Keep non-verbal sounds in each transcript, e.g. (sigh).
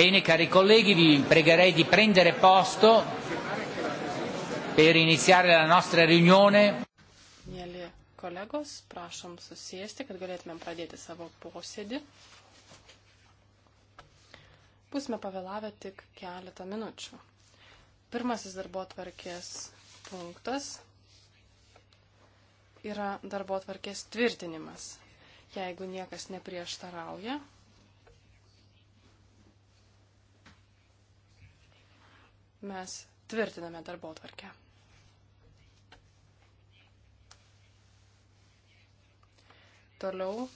Bene, cari colleghi, vi pregherei di prendere posto per iniziare la nostra riunione. Mėly kolegos, prašom susėsti, kad galėtumėm pradėti savo posėdį. Būsime pavėlavę tik keletą minučių. Pirmasis darbo tvarkės punktas yra darbo tvarkės tvirtinimas. Jeigu niekas neprieštarauja, mes tvirtiname darbo tvarkę. Toliau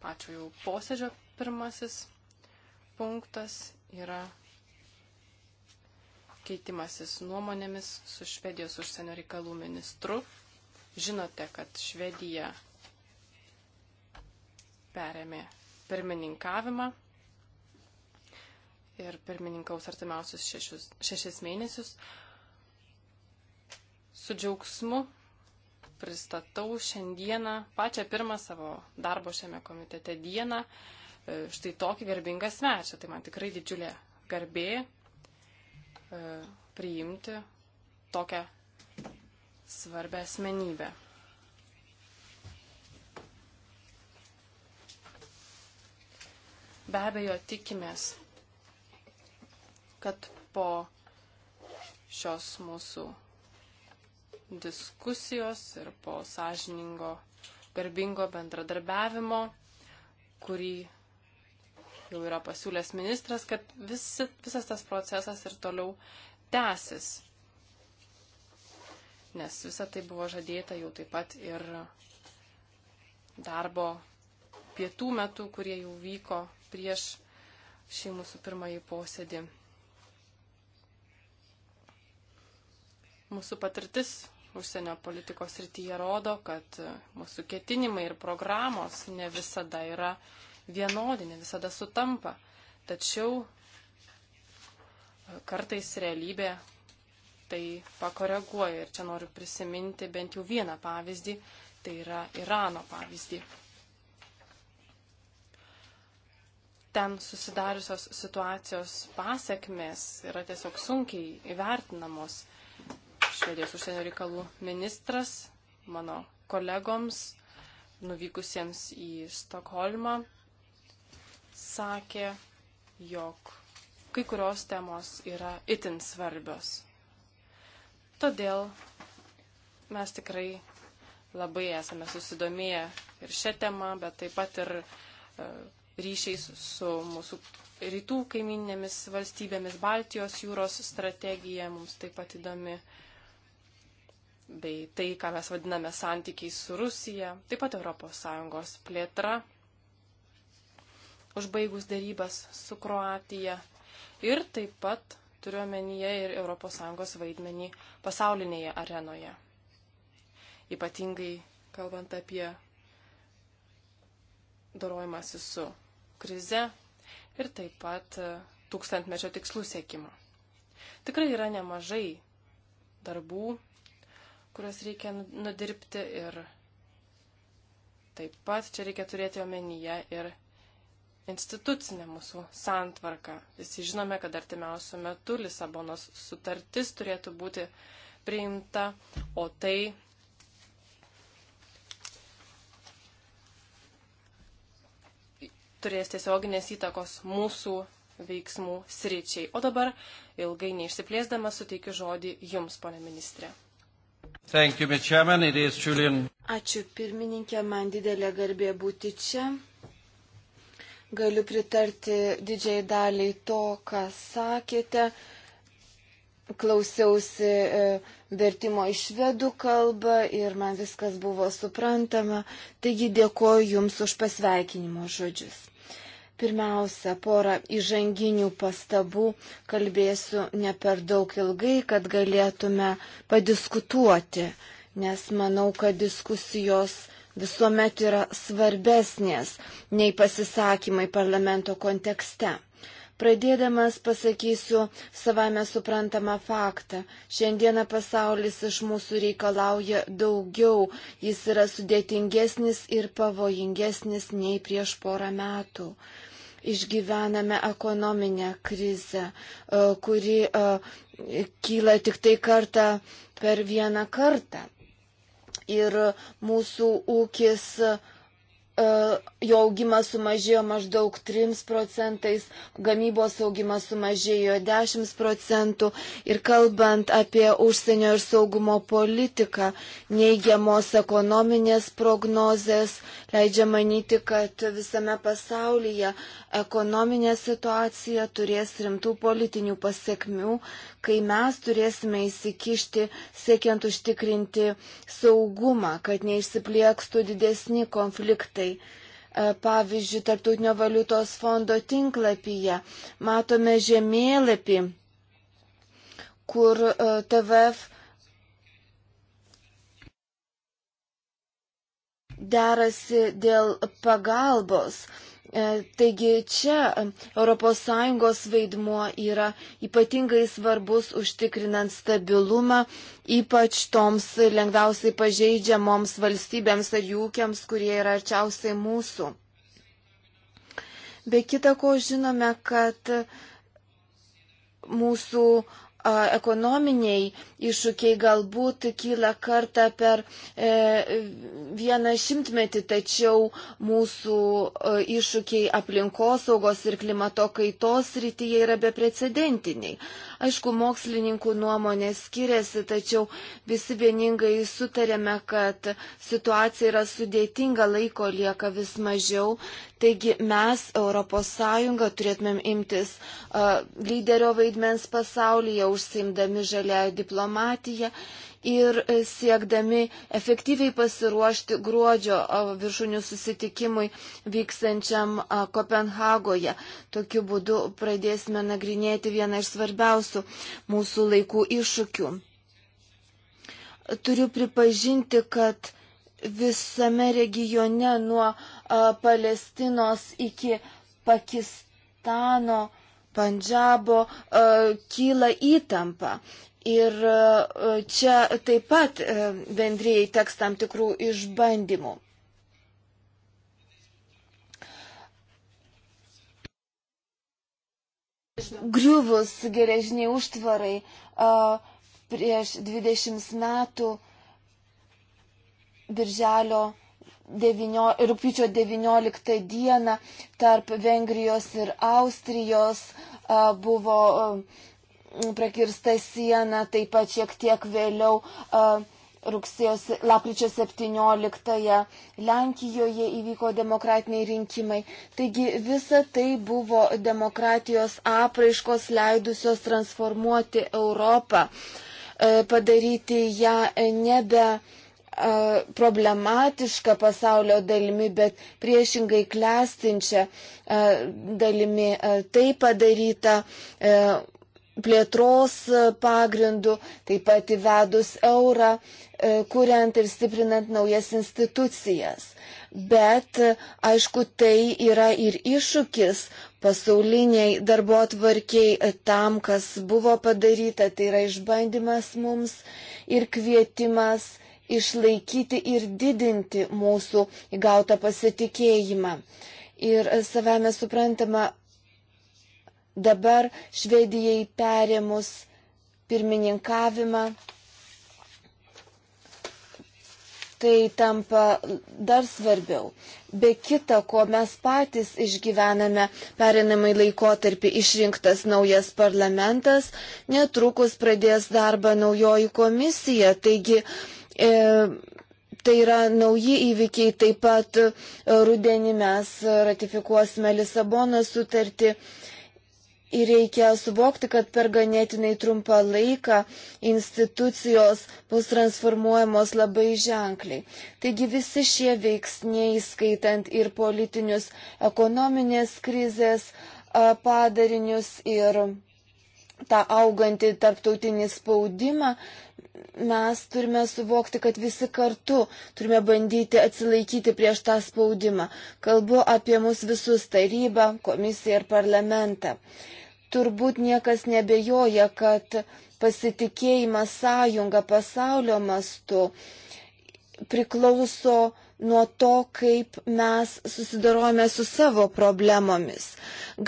pačio jau posėdžio pirmasis punktas yra keitimasis nuomonėmis su Švedijos užsienio reikalų ministru. Žinote, kad Švedija perėmė pirmininkavimą ir pirmininkaus artimiausius šešius, šešis mėnesius. Su džiaugsmu pristatau šiandieną pačią pirmą savo darbo šiame komitete dieną e, štai tokį garbingą svečią. Tai man tikrai didžiulė garbė e, priimti tokią svarbę asmenybę. Be abejo, tikimės kad po šios mūsų diskusijos ir po sąžiningo, garbingo bendradarbiavimo, kurį jau yra pasiūlęs ministras, kad visi, visas tas procesas ir toliau tęsis. Nes visa tai buvo žadėta jau taip pat ir darbo pietų metu, kurie jau vyko prieš šį mūsų pirmąjį posėdį Mūsų patirtis užsienio politikos rytyje rodo, kad mūsų ketinimai ir programos ne visada yra vienodi, ne visada sutampa. Tačiau e, kartais realybė tai pakoreguoja. Ir čia noriu prisiminti bent jau vieną pavyzdį, tai yra Irano pavyzdį. Ten susidariusios situacijos pasiekmes yra tiesiog sunkiai įvertinamos Švedijos užsienio reikalų ministras mano kolegoms nuvykusiems į Stokholmą sakė, jog kai kurios temos yra itin svarbios. Todėl mes tikrai labai esame susidomėję ir šią temą, bet taip pat ir e, ryšiais su mūsų rytų kaiminėmis valstybėmis Baltijos jūros strategija mums taip pat įdomi bei tai, ką mes vadiname santykiais su Rusija, taip pat ES plėtra, užbaigus dėrybas su Kroatija ir taip pat turiuomenyje ir ES vaidmenį pasaulinėje arenoje. Ypatingai kalbant apie dorojimąsi su krize ir taip pat e, tūkstantmečio tikslų siekimą. Tikrai yra nemažai darbų kurias reikia nu- nudirbti ir taip pat čia reikia turėti omenyje ir institucinę mūsų santvarką. Visi žinome, kad artimiausiu metu Lisabonos sutartis turėtų būti priimta, o tai turės tiesioginės įtakos mūsų veiksmų sričiai. O dabar ilgai neišsiplėsdama suteikiu žodį Jums, ponė ministrė. Thank you, Chairman. It is Julian. Ačiū pirmininkė, man didelė garbė būti čia. Galiu pritarti didžiai daliai to, ką sakėte. Klausiausi e, vertimo iš vedų kalbą ir man viskas buvo suprantama. Taigi dėkoju Jums už pasveikinimo žodžius. Pirmiausia, porą įžanginių pastabų kalbėsiu ne per daug ilgai, kad galėtume padiskutuoti, nes manau, kad diskusijos visuomet yra svarbesnės nei pasisakymai parlamento kontekste. Pradėdamas pasakysiu savame suprantamą faktą. Šiandieną pasaulis iš mūsų reikalauja daugiau, jis yra sudėtingesnis ir pavojingesnis nei prieš porą metų išgyvename ekonominę krizę, e, kuri e, kyla tik tai kartą per vieną kartą. Ir mūsų ūkis uh, E, jo augimas sumažėjo maždaug 3 procentais, gamybos augimas sumažėjo 10 procentų ir kalbant apie užsienio ir saugumo politiką, neigiamos ekonominės prognozės leidžia manyti, kad visame pasaulyje ekonominė situacija turės rimtų politinių pasiekmių, kai mes turėsime įsikišti siekiant užtikrinti saugumą, kad neišsipliekstų didesni konfliktai sąjungai. E, pavyzdžiui, Tartutinio valiutos fondo tinklapyje matome žemėlapį, kur e, TVF derasi dėl pagalbos E, taigi čia ES vaidmuo yra ypatingai svarbus užtikrinant stabilumą, ypač toms lengviausiai pažeidžiamoms valstybėms ar jūkiams, kurie yra arčiausiai mūsų. Be kita ko žinome, kad mūsų ekonominiai iššūkiai galbūt kyla kartą per e, vieną šimtmetį, tačiau mūsų e, iššūkiai aplinkosaugos ir klimato kaitos rytyje yra beprecedentiniai. Aišku, mokslininkų nuomonė skiriasi, tačiau visi vieningai sutarėme, kad situacija yra sudėtinga, laiko lieka vis mažiau, Taigi mes, ES, turėtumėm imtis uh, lyderio vaidmens pasaulyje, užsimdami žalę diplomatiją ir e, siekdami efektyviai pasiruošti gruodžio viršūnių susitikimui vyksančiam Kopenhagoje. Tokiu būdu pradėsime nagrinėti vieną iš svarbiausių mūsų laikų iššūkių. Turiu pripažinti, kad visame regione nuo a, Palestinos iki Pakistano, Pandžabo a, kyla įtampa. Ir a, čia taip pat a, bendrėjai teks tam tikrų išbandymų. Griuvus geležiniai užtvarai a, prieš 20 metų a, birželio 9, rūpiučio 19 dieną tarp Vengrijos ir Austrijos buvo prakirsta siena, taip pat šiek tiek vėliau rugsėjos, lapkričio 17-ąją Lenkijoje įvyko demokratiniai rinkimai. Taigi visa tai buvo demokratijos apraiškos leidusios transformuoti Europą, e, padaryti ją nebe problematišką pasaulio dalimi, bet priešingai klestinčią dalimi. Tai padaryta plėtros pagrindų, taip pat įvedus eurą, kuriant ir stiprinant naujas institucijas. Bet, aišku, tai yra ir iššūkis pasauliniai darbo atvarkiai tam, kas buvo padaryta, tai yra išbandymas mums ir kvietimas išlaikyti ir didinti mūsų įgautą pasitikėjimą. Ir savame suprantama, dabar Švedijai perėmus pirmininkavimą, tai tampa dar svarbiau. Be kita, ko mes patys išgyvename perinamai laikotarpį išrinktas naujas parlamentas, netrukus pradės darbą naujoji komisija, taigi E, tai yra nauji įvykiai, taip pat e, rudenį mes ratifikuosime Lisabono sutartį ir reikia suvokti, kad per ganėtinai trumpą laiką institucijos bus transformuojamos labai ženkliai. Taigi visi šie veiksniai, skaitant ir politinius ekonominės krizės e, padarinius ir tą augantį tarptautinį spaudimą, mes turime suvokti, kad visi kartu turime bandyti atsilaikyti prieš tą spaudimą. Kalbu apie mus visus - tarybą, komisiją ir parlamentą. Turbūt niekas nebejoja, kad pasitikėjimas sąjunga pasaulio mastu priklauso nuo to, kaip mes susidarojame su savo problemomis.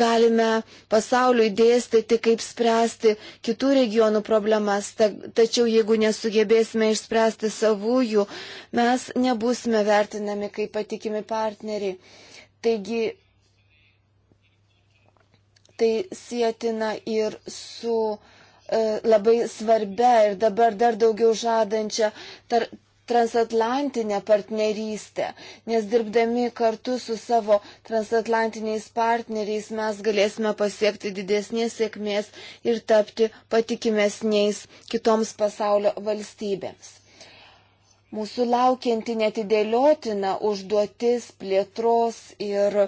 Galime pasauliui dėstyti, kaip spręsti kitų regionų problemas, ta, tačiau jeigu nesugebėsime išspręsti savųjų, mes nebusime vertinami kaip patikimi partneriai. Taigi, tai sėtina ir su e, labai svarbia ir dabar dar daugiau žadančia tar, transatlantinę partnerystę, nes dirbdami kartu su savo transatlantiniais partneriais mes galėsime pasiekti didesnės sėkmės ir tapti patikimesniais kitoms pasaulio valstybėms. Mūsų laukianti netidėliotina užduotis plėtros ir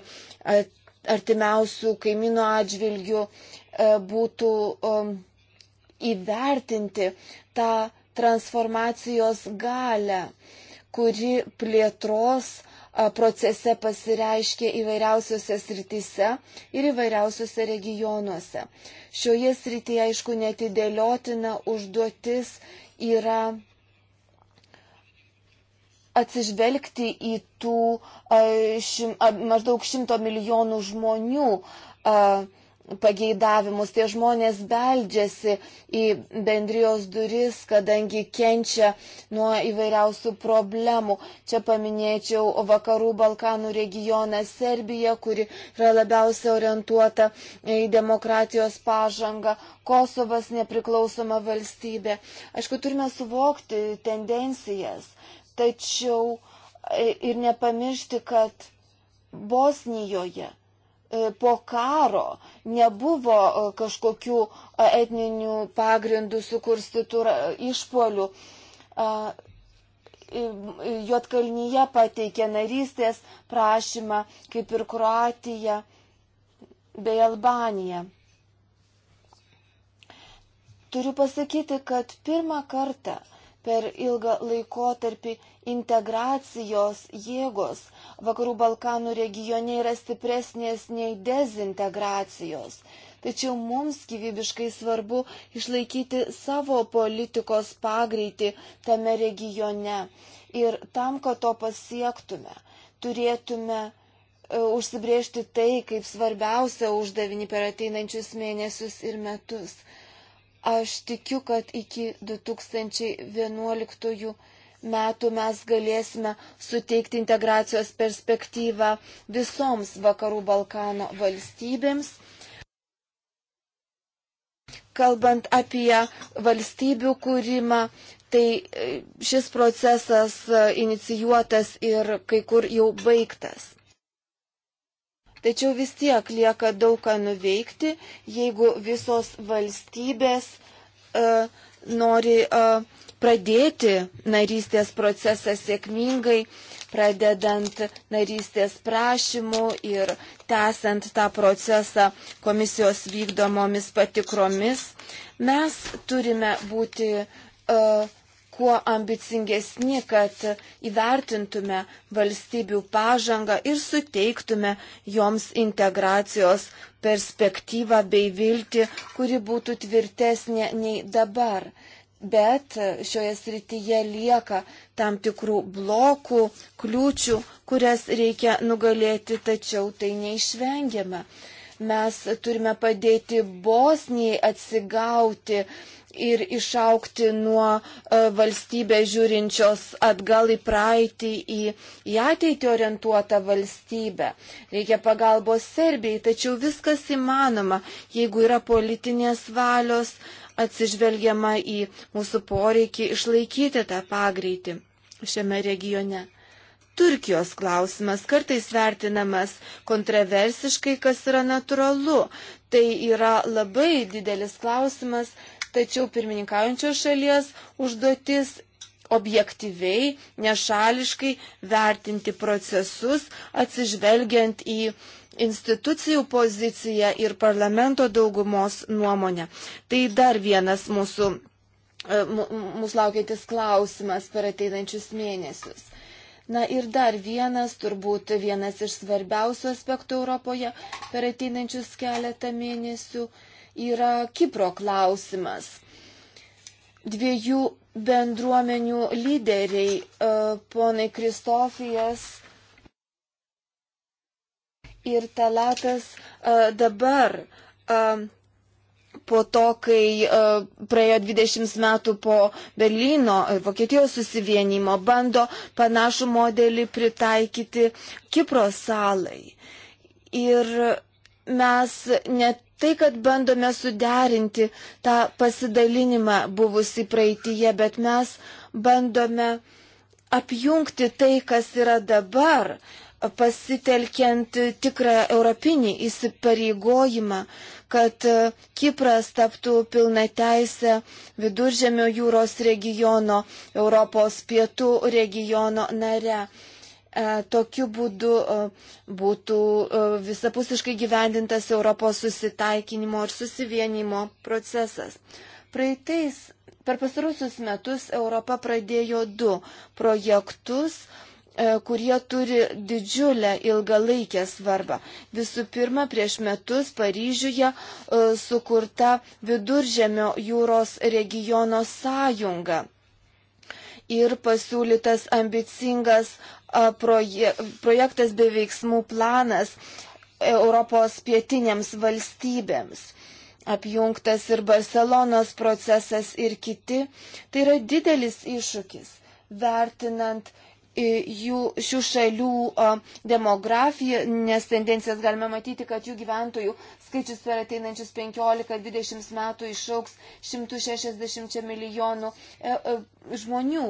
artimiausių kaimino atžvilgių e, būtų um, įvertinti tą transformacijos galę, kuri plėtros procese pasireiškia įvairiausiose srityse ir įvairiausiose regionuose. Šioje srityje, aišku, netidėliotina užduotis yra atsižvelgti į tų šim, maždaug šimto milijonų žmonių pageidavimus. Tie žmonės beldžiasi į bendrijos duris, kadangi kenčia nuo įvairiausių problemų. Čia paminėčiau vakarų Balkanų regioną Serbiją, kuri yra labiausiai orientuota į demokratijos pažangą. Kosovas nepriklausoma valstybė. Aišku, turime suvokti tendencijas, tačiau e, ir nepamiršti, kad Bosnijoje E, po karo nebuvo e, kažkokių e, etninių pagrindų sukurstytų išpolių. Jotkalnyje pateikė narystės prašymą, kaip ir Kroatija bei Albanija. Turiu pasakyti, kad pirmą kartą per ilgą laikotarpį integracijos jėgos Vakarų Balkanų regione yra stipresnės nei dezintegracijos. Tačiau mums gyvybiškai svarbu išlaikyti savo politikos pagreitį tame regione. Ir tam, kad to pasiektume, turėtume e, užsibriežti tai kaip svarbiausią uždavinį per ateinančius mėnesius ir metus. Aš tikiu, kad iki 2011 metų mes galėsime suteikti integracijos perspektyvą visoms vakarų Balkano valstybėms. Kalbant apie valstybių kūrimą, tai e, šis procesas e, inicijuotas ir kai kur jau baigtas. Tačiau vis tiek lieka daug ką nuveikti, jeigu visos valstybės uh, nori uh, pradėti narystės procesą sėkmingai, pradedant narystės prašymu ir tęsiant tą procesą komisijos vykdomomis patikromis. Mes turime būti uh, kuo ambicingesni, kad įvertintume valstybių pažangą ir suteiktume joms integracijos perspektyvą bei viltį, kuri būtų tvirtesnė nei dabar bet e, šioje srityje lieka tam tikrų blokų, kliūčių, kurias reikia nugalėti, tačiau tai neišvengiama. Mes turime padėti Bosnijai atsigauti ir išaukti nuo e, valstybės žiūrinčios atgal į praeitį, į, į ateitį orientuotą valstybę. Reikia pagalbos Serbijai, tačiau viskas įmanoma, jeigu yra politinės valios, atsižvelgiama į mūsų poreikį išlaikyti tą pagreitį šiame regione. Turkijos klausimas kartais vertinamas kontroversiškai, kas yra natūralu. Tai yra labai didelis klausimas, tačiau pirmininkaujančios šalies užduotis objektyviai, nešališkai vertinti procesus, atsižvelgiant į uh, institucijų poziciją ir parlamento daugumos nuomonę. Tai dar vienas mūsų, e, mūsų laukiantis klausimas per ateinančius mėnesius. Na ir dar vienas, turbūt vienas iš svarbiausių aspektų Europoje per ateinančius keletą mėnesių yra Kipro klausimas. Dviejų bendruomenių lyderiai, e, ponai Kristofijas ir Talatas e, dabar e, po to, kai e, praėjo 20 metų po Berlyno Vokietijos susivienimo, bando panašų modelį pritaikyti Kipro salai. Ir mes ne tai, kad bandome suderinti tą pasidalinimą buvusi praeitįje, bet mes bandome apjungti tai, kas yra dabar, uh, pasitelkiant tikrą europinį įsipareigojimą, kad e, Kipras taptų pilna teisė viduržėmio jūros regiono, Europos pietų regiono nare. E, tokiu būdu e, būtų visapusiškai gyvendintas Europos susitaikinimo ir susivienimo procesas. Praeitais per pasarusius metus Europa pradėjo du projektus E, kurie turi didžiulę ilgalaikę svarbą. Visų pirma, prieš metus Paryžiuje e, sukurta Viduržemio jūros regiono sąjunga ir pasiūlytas ambicingas e, proje, projektas bei veiksmų planas Europos pietinėms valstybėms. Apjungtas ir Barcelonos procesas ir kiti. Tai yra didelis iššūkis, vertinant jų, šių šalių demografiją, nes tendencijas galime matyti, kad jų gyventojų skaičius per ateinančius 15-20 metų išauks 160 milijonų e, e, žmonių.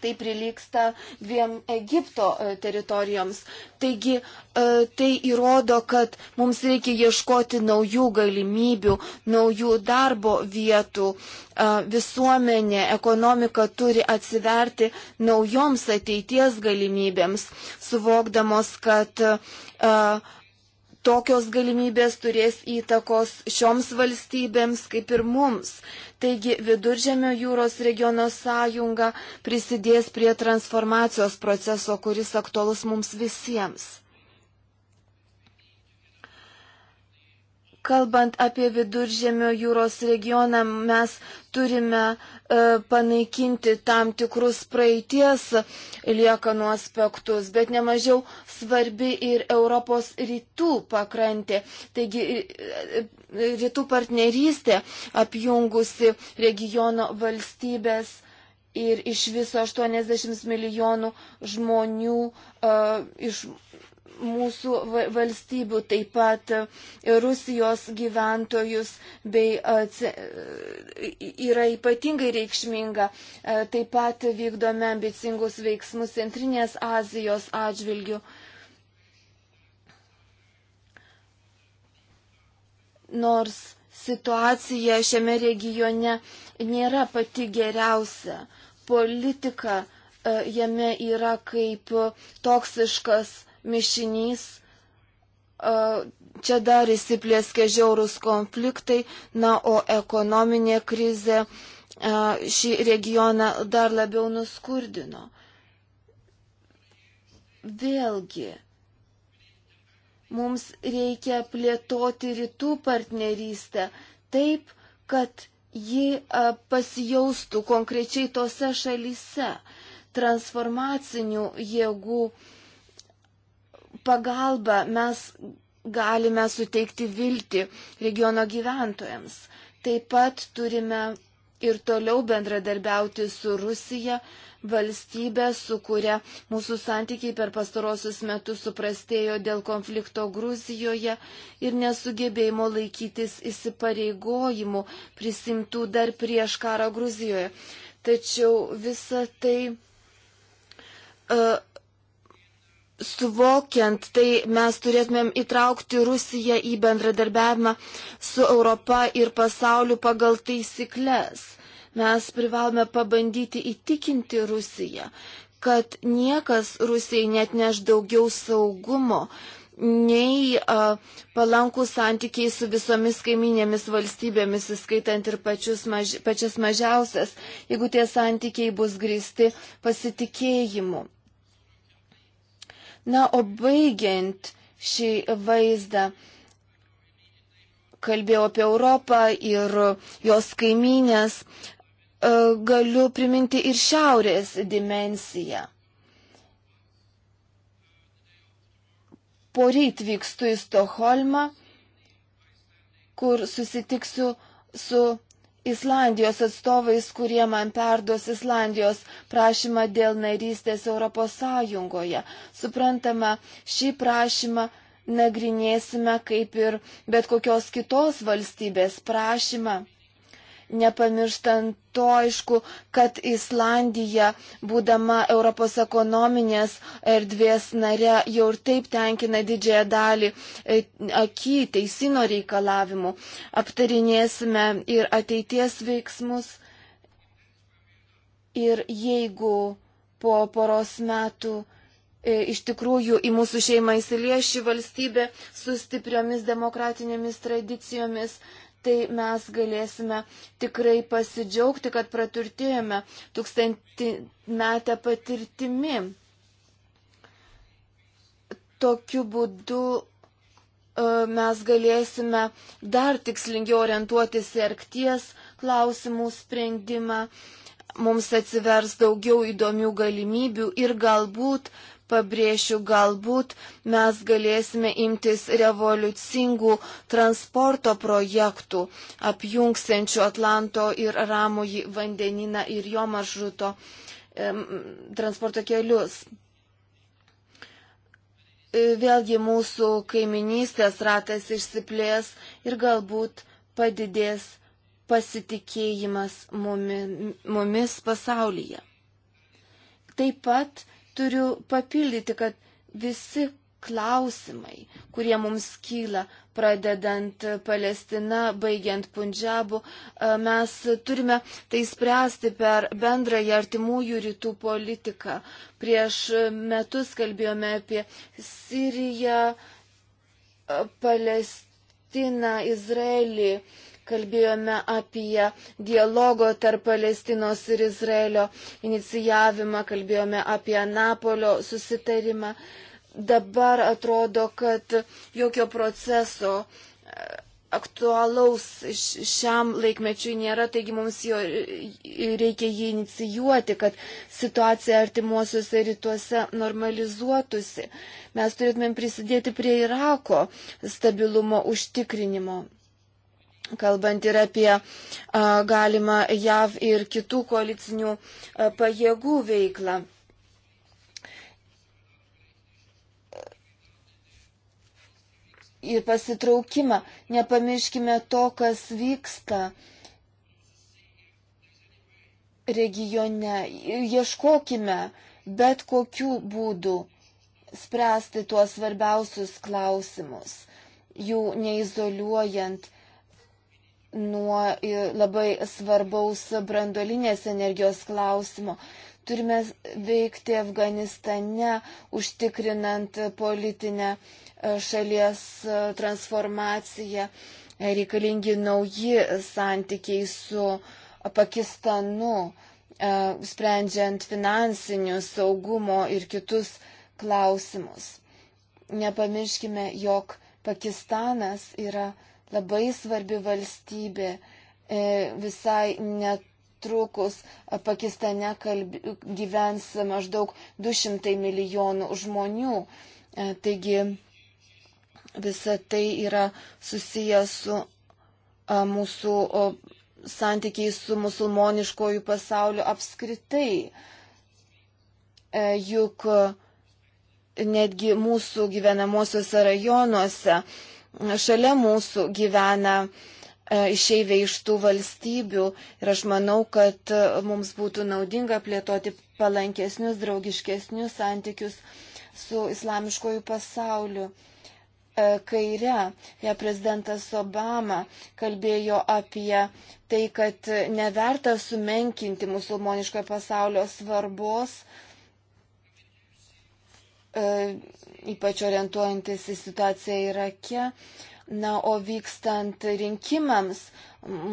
Tai prilyksta dviem Egipto e, teritorijoms. Taigi e, tai įrodo, kad mums reikia ieškoti naujų galimybių, naujų darbo vietų. E, visuomenė, ekonomika turi atsiverti naujoms ateities galimybėms, suvokdamos, kad tokios galimybės turės įtakos šioms valstybėms kaip ir mums. Taigi Viduržėmio jūros regiono sąjunga prisidės prie transformacijos proceso, kuris aktualus mums visiems. Kalbant apie viduržėmio jūros regioną, mes turime e, panaikinti tam tikrus praeities liekanų aspektus, bet nemažiau svarbi ir Europos rytų pakrantė. Taigi e, e, rytų partnerystė apjungusi regiono valstybės ir iš viso 80 milijonų žmonių uh, iš mūsų valstybių, taip pat e, Rusijos gyventojus, bei e, e, yra ypatingai reikšminga. Taip pat vykdome ambicingus veiksmus Centrinės Azijos atžvilgių. Nors situacija šiame regione nėra pati geriausia, politika jame yra kaip toksiškas mišinys. Čia dar įsiplėskė žiaurūs konfliktai, na, o ekonominė krizė šį regioną dar labiau nuskurdino. Vėlgi, mums reikia plėtoti rytų partnerystę taip, kad ji pasijaustų konkrečiai tose šalyse transformacinių jėgų uh, pagalba mes galime suteikti viltį regiono gyventojams. Taip pat turime ir toliau bendradarbiauti su Rusija, valstybė, su kuria mūsų santykiai per pastarosius metus suprastėjo dėl konflikto Gruzijoje ir nesugebėjimo laikytis įsipareigojimų prisimtų dar prieš karą Gruzijoje. Tačiau visa tai uh, suvokiant tai mes turėtumėm įtraukti Rusiją į bendradarbiavimą su Europa ir pasauliu pagal taisyklės. Mes privalome pabandyti įtikinti Rusiją, kad niekas Rusijai net neš daugiau saugumo nei a, palankų santykiai su visomis kaiminėmis valstybėmis, įskaitant ir pačius maž, pačias mažiausias, jeigu tie santykiai bus grįsti pasitikėjimu. Na, o baigiant šį vaizdą, kalbėjau apie Europą ir jos kaiminės, e, galiu priminti ir šiaurės dimensiją. Poryt vykstu į Stoholmą, kur susitiksiu su Islandijos atstovais, kurie man perduos Islandijos prašymą dėl narystės Europos Sąjungoje. Suprantama, šį prašymą nagrinėsime kaip ir bet kokios kitos valstybės prašymą nepamirštant to aišku, kad Islandija, būdama Europos ekonominės erdvės nare, jau ir taip tenkina didžiąją dalį e, akį teisino reikalavimų. Aptarinėsime ir ateities veiksmus. Ir jeigu po poros metų e, iš tikrųjų į mūsų šeimą įsiliešį valstybę su stipriomis demokratinėmis tradicijomis, tai mes galėsime tikrai pasidžiaugti, kad praturtėjome tūkstantį metę patirtimi. Tokiu būdu e, mes galėsime dar tikslingiau orientuotis į arkties klausimų sprendimą, mums atsivers daugiau įdomių galimybių ir galbūt pabrėšiu, galbūt mes galėsime imtis revoliucingų transporto projektų, apjungsiančių Atlanto ir Ramųjį vandeniną ir jo maršruto e, transporto kelius. Vėlgi mūsų kaiminystės ratas išsiplės ir galbūt padidės pasitikėjimas mumis, mumis pasaulyje. Taip pat Turiu papildyti, kad visi klausimai, kurie mums kyla, pradedant Palestina, baigiant Punjabu, e, mes turime tai spręsti per bendrąją artimųjų rytų politiką. Prieš metus kalbėjome apie Siriją, Palestiną, Izraelį kalbėjome apie dialogo tarp Palestinos ir Izraelio inicijavimą, kalbėjome apie Napolio susitarimą. Dabar atrodo, kad jokio proceso e, aktualaus šiam laikmečiui nėra, taigi mums jo reikia jį inicijuoti, kad situacija artimuosiuose rytuose normalizuotųsi. Mes turėtumėm prisidėti prie Irako stabilumo užtikrinimo kalbant ir apie a, galimą JAV ir kitų koalicinių a, pajėgų veiklą. Ir pasitraukimą. Nepamirškime to, kas vyksta regione. Ieškokime bet kokių būdų spręsti tuos svarbiausius klausimus, jų neizoliuojant nuo labai svarbaus brandolinės energijos klausimo. Turime veikti Afganistane, užtikrinant politinę e, šalies e, transformaciją. E, reikalingi nauji santykiai su Pakistanu, sprendžiant finansinius saugumo ir kitus klausimus. Nepamirškime, jog Pakistanas yra labai svarbi valstybė. E, visai netrukus e, Pakistane kalb... gyvens maždaug 200 milijonų žmonių. E, taigi visa tai yra susijęs su mūsų santykiai su musulmoniškojų pasauliu apskritai. Juk netgi mūsų gyvenamosiuose rajonuose šalia mūsų gyvena e, išeiviai iš tų valstybių ir aš manau, kad e, mums būtų naudinga plėtoti palankesnius, draugiškesnius santykius su islamiškojų pasauliu. E, kaire, ja prezidentas Obama kalbėjo apie tai, kad neverta sumenkinti musulmoniškojo pasaulio svarbos, uh, E, ypač orientuojantis į situaciją Irake. Na, o vykstant rinkimams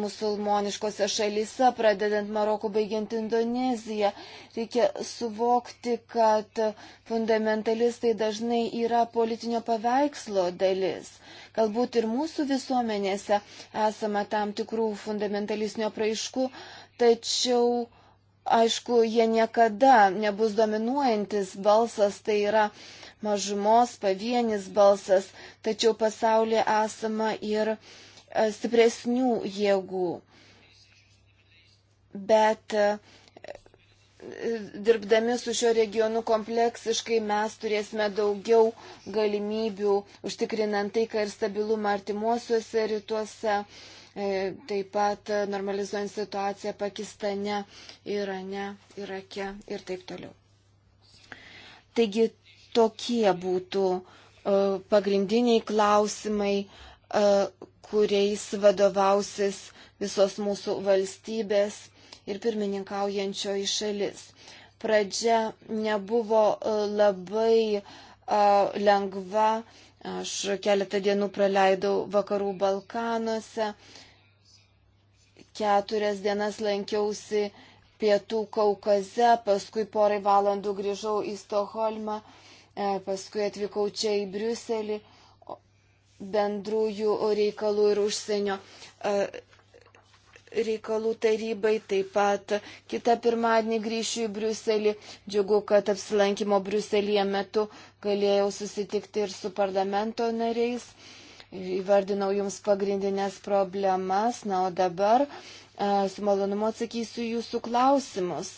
musulmoniškose šalyse, pradedant Maroku, baigiant Indoneziją, reikia suvokti, kad fundamentalistai dažnai yra politinio paveikslo dalis. Galbūt ir mūsų visuomenėse esama tam tikrų fundamentalistinio praaiškų, tačiau uh, Aišku, jie niekada nebus dominuojantis balsas, tai yra mažumos pavienis balsas, tačiau pasaulyje esama ir e, stipresnių jėgų. Bet e, e, dirbdami su šio regionu kompleksiškai mes turėsime daugiau galimybių užtikrinant taiką ir stabilumą artimuosiuose rytuose. E, taip pat normalizuojant situaciją Pakistane, Irane, Irake ir taip toliau. Taigi tokie būtų e, pagrindiniai klausimai, e, kuriais vadovausis visos mūsų valstybės ir pirmininkaujančioji šalis. Pradžia nebuvo labai lengva. Aš keletą dienų praleidau vakarų Balkanuose, keturias dienas lankiausi Pietų Kaukaze, paskui porai valandų grįžau į Stoholmą, e, paskui atvykau čia į Briuselį bendrųjų reikalų ir užsienio e, reikalų tarybai. Taip pat kitą pirmadienį grįšiu į Briuselį. Džiugu, kad apsilankimo Briuselėje metu galėjau susitikti ir su parlamento nariais įvardinau Jums pagrindinės problemas, na o dabar e, su malonumu atsakysiu Jūsų klausimus.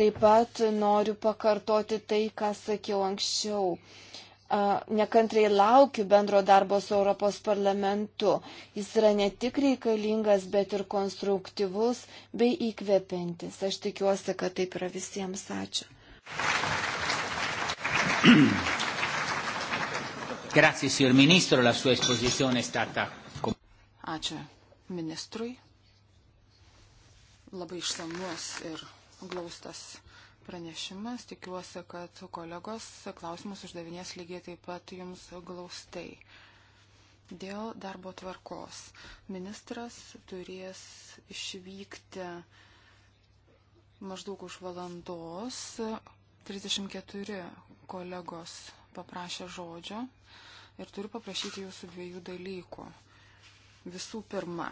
Taip pat noriu pakartoti tai, ką sakiau anksčiau. E, Nekantrai laukiu bendro darbo su Europos parlamentu. Jis yra ne tik reikalingas, bet ir konstruktyvus bei įkvepiantis. Aš tikiuosi, kad taip yra visiems. Ačiū. Grazie, signor Ministro, la sua esposizione è stata. Ačiū ministrui. Labai išsamus ir glaustas pranešimas. Tikiuosi, kad kolegos klausimus uždavinės lygiai taip pat jums glaustai. Dėl darbo tvarkos. Ministras turės išvykti maždaug už valandos. 34 kolegos paprašė žodžio ir turiu paprašyti jūsų dviejų dalykų. Visų pirma,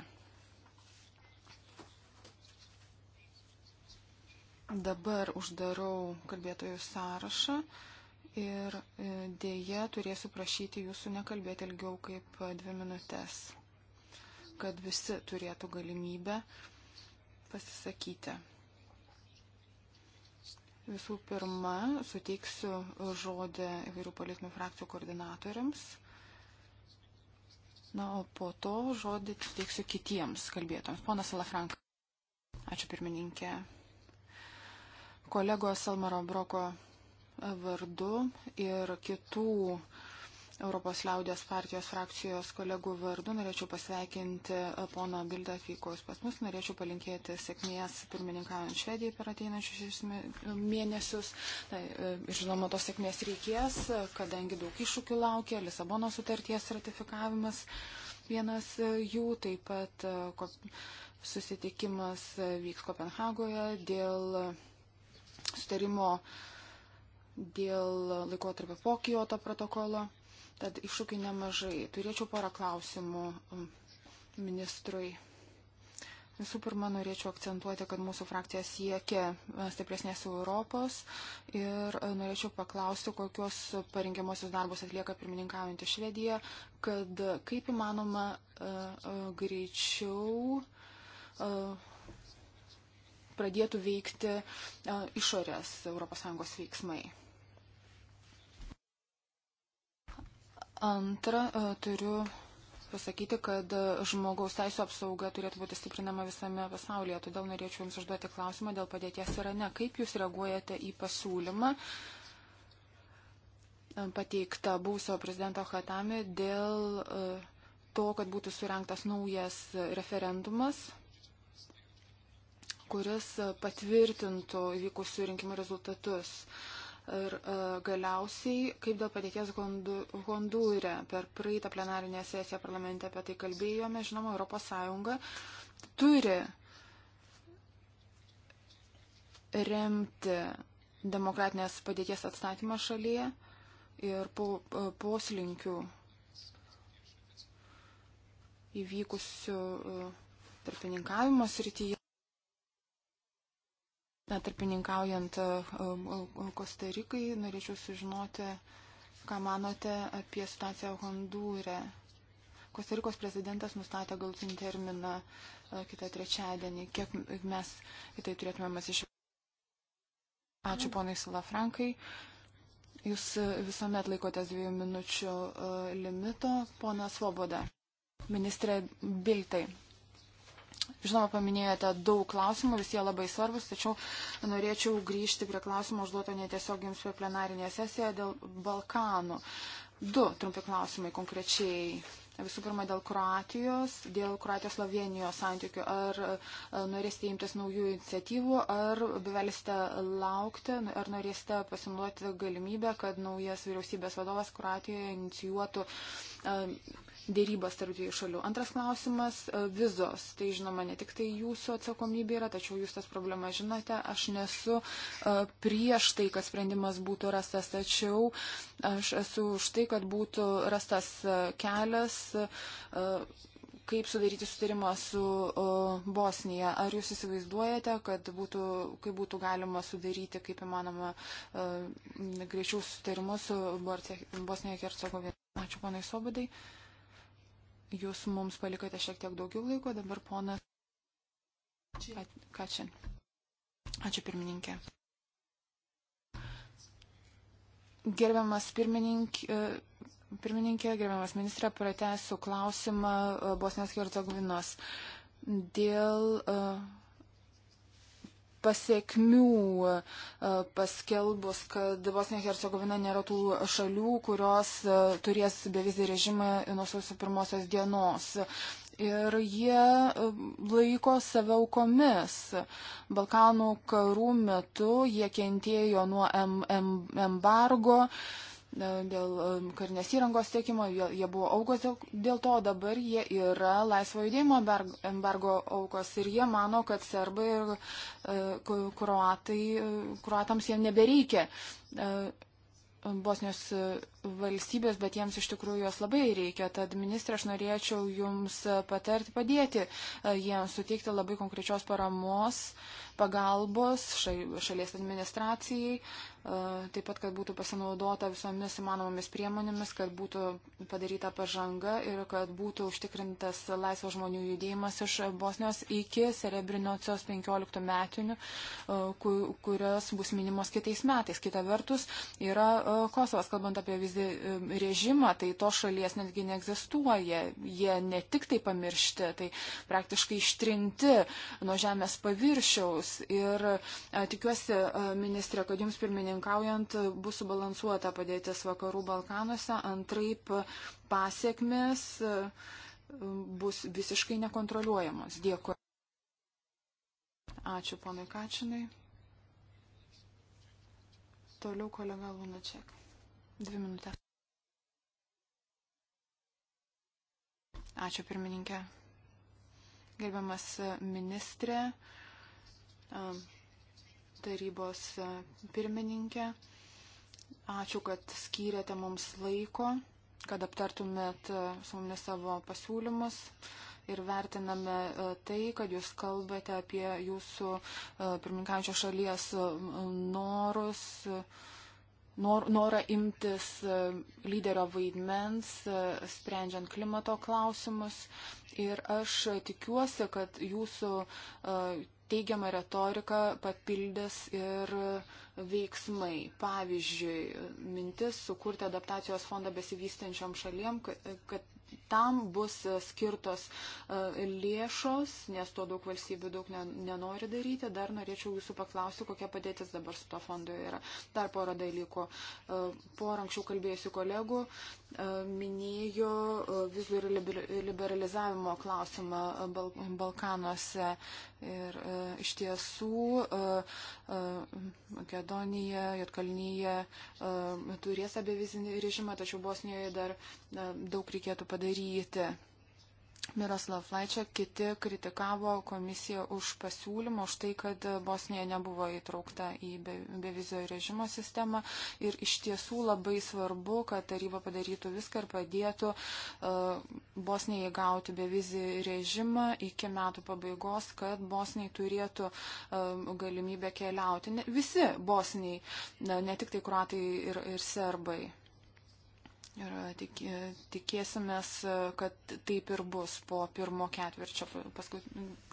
dabar uždarau kalbėtojų sąrašą ir e, dėje turėsiu prašyti jūsų nekalbėti ilgiau kaip e, dvi minutės, kad visi turėtų galimybę pasisakyti. Visų pirma, suteiksiu žodį įvairių politinių frakcijų koordinatoriams. Na, o po to žodį suteiksiu kitiems kalbėtojams. Ponas Salafranka. Ačiū pirmininkė. Kolego Salmaro Broko vardu ir kitų uh, Europos liaudės partijos frakcijos kolegų vardu norėčiau pasveikinti e, pono Bildą atvykus pas mus, norėčiau palinkėti sėkmės pirmininkaujant Švedijai per ateinančius e, mėnesius. Tai, žinoma, tos sėkmės reikės, kadangi daug iššūkių laukia, Lisabono sutarties ratifikavimas vienas jų, taip pat susitikimas vyks Kopenhagoje dėl sutarimo dėl laikotarpio po Kyoto protokolo. Tad iššūkių nemažai. Turėčiau porą klausimų um, ministrui. Visų pirma, norėčiau akcentuoti, kad mūsų frakcija siekia uh, stipresnės Europos ir uh, norėčiau paklausti, kokios parengiamosios darbus atlieka pirmininkaujantį Švediją, kad uh, kaip įmanoma greičiau pradėtų veikti išorės ES veiksmai. Antra, e, turiu pasakyti, kad žmogaus teisų apsauga turėtų būti stiprinama visame pasaulyje. Todėl norėčiau Jums užduoti klausimą dėl padėties Irane. Kaip Jūs reaguojate į pasiūlymą e, pateiktą būsio prezidento Hatami dėl e, to, kad būtų surinktas naujas referendumas, kuris patvirtintų įvykusių rinkimų rezultatus? Ir e, galiausiai, kaip dėl padėties Hondūre, per praeitą plenarinę sesiją parlamente apie tai kalbėjome, žinoma, ES turi remti demokratinės padėties atstatymą šalyje ir po, e, poslinkių įvykusių e, tarpininkavimo srityje. Na, tarpininkaujant e, e, Kostarikai, norėčiau sužinoti, ką manote apie situaciją Hondūre. Kostarikos prezidentas nustatė galutinį terminą e, kitą trečiadienį. Kiek mes į tai turėtumėm atsižvelgti? Ačiū ponai Salafrankai. Jūs visuomet laikotės dviejų minučių limito. Pona Svoboda, ministrė Biltai, Žinoma, paminėjote daug klausimų, visi jie labai svarbus, tačiau norėčiau grįžti prie klausimų užduoto netiesiog jums prie plenarinė sesija dėl Balkanų. Du trumpi klausimai konkrečiai. Visų pirma, dėl Kroatijos, dėl Kroatijos Slovenijos santykių. Ar e, norėsite imtis naujų iniciatyvų, ar bevelisite laukti, ar norėsite pasimluoti galimybę, kad naujas vyriausybės vadovas Kroatijoje inicijuotų e, dėrybas tarp dviejų šalių. Antras klausimas e, - vizos. Tai žinoma, ne tik tai jūsų atsakomybė yra, tačiau jūs tas problemas žinote. Aš nesu e, prieš tai, kad sprendimas būtų rastas, tačiau aš esu už tai, kad būtų rastas e, kelias kaip sudaryti sutarimą su Bosnija. Ar jūs įsivaizduojate, kad būtų, kaip būtų galima sudaryti, kaip įmanoma, greičiau sutarimus su Bosnija ir Hercegovina? Ačiū, ponai Sobadai. Uh, Jūs mums palikote šiek tiek daugiau laiko, dabar ponas Kačin. Ačiū pirmininkė. Gerbiamas pirmininkė, pirmininkė gerbiamas ministrė, pratęsiu klausimą e, Bosnijos Hercegovinos dėl uh, pasiekmių e, paskelbus, kad Bosnija Hercegovina nėra tų šalių, kurios e, turės bevizį režimą nuo sausio pirmosios dienos. Ir jie e, laiko save aukomis. Balkanų karų metu jie kentėjo nuo embargo. Em, em dėl um, karinės įrangos tiekimo, jie, jie buvo aukos dėl, dėl to, dabar jie yra laisvo judėjimo embargo aukos ir jie mano, kad serbai ir e, kruatai, e, kruatams jie nebereikia e, Bosnijos valstybės, bet jiems iš tikrųjų jos labai reikia. Tad, ministrė, aš norėčiau Jums patarti, padėti e, jiems suteikti labai konkrečios paramos, pagalbos šalies administracijai, e, taip pat, kad būtų pasinaudota visomis įmanomomis priemonėmis, kad būtų padaryta pažanga ir kad būtų užtikrintas laisvo žmonių judėjimas iš Bosnijos iki Serebrinocios 15 metinių, e, kurios bus minimos kitais metais. Kita vertus yra Kosovas, kalbant apie vizitą režimą, tai to šalies netgi neegzistuoja. Jie ne tik tai pamiršti, tai praktiškai ištrinti nuo žemės paviršiaus. Ir e, tikiuosi, e, ministrė, kad jums pirmininkaujant bus subalansuota padėtis vakarų Balkanuose, antraip pasiekmes e, bus visiškai nekontroliuojamos. Dėkui. Ačiū ponai Kačinai. Toliau kolega Lunaček. Dvi minutės. Ačiū pirmininkė. Gerbiamas e, ministrė, e, tarybos e, pirmininkė, ačiū, kad skyrėte mums laiko, kad aptartumėt su mumis savo pasiūlymus ir vertiname tai, kad jūs kalbate apie jūsų pirmininkaujančio šalies norus nor, norą imtis e, lyderio vaidmens, e, sprendžiant klimato klausimus. Ir aš tikiuosi, kad jūsų e, teigiamą retoriką papildys ir veiksmai. Pavyzdžiui, mintis sukurti adaptacijos fondą besivystančiom šalim, kad tam bus e, skirtos e, lėšos, nes to daug valstybių daug nenori daryti. Dar norėčiau jūsų paklausti, kokia padėtis dabar su to fondu yra. Dar porą dalykų. E, porą anksčiau kalbėjusių kolegų minėjo vizų ir liberalizavimo klausimą Balkanuose. Ir iš tiesų Makedonija, Jotkalnyje turės abie vizinį režimą, tačiau Bosnijoje dar daug reikėtų padaryti padaryti. Miroslav Laičia, kiti kritikavo komisiją už pasiūlymą, už tai, kad Bosnija nebuvo įtraukta į bevizio režimo sistemą. Ir iš tiesų labai svarbu, kad taryba padarytų viską ir padėtų uh, Bosnijai gauti bevizį režimą iki metų pabaigos, kad Bosnijai turėtų uh, galimybę keliauti. Ne, visi Bosnijai, ne tik tai kruatai ir, ir serbai. Ir e, tik, tikėsimės, e, kad taip ir bus po pirmo ketvirčio. Paskui,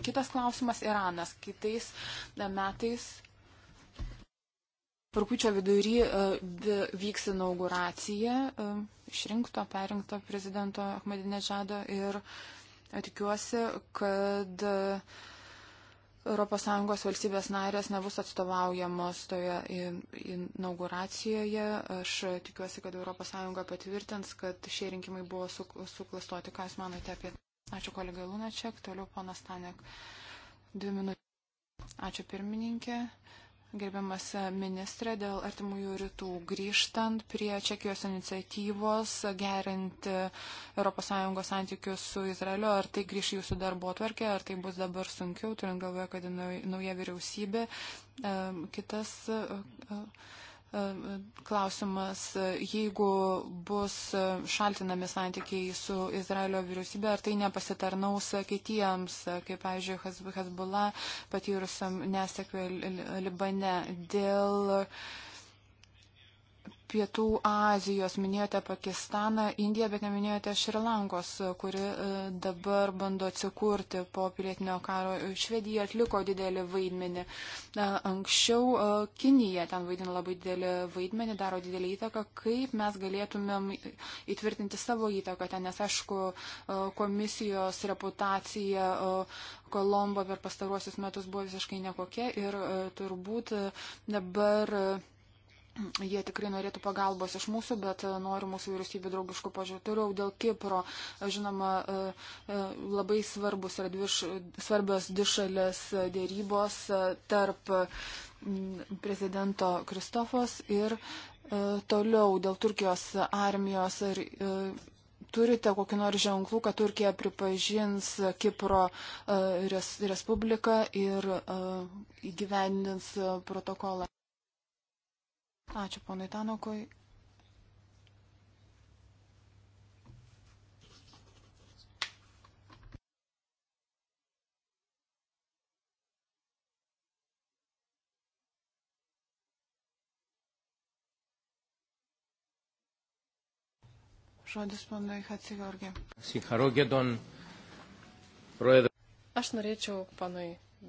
kitas klausimas - Iranas. Kitais e, metais. Rūpiučio vidury vyks inauguracija išrinkto, perinkto prezidento Ahmadinežado ir tikiuosi, kad uh, ES valstybės narės nebus atstovaujamos toje inauguracijoje. Aš tikiuosi, kad ES patvirtins, kad šie rinkimai buvo suklastoti. Ką Jūs manote apie... Tai? Ačiū kolega Lunačiak, toliau ponas Tanek. Dvi minutės. Ačiū pirmininkė. Gerbiamas e, ministrė, dėl artimųjų rytų grįžtant prie Čekijos iniciatyvos gerinti ES santykius su Izraeliu, ar tai grįž jūsų darbo atvarkė, ar tai bus dabar sunkiau, turint galvoje, kad nauja vyriausybė. E, kitas e, Klausimas, jeigu bus šaltinami santykiai su Izraelio vyriausybė, ar tai nepasitarnaus kitiems, kaip, pavyzdžiui, Hezbollah patyrusiam nesėkmę Libane dėl uh, Pietų Azijos, minėjote Pakistaną, Indiją, bet neminėjote Šrilankos, kuri e, dabar bando atsikurti po pilietinio karo. Švedija atliko didelį vaidmenį. Anksčiau e, Kinija ten vaidina labai didelį vaidmenį, daro didelį įtaką. Kaip mes galėtumėm įtvirtinti savo įtaką ten, nes aišku, e, komisijos reputacija Kolombo per pastaruosius metus buvo visiškai nekokia ir turbūt dabar. Uh Jie tikrai norėtų pagalbos iš mūsų, bet e, nori mūsų vyriausybė draugiškų požiūrį. Toliau dėl Kipro, e, žinoma, e, labai svarbus yra dviš, svarbios dišalės dėrybos tarp prezidento Kristofos ir toliau dėl Turkijos armijos. Ar, Turite kokį nors ženklų, kad Turkija pripažins Kipro res, Respubliką ir įgyvendins protokolą? Ačiū ponui Tanokui. Žodis ponui Hatsigeorgė. Aš norėčiau panui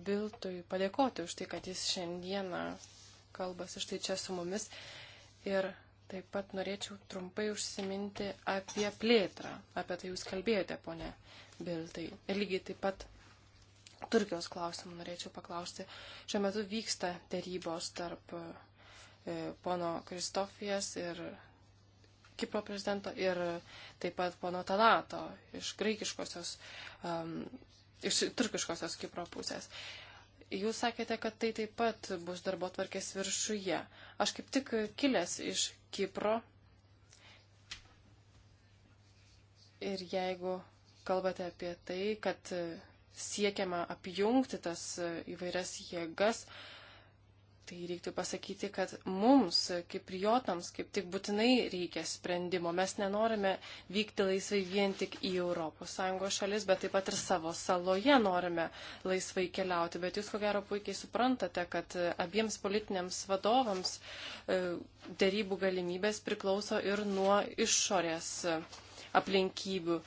Biltui padėkoti už tai, kad jis šiandieną kalbasi štai čia su mumis. Ir taip pat norėčiau trumpai užsiminti apie plėtrą. Apie tai jūs kalbėjote, ponė Biltai. Ir lygiai taip pat Turkijos klausimų norėčiau paklausti. Šiuo metu vyksta dėrybos tarp e, pono Kristofijas ir Kipro prezidento ir taip pat pono Talato iš graikiškosios, um, iš turkiškosios Kipro pusės. E, Jūs sakėte, kad tai taip pat bus darbo tvarkės viršuje. Aš kaip tik kilęs iš Kipro. Ir jeigu kalbate apie tai, kad siekiama apjungti tas įvairias jėgas, uh, Tai reiktų pasakyti, kad mums, kipriotams, kaip tik būtinai reikia sprendimo. Mes nenorime vykti laisvai vien tik į ES šalis, bet taip pat ir savo saloje norime laisvai keliauti. Bet jūs ko gero puikiai suprantate, kad abiems politiniams vadovams e, dėrybų galimybės priklauso ir nuo išorės aplinkybių.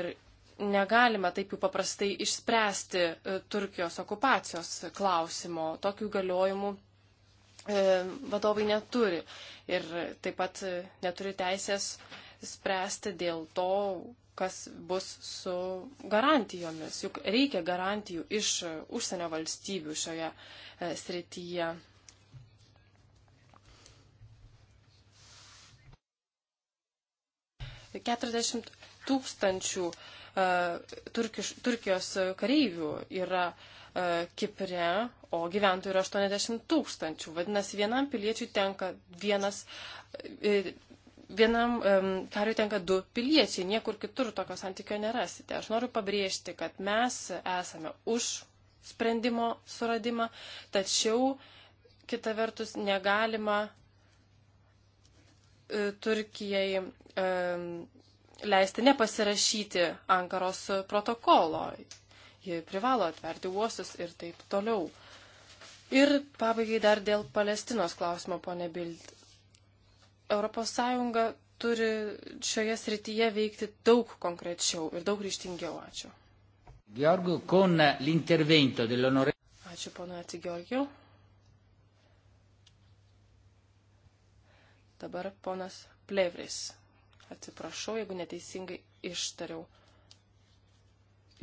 Ir negalime taip jau paprastai išspręsti e, Turkijos okupacijos klausimo. Tokių galiojimų e, vadovai neturi. Ir taip pat e, neturi teisės spręsti dėl to, kas bus su garantijomis. Juk reikia garantijų iš užsienio valstybių šioje srityje. Keturiasdešimt tūkstančių uh, E, turkiš, Turkijos kareivių yra e, Kipre, o gyventojų yra 80 tūkstančių. Vadinasi, vienam piliečiui tenka vienas, e, vienam kariui tenka du piliečiai, niekur kitur tokio santykio nerasite. Aš noriu pabrėžti, kad mes esame už sprendimo suradimą, tačiau kita vertus negalima Turkijai leisti nepasirašyti Ankaros protokolo. Ji privalo atverti uostus ir taip toliau. Ir pabaigai dar dėl Palestinos klausimo, ponė Bild. ES turi šioje srityje veikti daug konkrečiau ir daug ryštingiau. Ačiū. Georgiu, con l'intervento dell'onore. Ačiū, pana Atigiorgiu. Dabar ponas Plevris. Atsiprašau, jeigu neteisingai ištariau.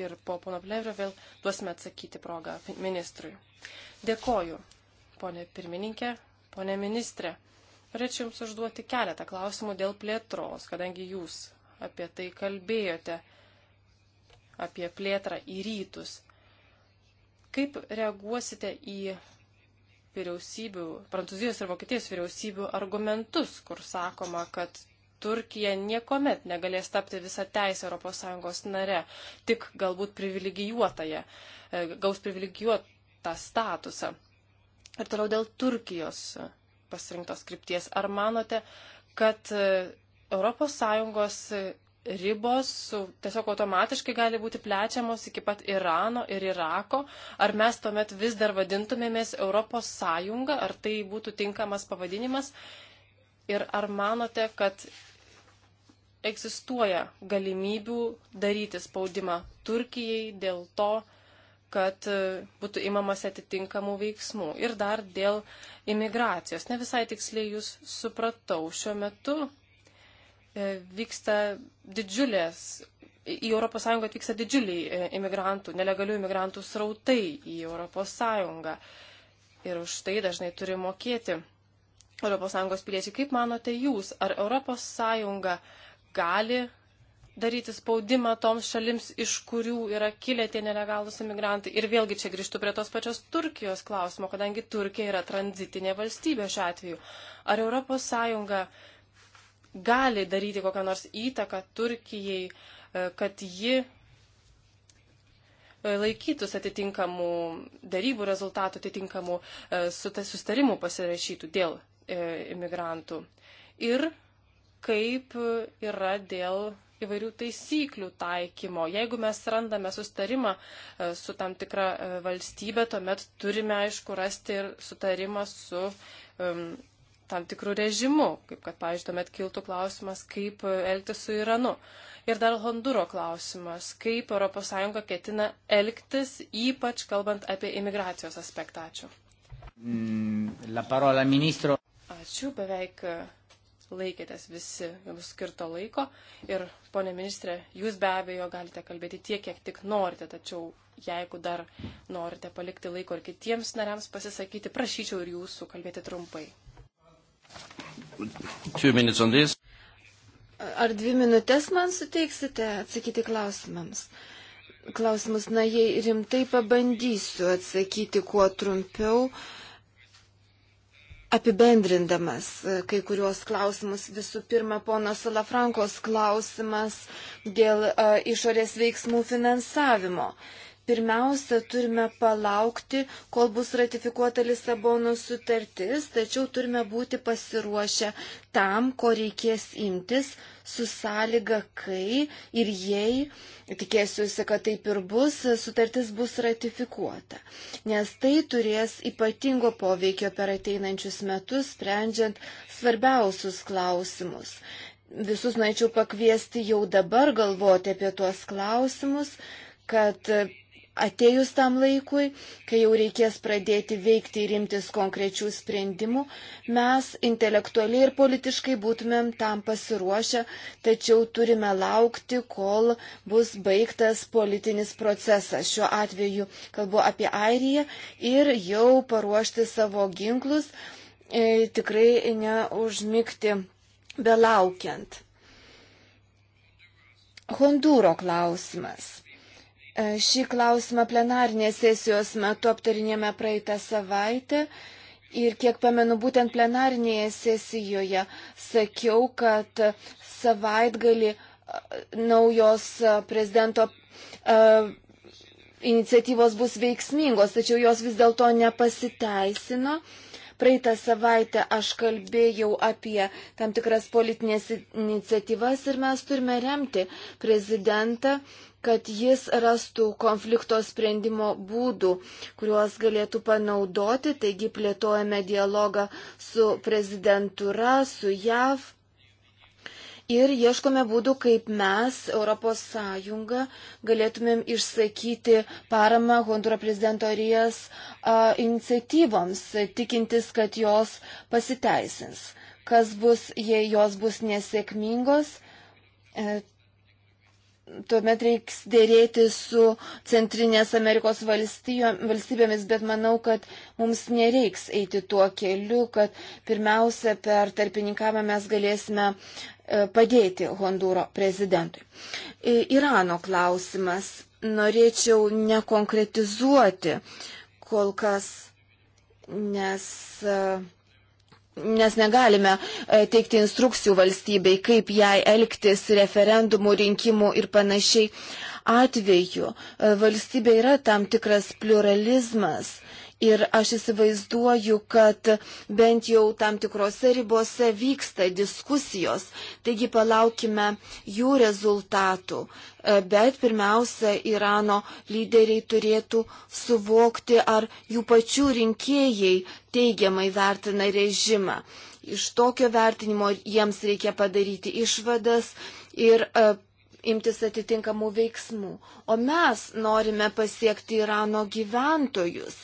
Ir po pono Plevrio vėl duosime atsakyti progą ministrui. Dėkoju, ponė pirmininkė, ponė ministrė. Norėčiau Jums užduoti keletą klausimų dėl plėtros, kadangi Jūs apie tai kalbėjote, apie plėtrą į rytus. Kaip reaguosite į vyriausybių, Prancūzijos ir Vokietijos vyriausybių argumentus, kur sakoma, kad Turkija niekuomet negalės tapti visą teisę ES nare, tik galbūt privilegijuotąją, e, gaus privilegijuotą statusą. Ir toliau dėl Turkijos e, pasirinktos krypties. Ar manote, kad ES e, ribos tiesiog automatiškai gali būti plečiamos iki pat Irano ir Irako? Ar mes tuomet vis dar vadintumėmės ES, ar tai būtų tinkamas pavadinimas? Ir ar manote, kad egzistuoja galimybių daryti spaudimą Turkijai dėl to, kad e, būtų imamas atitinkamų veiksmų. Ir dar dėl imigracijos. Ne visai tiksliai jūs supratau. Šiuo metu e, vyksta didžiulės, į ES atvyksta didžiuliai e, imigrantų, nelegalių imigrantų srautai į ES. Ir už tai dažnai turi mokėti ES piliečiai. Kaip manote jūs, ar ES gali daryti spaudimą toms šalims, iš kurių yra kilę tie nelegalūs imigrantai? Ir vėlgi čia grįžtu prie tos pačios Turkijos klausimo, kadangi Turkija yra tranzitinė valstybė šiuo atveju. Ar ES gali daryti kokią nors įtaką Turkijai, e, kad ji e, laikytus atitinkamų darybų rezultatų, atitinkamų e, sustarimų pasirašytų dėl E, imigrantų. Ir kaip yra dėl įvairių taisyklių taikymo. Jeigu mes randame sustarimą e, su tam tikra e, valstybė, tuomet turime, aišku, rasti ir sutarimą su um, tam tikrų režimų, kaip kad, pavyzdžiui, tuomet kiltų klausimas, kaip elgtis su Iranu. Ir dar Honduro klausimas, kaip ES ketina elgtis, ypač kalbant apie imigracijos aspektą. Ačiū. Mm, la parola ministro. Ačiū, beveik e, laikėtės visi jums skirto laiko. Ir, ponė ministrė, jūs be abejo galite kalbėti tiek, kiek tik norite, tačiau jeigu dar norite palikti laiko ir kitiems nariams pasisakyti, prašyčiau ir jūsų kalbėti trumpai. Ar dvi minutės man suteiksite atsakyti klausimams? Klausimus, na jei rimtai pabandysiu atsakyti kuo trumpiau. Uh, Apibendrindamas kai kuriuos klausimus, visų pirma, pono Salafrankos klausimas dėl a, e, išorės veiksmų finansavimo. Pirmiausia, turime palaukti, kol bus ratifikuota Lisabonos sutartis, tačiau turime būti pasiruošę tam, ko reikės imtis, su sąlyga, kai ir jei, tikėsiuosi, kad taip ir bus, sutartis bus ratifikuota. Nes tai turės ypatingo poveikio per ateinančius metus, sprendžiant svarbiausius klausimus. Visus norėčiau pakviesti jau dabar galvoti apie tuos klausimus, kad atėjus tam laikui, kai jau reikės pradėti veikti ir imtis konkrečių sprendimų, mes intelektualiai ir politiškai būtumėm tam pasiruošę, tačiau turime laukti, kol bus baigtas politinis procesas. Šiuo atveju kalbu apie Airiją ir jau paruošti savo ginklus, e, tikrai neužmygti belaukiant. Hondūro klausimas. E, šį klausimą plenarinės sesijos metu aptarinėme praeitą savaitę. Ir kiek pamenu, būtent plenarinėje sesijoje sakiau, kad savaitgali e, naujos e, prezidento iniciatyvos bus veiksmingos, tačiau jos vis dėlto nepasiteisino. Praeitą savaitę aš kalbėjau apie tam tikras politinės iniciatyvas ir mes turime remti prezidentą, kad jis rastų konflikto sprendimo būdų, kuriuos galėtų panaudoti. Taigi plėtojame dialogą su prezidentūra, su JAV ir ieškome būdų, kaip mes, ES, galėtumėm išsakyti paramą Honduro prezidento Rijas iniciatyvoms, tikintis, kad jos pasiteisins. Kas bus, jei jos bus nesėkmingos? E, tuomet reiks dėrėti su Centrinės Amerikos valstybėmis, bet manau, kad mums nereiks eiti tuo keliu, kad pirmiausia per tarpininkavimą mes galėsime e, padėti Hondūro prezidentui. E, Irano klausimas. Norėčiau nekonkretizuoti kol kas, nes. Uh, nes negalime e, teikti instrukcijų valstybei, kaip jai elgtis referendumų, rinkimų ir panašiai atveju. E, valstybė yra tam tikras pluralizmas Ir aš įsivaizduoju, kad bent jau tam tikrose ribose vyksta diskusijos. Taigi palaukime jų rezultatų. E, bet pirmiausia, Irano lyderiai turėtų suvokti, ar jų pačių rinkėjai teigiamai vertina režimą. Iš tokio vertinimo jiems reikia padaryti išvadas ir e, imtis atitinkamų veiksmų. O mes norime pasiekti Irano gyventojus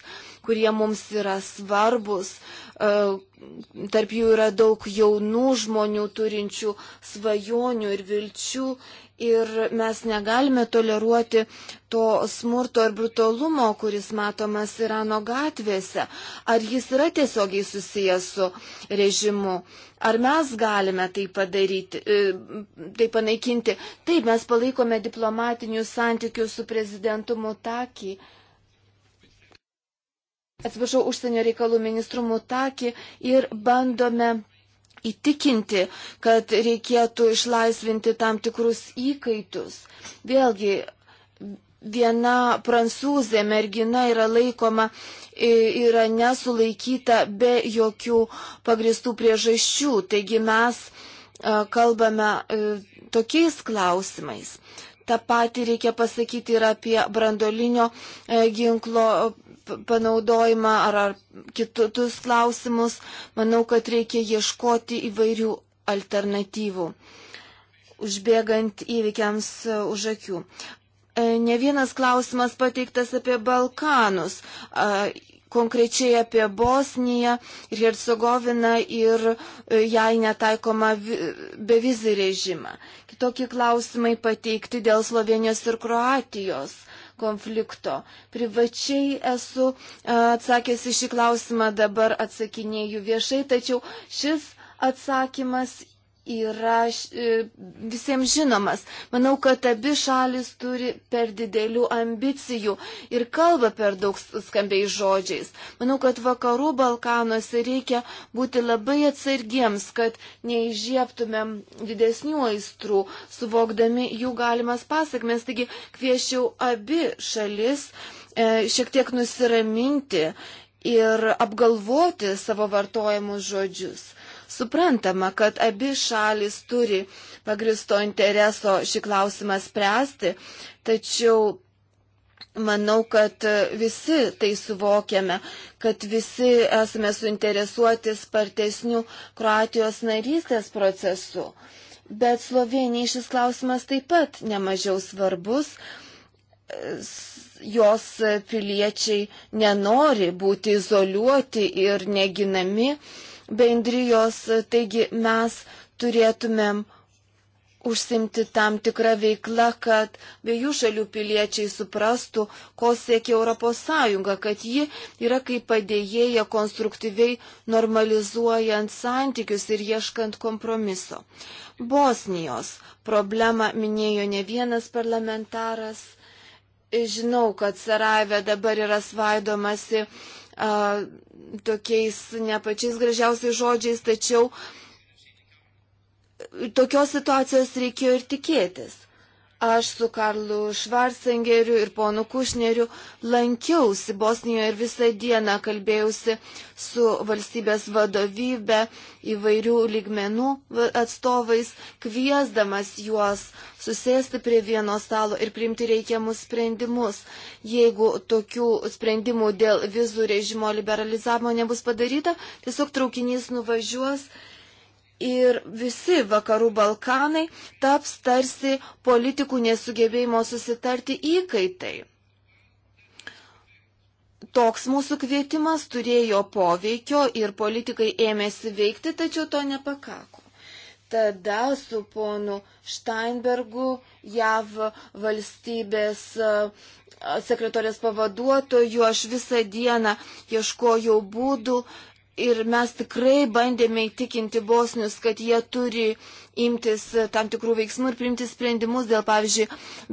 kurie mums yra svarbus. E, tarp jų yra daug jaunų žmonių turinčių svajonių ir vilčių. Ir mes negalime toleruoti to smurto ir brutalumo, kuris matomas Irano gatvėse. Ar jis yra tiesiogiai susijęs su režimu? Ar mes galime tai padaryti, e, tai panaikinti? Taip, mes palaikome diplomatinius santykius su prezidentu Mutaki atsiprašau, užsienio reikalų ministrų Mutakį ir bandome įtikinti, kad reikėtų išlaisvinti tam tikrus įkaitus. Vėlgi, viena prancūzė mergina yra laikoma, yra nesulaikyta be jokių pagristų priežasčių. Taigi mes e, kalbame e, tokiais klausimais. Ta pati reikia pasakyti ir apie brandolinio e, ginklo panaudojimą ar, ar kitus klausimus, manau, kad reikia ieškoti įvairių alternatyvų, užbėgant įvykiams e, už akių. E, ne vienas klausimas pateiktas apie Balkanus, konkrečiai apie Bosniją ir Hercegoviną ir e, jai netaikoma bevizį režimą. Kitokie klausimai pateikti dėl Slovenijos ir Kroatijos konflikto. Privačiai esu atsakęs į šį klausimą, dabar atsakinėju viešai, tačiau šis atsakymas yra e, visiems žinomas. Manau, kad abi šalis turi per didelių ambicijų ir kalba per daug skambiais žodžiais. Manau, kad vakarų Balkanuose reikia būti labai atsargiems, kad neižieptumėm didesnių aistrų, suvokdami jų galimas pasakmes. Taigi kviešiau abi šalis e, šiek tiek nusiraminti ir apgalvoti savo vartojimus žodžius. Suprantama, kad abi šalis turi pagristo intereso šį klausimą spręsti, tačiau manau, kad visi tai suvokiame, kad visi esame suinteresuoti spartesnių Kroatijos narystės procesu. Bet Slovenijai šis klausimas taip pat nemažiau svarbus jos piliečiai nenori būti izoliuoti ir neginami, bendrijos, taigi mes turėtumėm užsimti tam tikrą veiklą, kad abiejų šalių piliečiai suprastų, ko siekia ES, kad ji yra kaip padėjėja konstruktyviai normalizuojant santykius ir ieškant kompromiso. Bosnijos problemą minėjo ne vienas parlamentaras. Žinau, kad Sarajeve dabar yra svaidomasi a, tokiais ne pačiais gražiausiais žodžiais, tačiau tokios situacijos reikėjo ir tikėtis. Aš su Karlu Švarsengeriu ir ponu Kušneriu lankiausi Bosnijoje ir visą dieną kalbėjausi su valstybės vadovybė įvairių lygmenų atstovais, kviesdamas juos susėsti prie vieno stalo ir priimti reikiamus sprendimus. Jeigu tokių sprendimų dėl vizų režimo liberalizavimo nebus padaryta, tiesiog traukinys nuvažiuos ir visi vakarų Balkanai taps tarsi politikų nesugebėjimo susitarti įkaitai. Toks mūsų kvietimas turėjo poveikio ir politikai ėmėsi veikti, tačiau to nepakako. Tada su ponu Steinbergu JAV valstybės sekretorės pavaduotoju aš visą dieną ieškojau būdų, uh, Ir mes tikrai bandėme įtikinti bosnius, kad jie turi imtis tam tikrų veiksmų ir priimti sprendimus dėl, pavyzdžiui,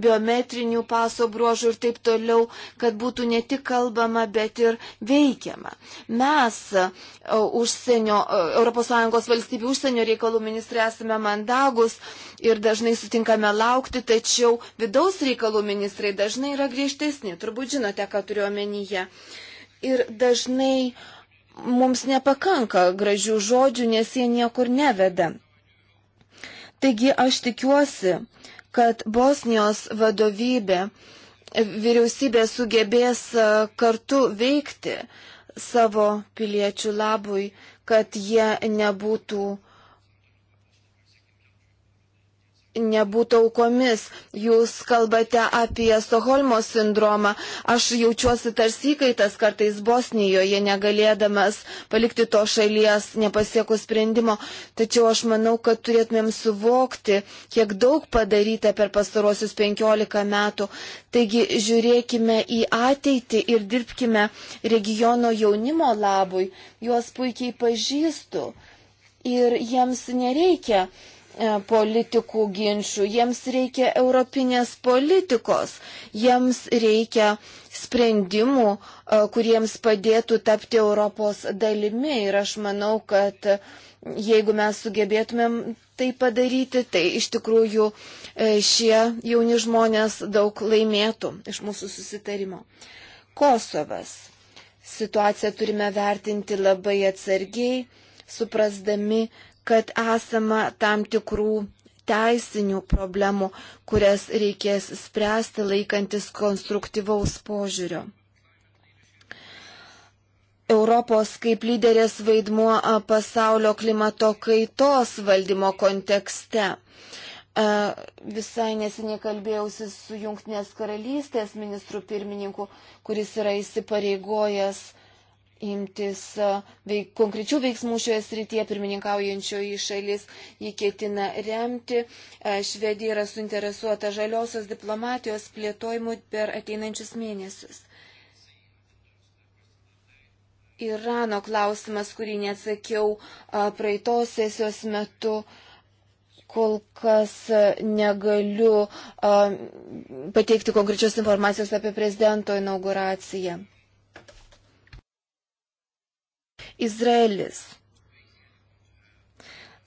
biometrinių paso bruožų ir taip toliau, kad būtų ne tik kalbama, bet ir veikiama. Mes, e, užsienio, ES valstybių užsienio reikalų ministrai, esame mandagus ir dažnai sutinkame laukti, tačiau vidaus reikalų ministrai dažnai yra griežtesni. Turbūt žinote, ką turiu omenyje. Ir dažnai uh, mums nepakanka gražių žodžių, nes jie niekur neveda. Taigi aš tikiuosi, kad Bosnijos vadovybė, vyriausybė sugebės e, kartu veikti savo piliečių labui, kad jie nebūtų nebūtų aukomis. Jūs kalbate apie Stoholmo sindromą. Aš jaučiuosi tarsi įkaitas kartais Bosnijoje, negalėdamas palikti to šalies nepasiekus sprendimo. Tačiau aš manau, kad turėtumėm suvokti, kiek daug padaryta per pastarosius 15 metų. Taigi žiūrėkime į ateitį ir dirbkime regiono jaunimo labui. Juos puikiai pažįstu. Ir jiems nereikia uh, E, politikų ginčių, jiems reikia europinės politikos, jiems reikia sprendimų, e, kuriems padėtų tapti Europos dalimi. Ir aš manau, kad jeigu mes sugebėtumėm tai padaryti, tai iš tikrųjų e, šie jauni žmonės daug laimėtų iš mūsų susitarimo. Kosovas. Situaciją turime vertinti labai atsargiai, suprasdami, kad esama tam tikrų teisinių problemų, kurias reikės spręsti laikantis konstruktyvaus požiūrio. Europos kaip lyderės vaidmuo pasaulio klimato kaitos valdymo kontekste. Visai neseniai kalbėjausi su Junktinės karalystės ministru pirmininku, kuris yra įsipareigojęs imtis veik, konkrečių veiksmų šioje srityje, pirmininkaujančioji šalis jį ketina remti. Švedija yra suinteresuota žaliosios diplomatijos plėtojimu per ateinančius mėnesius. Irano klausimas, kurį neatsakiau praeitos sesijos metu kol kas negaliu a, pateikti konkrečios informacijos apie prezidento inauguraciją. Izraelis.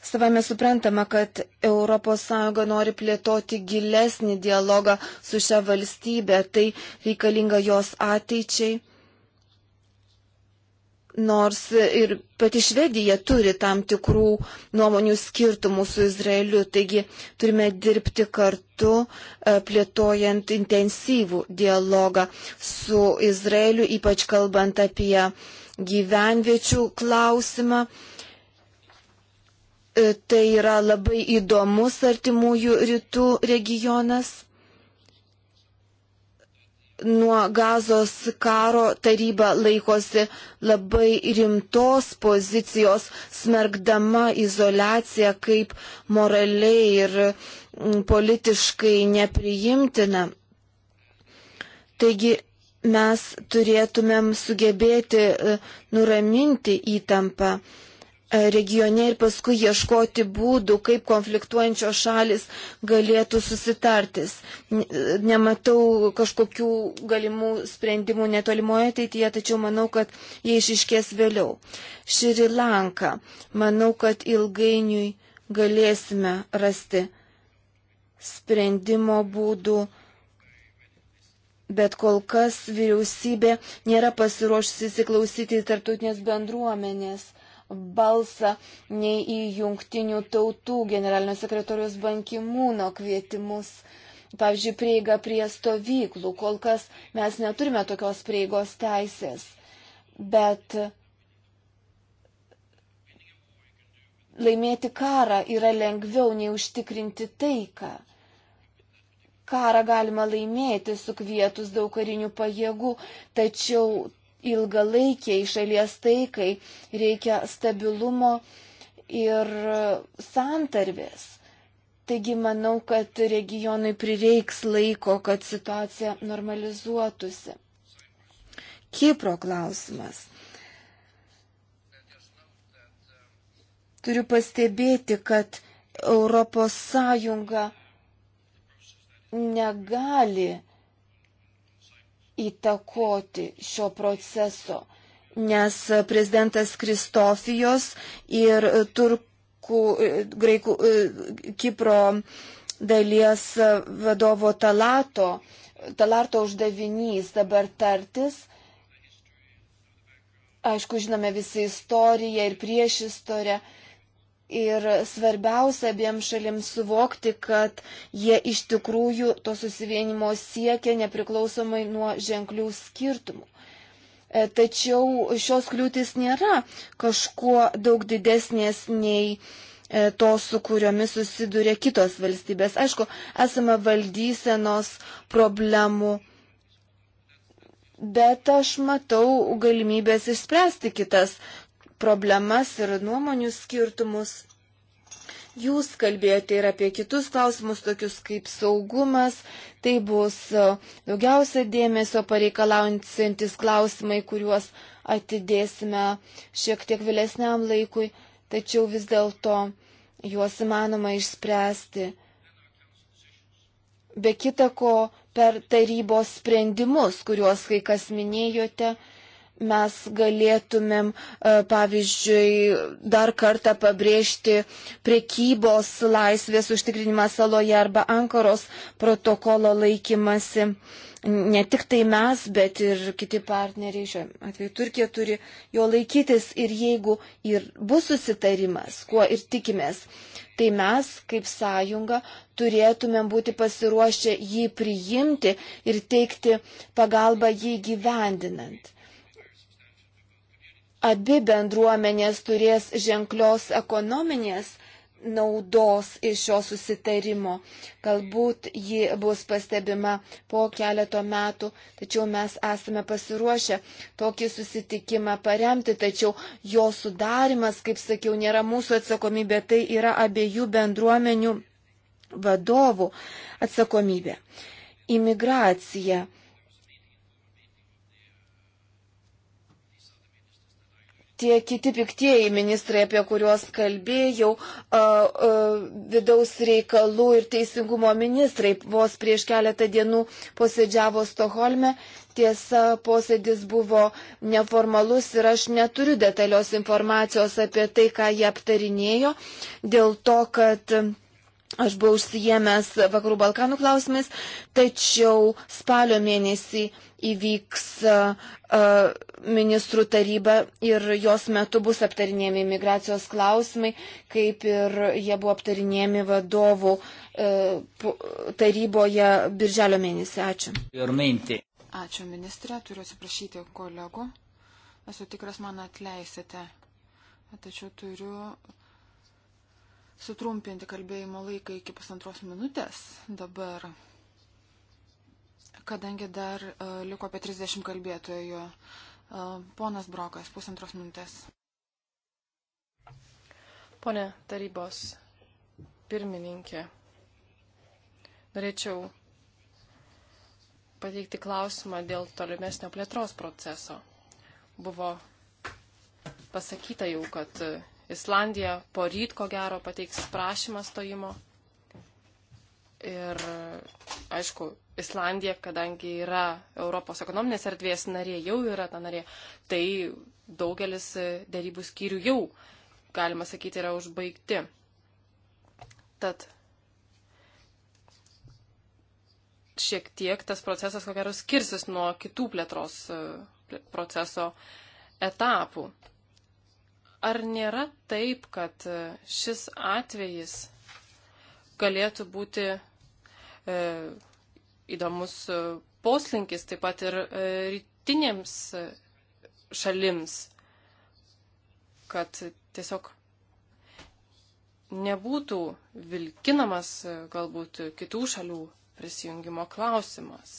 Savame suprantama, kad ES nori plėtoti gilesnį dialogą su šia valstybė, tai reikalinga jos ateičiai. Nors ir pati Švedija turi tam tikrų nuomonių skirtumų su Izraeliu, taigi turime dirbti kartu, e, plėtojant intensyvų dialogą su Izraeliu, ypač kalbant apie uh, gyvenviečių klausimą. E, tai yra labai įdomus artimųjų rytų regionas. Nuo gazos karo taryba laikosi labai rimtos pozicijos, smergdama izolaciją kaip moraliai ir politiškai nepriimtina. Taigi mes turėtumėm sugebėti e, nuraminti įtampą e, regione ir paskui ieškoti būdų, kaip konfliktuojančios šalis galėtų susitartis. E, nematau kažkokių galimų sprendimų netolimoje ateityje, tačiau manau, kad jie išiškės vėliau. Šri Lanka. Manau, kad ilgainiui galėsime rasti sprendimo būdų bet kol kas vyriausybė nėra pasiruošusi įsiklausyti į tarptautinės bendruomenės balsą nei į jungtinių tautų generalinio sekretorijos bankimūno kvietimus. Pavyzdžiui, prieiga prie stovyklų. Kol kas mes neturime tokios prieigos teisės. Bet laimėti karą yra lengviau nei užtikrinti taiką karą galima laimėti sukvietus daug karinių pajėgų, tačiau ilgalaikiai šalies taikai reikia stabilumo ir santarvės. Taigi manau, kad regionui prireiks laiko, kad situacija normalizuotųsi. Kipro klausimas. Turiu pastebėti, kad Europos Sąjunga negali įtakoti šio proceso, nes prezidentas Kristofijos ir turkų, e, graikų, e, Kipro dalies vadovo Talato, Talarto uždavinys dabar tartis. Aišku, žinome visą istoriją ir priešistorę. istoriją Ir svarbiausia abiems šalims suvokti, kad jie iš tikrųjų to susivienimo siekia nepriklausomai nuo ženklių skirtumų. E, tačiau šios kliūtis nėra kažkuo daug didesnės nei e, tos, su kuriomis susiduria kitos valstybės. Aišku, esame valdysenos problemų bet aš matau galimybės išspręsti kitas problemas ir nuomonių skirtumus. Jūs kalbėjote ir apie kitus klausimus, tokius kaip saugumas. Tai bus e, daugiausia dėmesio pareikalaujantis klausimai, kuriuos atidėsime šiek tiek vėlesniam laikui, tačiau vis dėlto juos įmanoma išspręsti. Be kita ko, per tarybos sprendimus, kuriuos kai kas minėjote, mes galėtumėm, e, pavyzdžiui, dar kartą pabrėžti priekybos laisvės užtikrinimą saloje arba Ankaros protokolo laikymasi. Ne tik tai mes, bet ir kiti partneriai, šiuo atveju Turkija turi jo laikytis ir jeigu ir bus susitarimas, kuo ir tikimės, tai mes kaip sąjunga turėtumėm būti pasiruošę jį priimti ir teikti pagalbą jį gyvendinant abi bendruomenės turės ženklios ekonominės naudos iš šio susitarimo. Galbūt ji bus pastebima po keleto metų, tačiau mes esame pasiruošę tokį susitikimą paremti, tačiau jo sudarimas, kaip sakiau, nėra mūsų atsakomybė, tai yra abiejų bendruomenių vadovų atsakomybė. Imigracija tie kiti piktieji ministrai, apie kuriuos kalbėjau, a, a, vidaus reikalų ir teisingumo ministrai vos prieš keletą dienų posėdžiavo Stoholme. Tiesa, posėdis buvo neformalus ir aš neturiu detalios informacijos apie tai, ką jie aptarinėjo, dėl to, kad Aš buvau užsijėmęs Vakarų Balkanų klausimais, tačiau spalio mėnesį įvyks uh, ministrų taryba ir jos metu bus aptarinėjami migracijos klausimai, kaip ir jie buvo aptarinėjami vadovų uh, taryboje birželio mėnesį. Ačiū. Ačiū ministrė, turiu atsiprašyti kolegų. Esu tikras, man atleisite. Tačiau turiu sutrumpinti kalbėjimo laiką iki pusantros minutės dabar, kadangi dar uh, liko apie 30 kalbėtojų. Uh, ponas Brokas, pusantros minutės. Pone tarybos pirmininkė, norėčiau pateikti klausimą dėl tolimesnio plėtros proceso. Buvo pasakyta jau, kad Islandija po ryt, ko gero, pateiks prašymą stojimo. Ir, aišku, Islandija, kadangi yra Europos ekonominės erdvės narė, jau yra ta narė, tai daugelis dėrybų skyrių jau, galima sakyti, yra užbaigti. Tad šiek tiek tas procesas, ko gero, skirsis nuo kitų plėtros proceso etapų. Ar nėra taip, kad e, šis atvejis galėtų būti e, įdomus e, poslinkis taip pat ir e, rytinėms šalims, kad tiesiog nebūtų vilkinamas galbūt kitų šalių prisijungimo klausimas.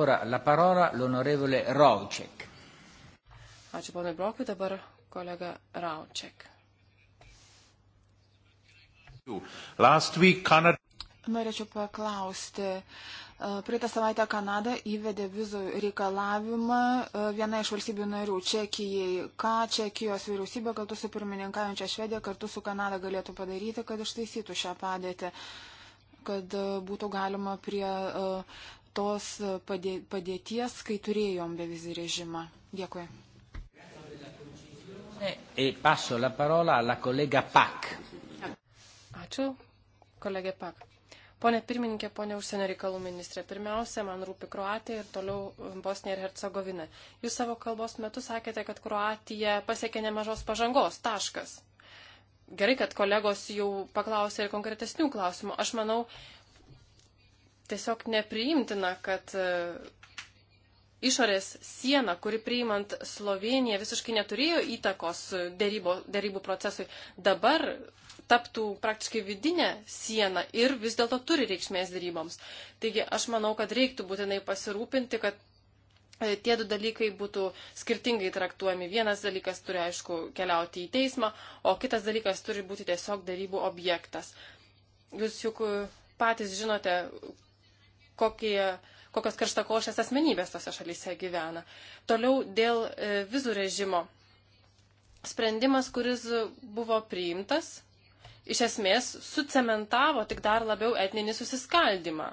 Ora la parola l'onorevole Rovček. Ačiū ponui Brokui, dabar kolega Rauček. Norėčiau paklausti. E, praeitą savaitę Kanada įvedė vizų reikalavimą e, viena iš valstybių narių - Čekijai. Ką Čekijos vyriausybė kartu su pirmininkaujančia Švedija kartu su Kanada galėtų padaryti, kad ištaisytų šią padėtį, kad e, būtų galima prie tos padėties, kai turėjom bevizį režimą. Dėkui. E passo la parola alla kolega Pak. Ačiū, kolegė Pak. Pone pirmininkė, pone užsienio reikalų ministrė, pirmiausia, man rūpi Kroatija ir toliau um, Bosnija ir Hercegovina. Jūs savo kalbos metu sakėte, kad Kroatija pasiekė nemažos pažangos, taškas. Gerai, kad kolegos jau paklausė ir konkretesnių klausimų. Aš manau, tiesiog nepriimtina, kad išorės siena, kuri priimant Sloveniją visiškai neturėjo įtakos dėrybo, dėrybų procesui, dabar taptų praktiškai vidinė siena ir vis dėlto turi reikšmės dėryboms. Taigi aš manau, kad reiktų būtinai pasirūpinti, kad e, tie du dalykai būtų skirtingai traktuojami. Vienas dalykas turi, aišku, keliauti į teismą, o kitas dalykas turi būti tiesiog darybų objektas. Jūs juk patys žinote, kokie kokios karštakošės asmenybės tose šalyse gyvena. Toliau dėl e, vizų režimo. Sprendimas, kuris buvo priimtas, iš esmės sucementavo tik dar labiau etninį susiskaldimą.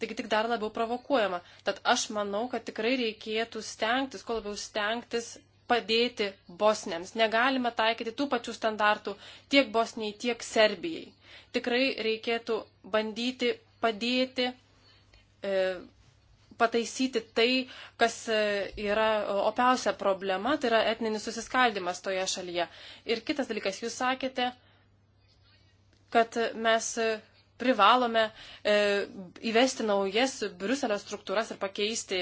Taigi tik dar labiau provokuojama. Tad aš manau, kad tikrai reikėtų stengtis, kuo labiau stengtis padėti bosniams. Negalime taikyti tų pačių standartų tiek Bosnijai, tiek Serbijai. Tikrai reikėtų bandyti padėti E, pataisyti tai, kas e, yra opiausia problema, tai yra etninis susiskaldimas toje šalyje. Ir kitas dalykas, jūs sakėte, kad mes privalome e, įvesti naujas Bruselio struktūras ir pakeisti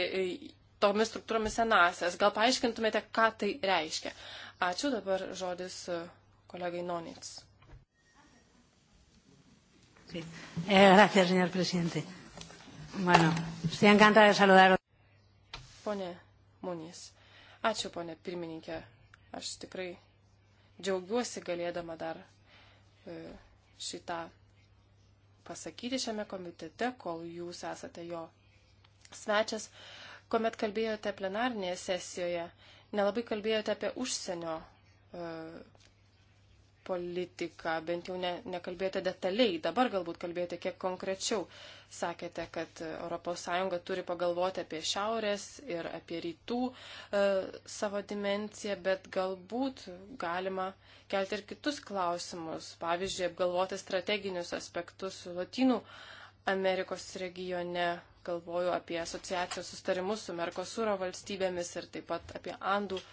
tomis struktūromis senasias. Gal paaiškintumėte, ką tai reiškia? Ačiū dabar žodis kolegai Nonits. Sí. Eh, gracias, señor presidente. Eh, Bueno, estoy encantada de saludar. Pone Munys. Ačiū, ponė pirmininkė. Aš tikrai džiaugiuosi galėdama dar e, šitą pasakyti šiame komitete, kol jūs esate jo svečias. Komet kalbėjote plenarnėje sesijoje, nelabai kalbėjote apie užsienio e, politiką, bent jau ne, nekalbėjote detaliai, dabar galbūt kalbėjote kiek konkrečiau. Sakėte, kad ES turi pagalvoti apie šiaurės ir apie rytų e, savo dimenciją, bet galbūt galima kelti ir kitus klausimus, pavyzdžiui, apgalvoti strateginius aspektus Latinų Amerikos regione, galvoju apie asociacijos sustarimus su Merkosūro valstybėmis ir taip pat apie Andų e,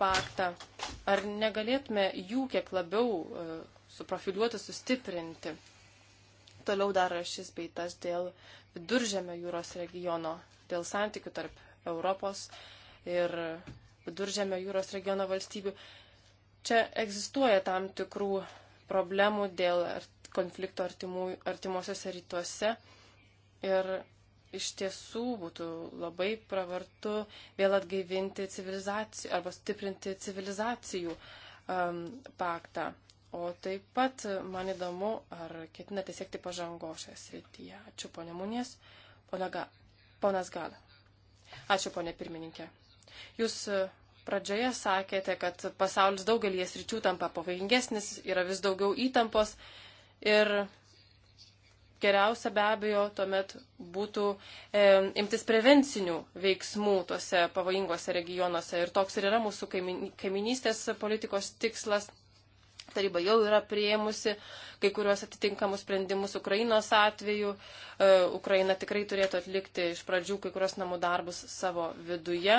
paktą, ar negalėtume jų kiek labiau e, suprofiliuoti, sustiprinti. Toliau dar šis beitas dėl viduržėmio jūros regiono, dėl santykių tarp Europos ir viduržėmio jūros regiono valstybių. Čia egzistuoja tam tikrų problemų dėl konflikto artimuosiuose rytuose ir iš tiesų būtų labai pravartu vėl atgaivinti civilizacijų arba stiprinti civilizacijų um, paktą. O taip pat man įdomu, ar ketinate siekti pažangos šią srityje. Ačiū ponė Munės, ga, ponas Gal. Ačiū ponė pirmininkė. Jūs e, pradžioje sakėte, kad pasaulis daugelį sričių tampa pavojingesnis, yra vis daugiau įtampos ir geriausia be abejo tuomet būtų e, imtis prevencinių veiksmų tuose pavojingose regionuose. Ir toks ir yra mūsų kaiminystės politikos tikslas. Taryba jau yra prieimusi kai kuriuos atitinkamus sprendimus Ukrainos atveju. E, Ukraina tikrai turėtų atlikti iš pradžių kai kurios namų darbus savo viduje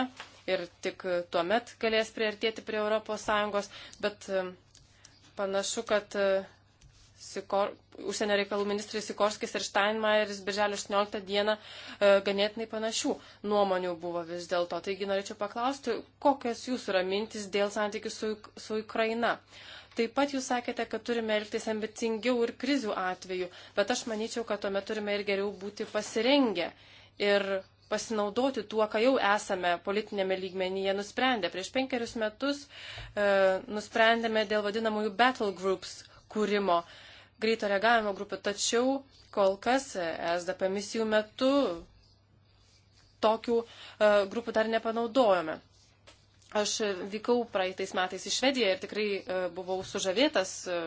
ir tik tuomet galės priartėti prie ES. Bet e, panašu, kad. E, Sikor, užsienio reikalų ministrai Sikorskis ir Steinmeieris birželio 18 dieną e, ganėtinai panašių nuomonių buvo vis dėlto. Taigi norėčiau paklausti, kokios jūsų yra mintis dėl santykių su, su Ukraina. Taip pat jūs sakėte, kad turime elgtis ambicingiau ir krizių atveju, bet aš manyčiau, kad tuomet turime ir geriau būti pasirengę ir pasinaudoti tuo, ką jau esame politinėme lygmenyje nusprendę. Prieš penkerius metus e, nusprendėme dėl vadinamųjų battle groups kūrimo. E, greito reagavimo grupė, tačiau kol kas SDP misijų metu tokių e, grupų dar nepanaudojome. Aš vykau praeitais metais į Švediją ir tikrai e, buvau sužavėtas e,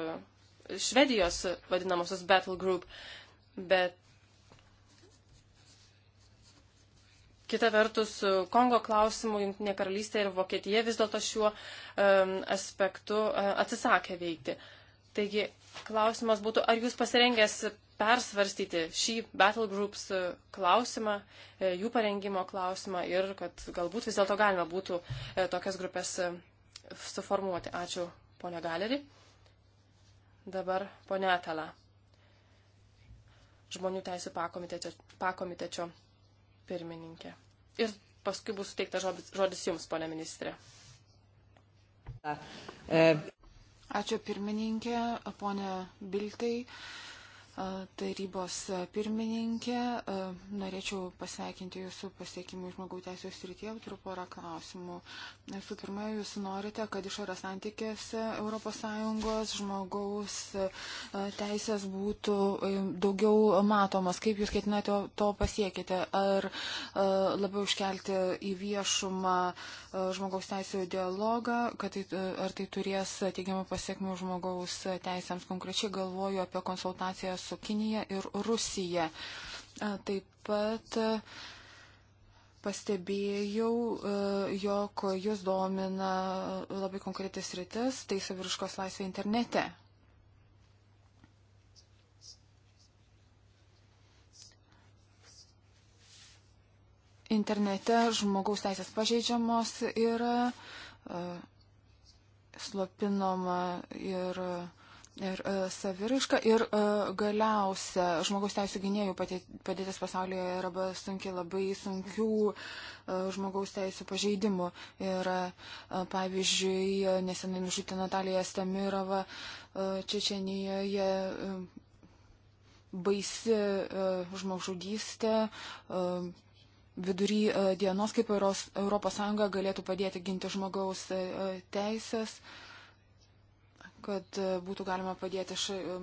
Švedijos vadinamosios Battle Group, bet kita vertus Kongo klausimų Junktinė karalystė ir Vokietija vis dėlto šiuo um, aspektu uh, atsisakė veikti. Taigi klausimas būtų, ar jūs pasirengęs persvarstyti šį battle groups klausimą, e, jų parengimo klausimą ir kad galbūt vis dėlto galima būtų e, tokias grupės e, suformuoti. Ačiū, ponia Galerį. Dabar ponia Atala, žmonių teisų pakomitečio, pakomitečio pirmininkė. Ir paskui bus suteiktas žodis, žodis jums, ponia ministrė. E... Ačiū pirmininkė, ponė Biltai tarybos pirmininkė. Norėčiau pasveikinti jūsų pasiekimų žmogaus teisų srityje. Turiu porą klausimų. Visų pirma, jūs norite, kad išorės santykėse ES žmogaus teisės būtų daugiau matomas. Kaip jūs ketinate to pasiekite? Ar labiau iškelti į viešumą žmogaus teisų dialogą, tai, ar tai turės teigiamą pasiekmių žmogaus teisėms? Konkrečiai galvoju apie konsultacijas su Kinija ir Rusija. Taip pat pastebėjau, jog jūs domina labai konkretis rytis, tai saviriškos laisvė internete. Internete žmogaus teisės pažeidžiamos yra slopinoma ir uh, ir uh, e, saviriška. Ir uh, galiausia, žmogaus teisų gynėjų padėtis pasaulyje yra sunki, labai sunkių uh, žmogaus teisų pažeidimų. Ir uh, pavyzdžiui, nesenai nužudė Natalija Stamirova uh, Čečenijoje. Uh, Baisi uh, žmogžudystė, uh, vidury dienos, kaip ES galėtų padėti ginti žmogaus teisės. Uh, kad e, būtų galima padėti ša, e,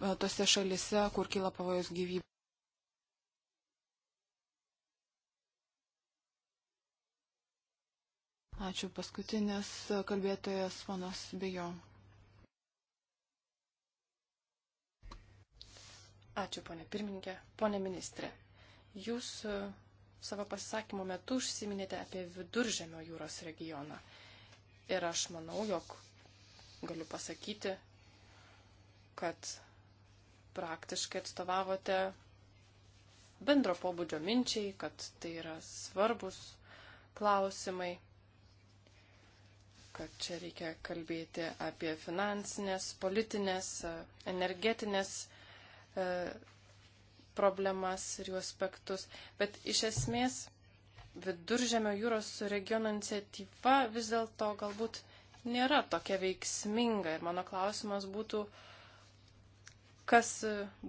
e, tose šalise, kur kyla pavojus gyvybė. Ačiū paskutinis kalbėtojas panas Bijo. Ačiū, ponė pirmininkė. Pone ministrė, jūs savo pasisakymo metu užsiminėte apie viduržemio jūros regioną. Ir aš manau, jog galiu pasakyti, kad praktiškai atstovavote bendro pobūdžio minčiai, kad tai yra svarbus klausimai, kad čia reikia kalbėti apie finansinės, politinės, energetinės e, problemas ir jų aspektus. Bet iš esmės viduržėmio jūros regiono iniciatyva vis dėlto galbūt nėra tokia veiksminga. Ir mano klausimas būtų, kas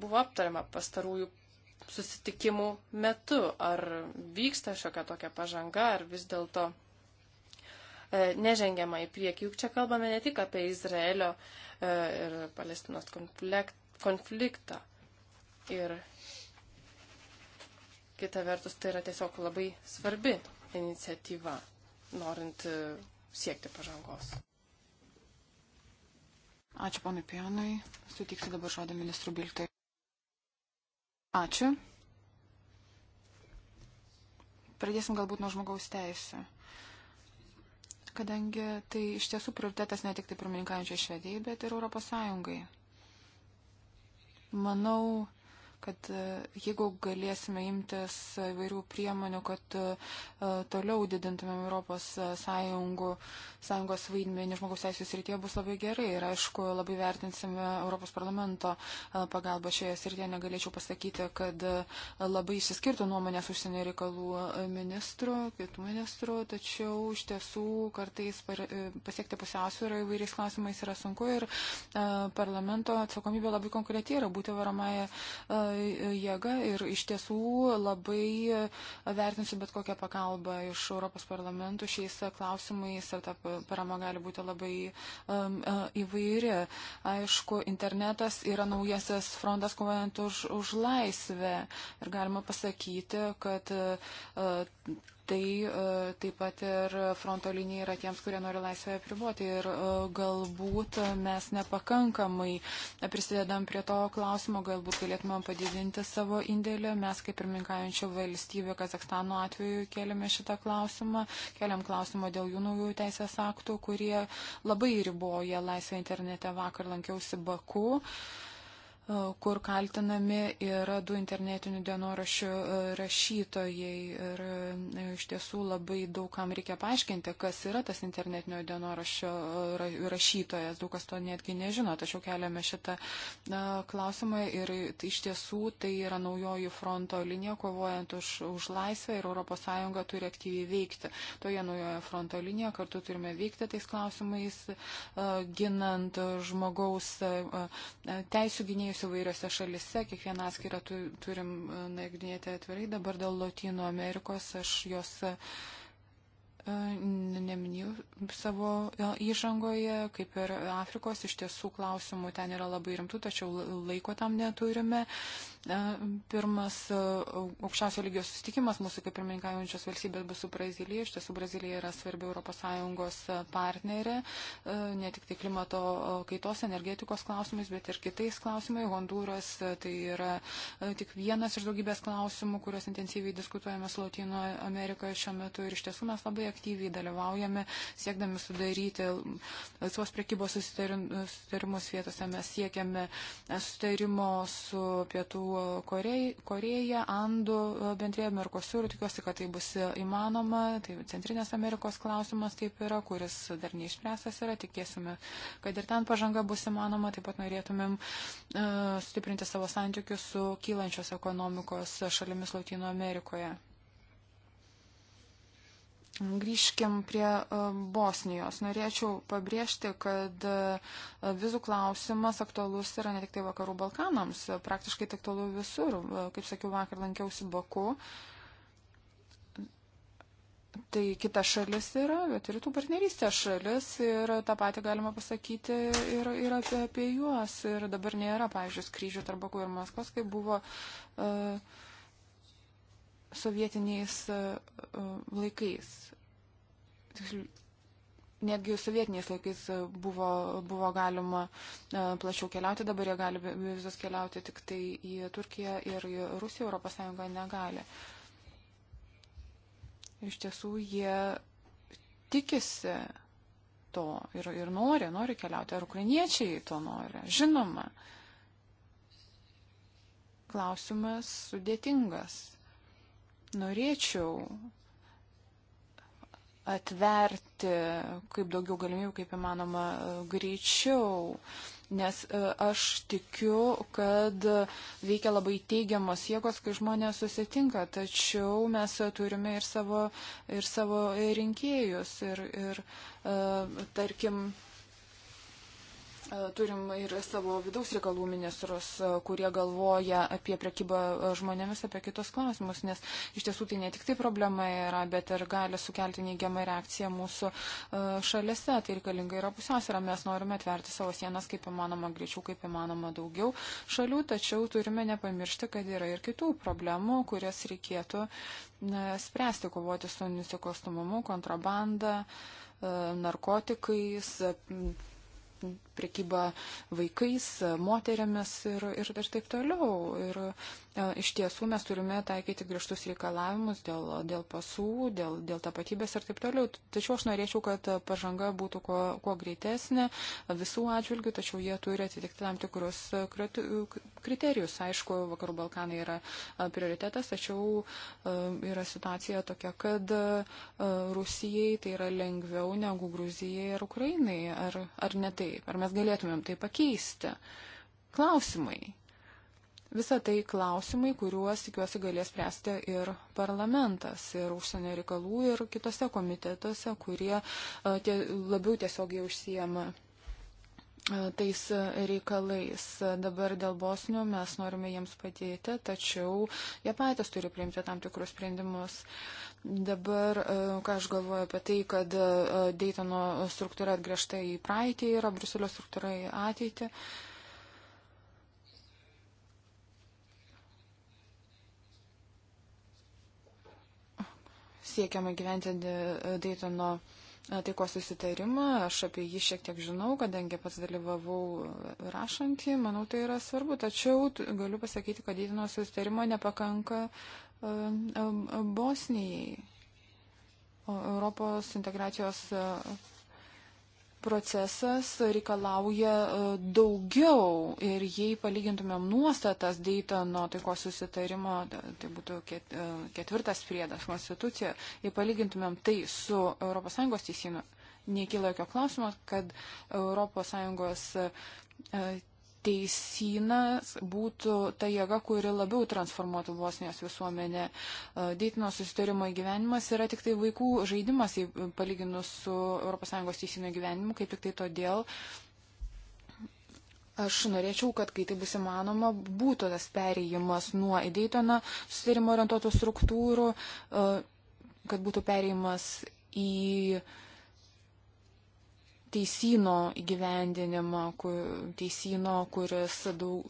buvo aptariama pastarųjų susitikimų metu. Ar vyksta šiokia tokia pažanga, ar vis dėlto e, nežengiama į priekį. Juk čia kalbame ne tik apie Izraelio e, ir Palestinos konfliktą. Ir kita vertus, tai yra tiesiog labai svarbi iniciatyva, norint e, siekti pažangos. Ačiū ponui Pijonui. Sutiksiu dabar žodį ministrų Biltai. Ačiū. Pradėsim galbūt nuo žmogaus teisų. Kadangi tai iš tiesų prioritetas ne tik tai pirmininkaujančiai Švedijai, bet ir Europos Sąjungai. Manau, kad e, jeigu galėsime imtis įvairių priemonių, kad e, toliau didintumėm Europos e, sąjungų, sąjungos vaidmenį žmogaus teisės srityje bus labai gerai. Ir aišku, labai vertinsime Europos parlamento pagalbą šioje srityje. Negalėčiau pasakyti, kad labai išsiskirtų nuomonės užsienio reikalų ministrų, kitų ministrų, tačiau iš tiesų kartais pasiekti pusiausvyrą įvairiais klausimais yra sunku ir parlamento atsakomybė labai konkreti yra būti varomąją jėga ir iš tiesų labai vertinsiu bet kokią pagalbą iš Europos parlamentų šiais klausimais ir ta parama gali būti labai um, e, įvairi. Aišku, internetas yra naujasis frontas kovojant už, už laisvę ir galima pasakyti, kad uh, tai e, taip pat ir fronto linija yra tiems, kurie nori laisvę apriboti. Ir e, galbūt mes nepakankamai prisidedam prie to klausimo, galbūt galėtumėm padidinti savo indėlį. Mes kaip pirmininkaujančio valstybė Kazakstano atveju keliame šitą klausimą, keliam klausimą dėl jų naujų teisės aktų, kurie labai riboja laisvę internete. Vakar lankiausi Baku. Uh, E, kur kaltinami yra du internetinių dienoraščių e, rašytojai. Ir e, iš tiesų labai daugam reikia paaiškinti, kas yra tas internetinio dienoraščio rašytojas. Daug kas to netgi nežino, tačiau keliame šitą klausimą. Ir tai iš tiesų tai yra naujoji fronto linija, kovojant už, už laisvę ir ES turi aktyviai veikti. Toje naujoje fronto linijoje kartu turime veikti tais klausimais, ginant žmogaus teisų gynėjus pavienius įvairiose šalise, kiekvieną atskirą tu, turim e, nagrinėti atvirai. Dabar dėl Latino Amerikos aš jos e, neminėjau savo e, įžangoje, kaip ir Afrikos, iš tiesų klausimų ten yra labai rimtų, tačiau laiko tam neturime. Uh, Pirmas e, aukščiausio lygio susitikimas mūsų kaip pirmininkaujančios valstybės bus su Brazilija. Iš tiesų, Brazilija yra svarbi ES partnerė, e, ne tik tai klimato e, kaitos, energetikos klausimais, bet ir kitais klausimais. Honduras tai yra tik vienas iš daugybės klausimų, kuriuos intensyviai diskutuojame su Latino Amerikoje šiuo metu. Ir iš tiesų mes labai aktyviai dalyvaujame, siekdami sudaryti laisvos prekybos susitarimus vietose. Mes siekiame sutarimo su pietų Koreja, Andų e, bendrėje Merkosūrų. Tikiuosi, kad tai bus įmanoma. Tai Centrinės Amerikos klausimas taip yra, kuris dar neišspręstas yra. Tikėsime, kad ir ten pažanga bus įmanoma. Taip pat norėtumėm uh, stiprinti savo santykius su kylančios ekonomikos šalimis Latino Amerikoje. Grįžkim prie e, Bosnijos. Norėčiau pabrėžti, kad e, vizų klausimas aktualus yra ne tik tai Vakarų Balkanams, praktiškai aktualu visur. E, kaip sakiau, vakar lankiausi Baku. Tai kita šalis yra, bet ir tų partnerystės šalis ir tą patį galima pasakyti ir, ir apie, apie juos. Ir dabar nėra, pavyzdžiui, skrydžių tarp Baku ir Maskvos, kaip buvo. Uh, sovietiniais e, e, laikais. Netgi sovietiniais laikais e, buvo, buvo galima plačiau keliauti, dabar jie gali be vizos keliauti tik tai į Turkiją ir į Rusiją, Europos Sąjunga negali. Iš tiesų jie tikisi to ir, ir nori, nori keliauti. Ar ukrainiečiai to nori? Žinoma. Klausimas sudėtingas norėčiau atverti kaip daugiau galimybių, kaip įmanoma, greičiau. Nes e, aš tikiu, kad veikia labai teigiamos jėgos, kai žmonės susitinka, tačiau mes turime ir savo, ir savo rinkėjus. Ir, ir e, tarkim, E, turim ir savo vidaus reikalų ministrus, e, kurie galvoja apie prekybą e, žmonėmis, apie kitos klausimus, nes iš tiesų tai ne tik tai problema yra, bet ir gali sukelti neigiamą reakciją mūsų šalise. Tai reikalinga yra pusiausvėra. Mes norime atverti savo sienas kaip įmanoma greičiau, kaip įmanoma daugiau šalių, tačiau turime nepamiršti, kad yra ir kitų problemų, kurias reikėtų spręsti, kovoti su nusikalstamumu, kontrabanda, narkotikais prekyba vaikais, moteriamis ir, ir, ir taip toliau. Ir e, iš tiesų mes turime taikyti griežtus reikalavimus dėl, dėl pasų, dėl, dėl tapatybės ir taip toliau. Tačiau aš norėčiau, kad pažanga būtų kuo, kuo greitesnė visų atžvilgių, tačiau jie turi atitikti tam tikrus kriterijus. Aišku, Vakarų Balkanai yra e, prioritetas, tačiau e, yra situacija tokia, kad Rusijai tai yra lengviau negu Gruzijai ar Ukrainai. Ar, ar ne taip? Ar mes galėtumėm tai pakeisti. Klausimai. Visą tai klausimai, kuriuos, tikiuosi, galės spręsti ir parlamentas, ir užsienio reikalų, ir kitose komitetuose, kurie e, tie, labiau tiesiogiai užsijama e, tais reikalais. Dabar dėl Bosnių mes norime jiems padėti, tačiau jie patys turi priimti tam tikrus sprendimus. Dabar, e, ką aš galvoju apie tai, kad e, Daytono struktūra atgriežta į praeitį yra, Bruselio struktūra į ateitį. Siekiama gyventi e, Daytono taiko susitarimą, aš apie jį šiek tiek žinau, kadangi pats dalyvavau rašant jį, manau tai yra svarbu, tačiau galiu pasakyti, kad didino susitarimo nepakanka Bosnijai. Europos integracijos procesas reikalauja e, daugiau ir jei palygintumėm nuostatas Daytono taikos susitarimo, tai būtų e, ketvirtas priedas konstitucija, jei palygintumėm tai su ES teisynu, nekyla jokio klausimo, kad ES e, teisynas būtų ta jėga, kuri labiau transformuotų Bosnijos visuomenę. E, Deitino susitarimo gyvenimas yra tik tai vaikų žaidimas, e, palyginus su ES teisinio gyvenimu, kaip tik tai todėl. Aš norėčiau, kad kai tai bus įmanoma, būtų tas perėjimas nuo įdeitoną susitarimo orientuotų struktūrų, e, kad būtų perėjimas į uh, teisino įgyvendinimą, teisino, kuris daug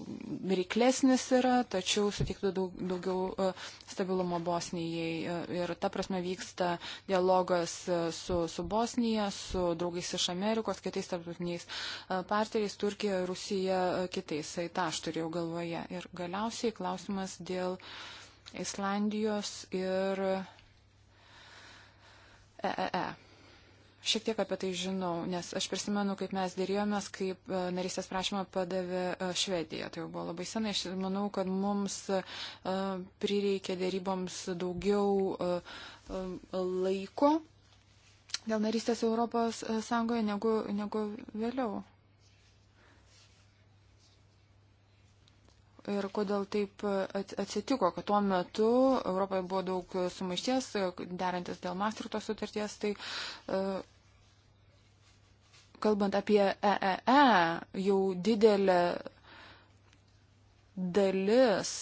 reiklesnis yra, tačiau sutiktų daug, daugiau e, stabilumo Bosnijai. E, ir ta prasme vyksta dialogas e, su, su Bosnija, su draugais iš Amerikos, kitais tarptautiniais partneriais, Turkija, Rusija, kitais. Tai aš turėjau galvoje. Ir galiausiai klausimas dėl Islandijos ir EEE. Šiek tiek apie tai žinau, nes aš prisimenu, kaip mes dėrėjomės, kaip e, narystės prašymą padavė e, Švedija. Tai jau buvo labai senai. Aš manau, kad mums e, prireikė dėryboms daugiau laiko dėl narystės Europos Sąjungoje negu, negu vėliau. Ir kodėl taip atsitiko, kad tuo metu Europoje buvo daug sumaišties, derantis dėl Mastrito sutarties, tai uh, kalbant apie EEE, e e, jau didelė dalis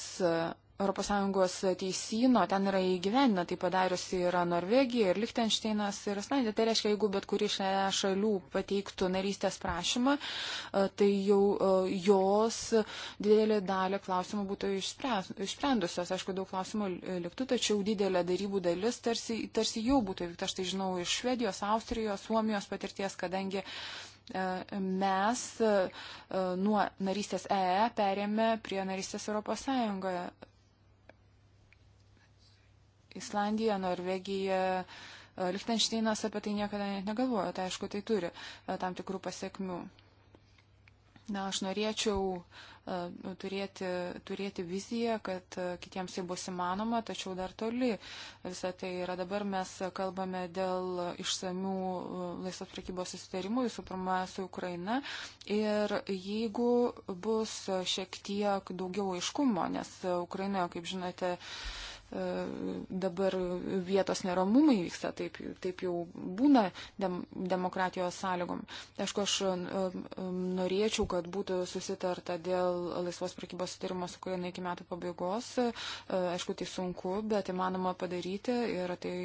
ES teisino, ten yra įgyvendina, tai padariusi yra Norvegija ir Lichtensteinas ir Islandija. Tai reiškia, jeigu bet kuri iš šalių pateiktų narystės prašymą, e, tai jau e, jos didelį dalį klausimų būtų išsprendusios. Aišku, daug klausimų liktų, tačiau didelė darybų dalis tarsi, tarsi jau būtų įvykta. Aš tai žinau iš Švedijos, Austrijos, Suomijos patirties, kadangi e, mes nuo narystės EE perėmė prie narystės Europos Sąjungoje. Islandija, Norvegija, e, Lichtensteinas apie tai niekada net negalvojo, tai aišku, tai turi e, tam tikrų pasiekmių. Na, aš norėčiau e, turėti, turėti viziją, kad kitiems tai bus įmanoma, tačiau dar toli visą tai yra. Dabar mes kalbame dėl išsamių laisvos prekybos susitarimų, visų pirma, su Ukraina. Ir jeigu bus šiek tiek daugiau aiškumo, nes Ukrainoje, kaip žinote, E, dabar vietos neramumai vyksta, taip, taip jau būna dem, demokratijos sąlygom. Aišku, aš e, e, norėčiau, kad būtų susitarta dėl laisvos prekybos sutarimo su Ukraina iki metų pabaigos. Aišku, tai sunku, bet įmanoma padaryti ir tai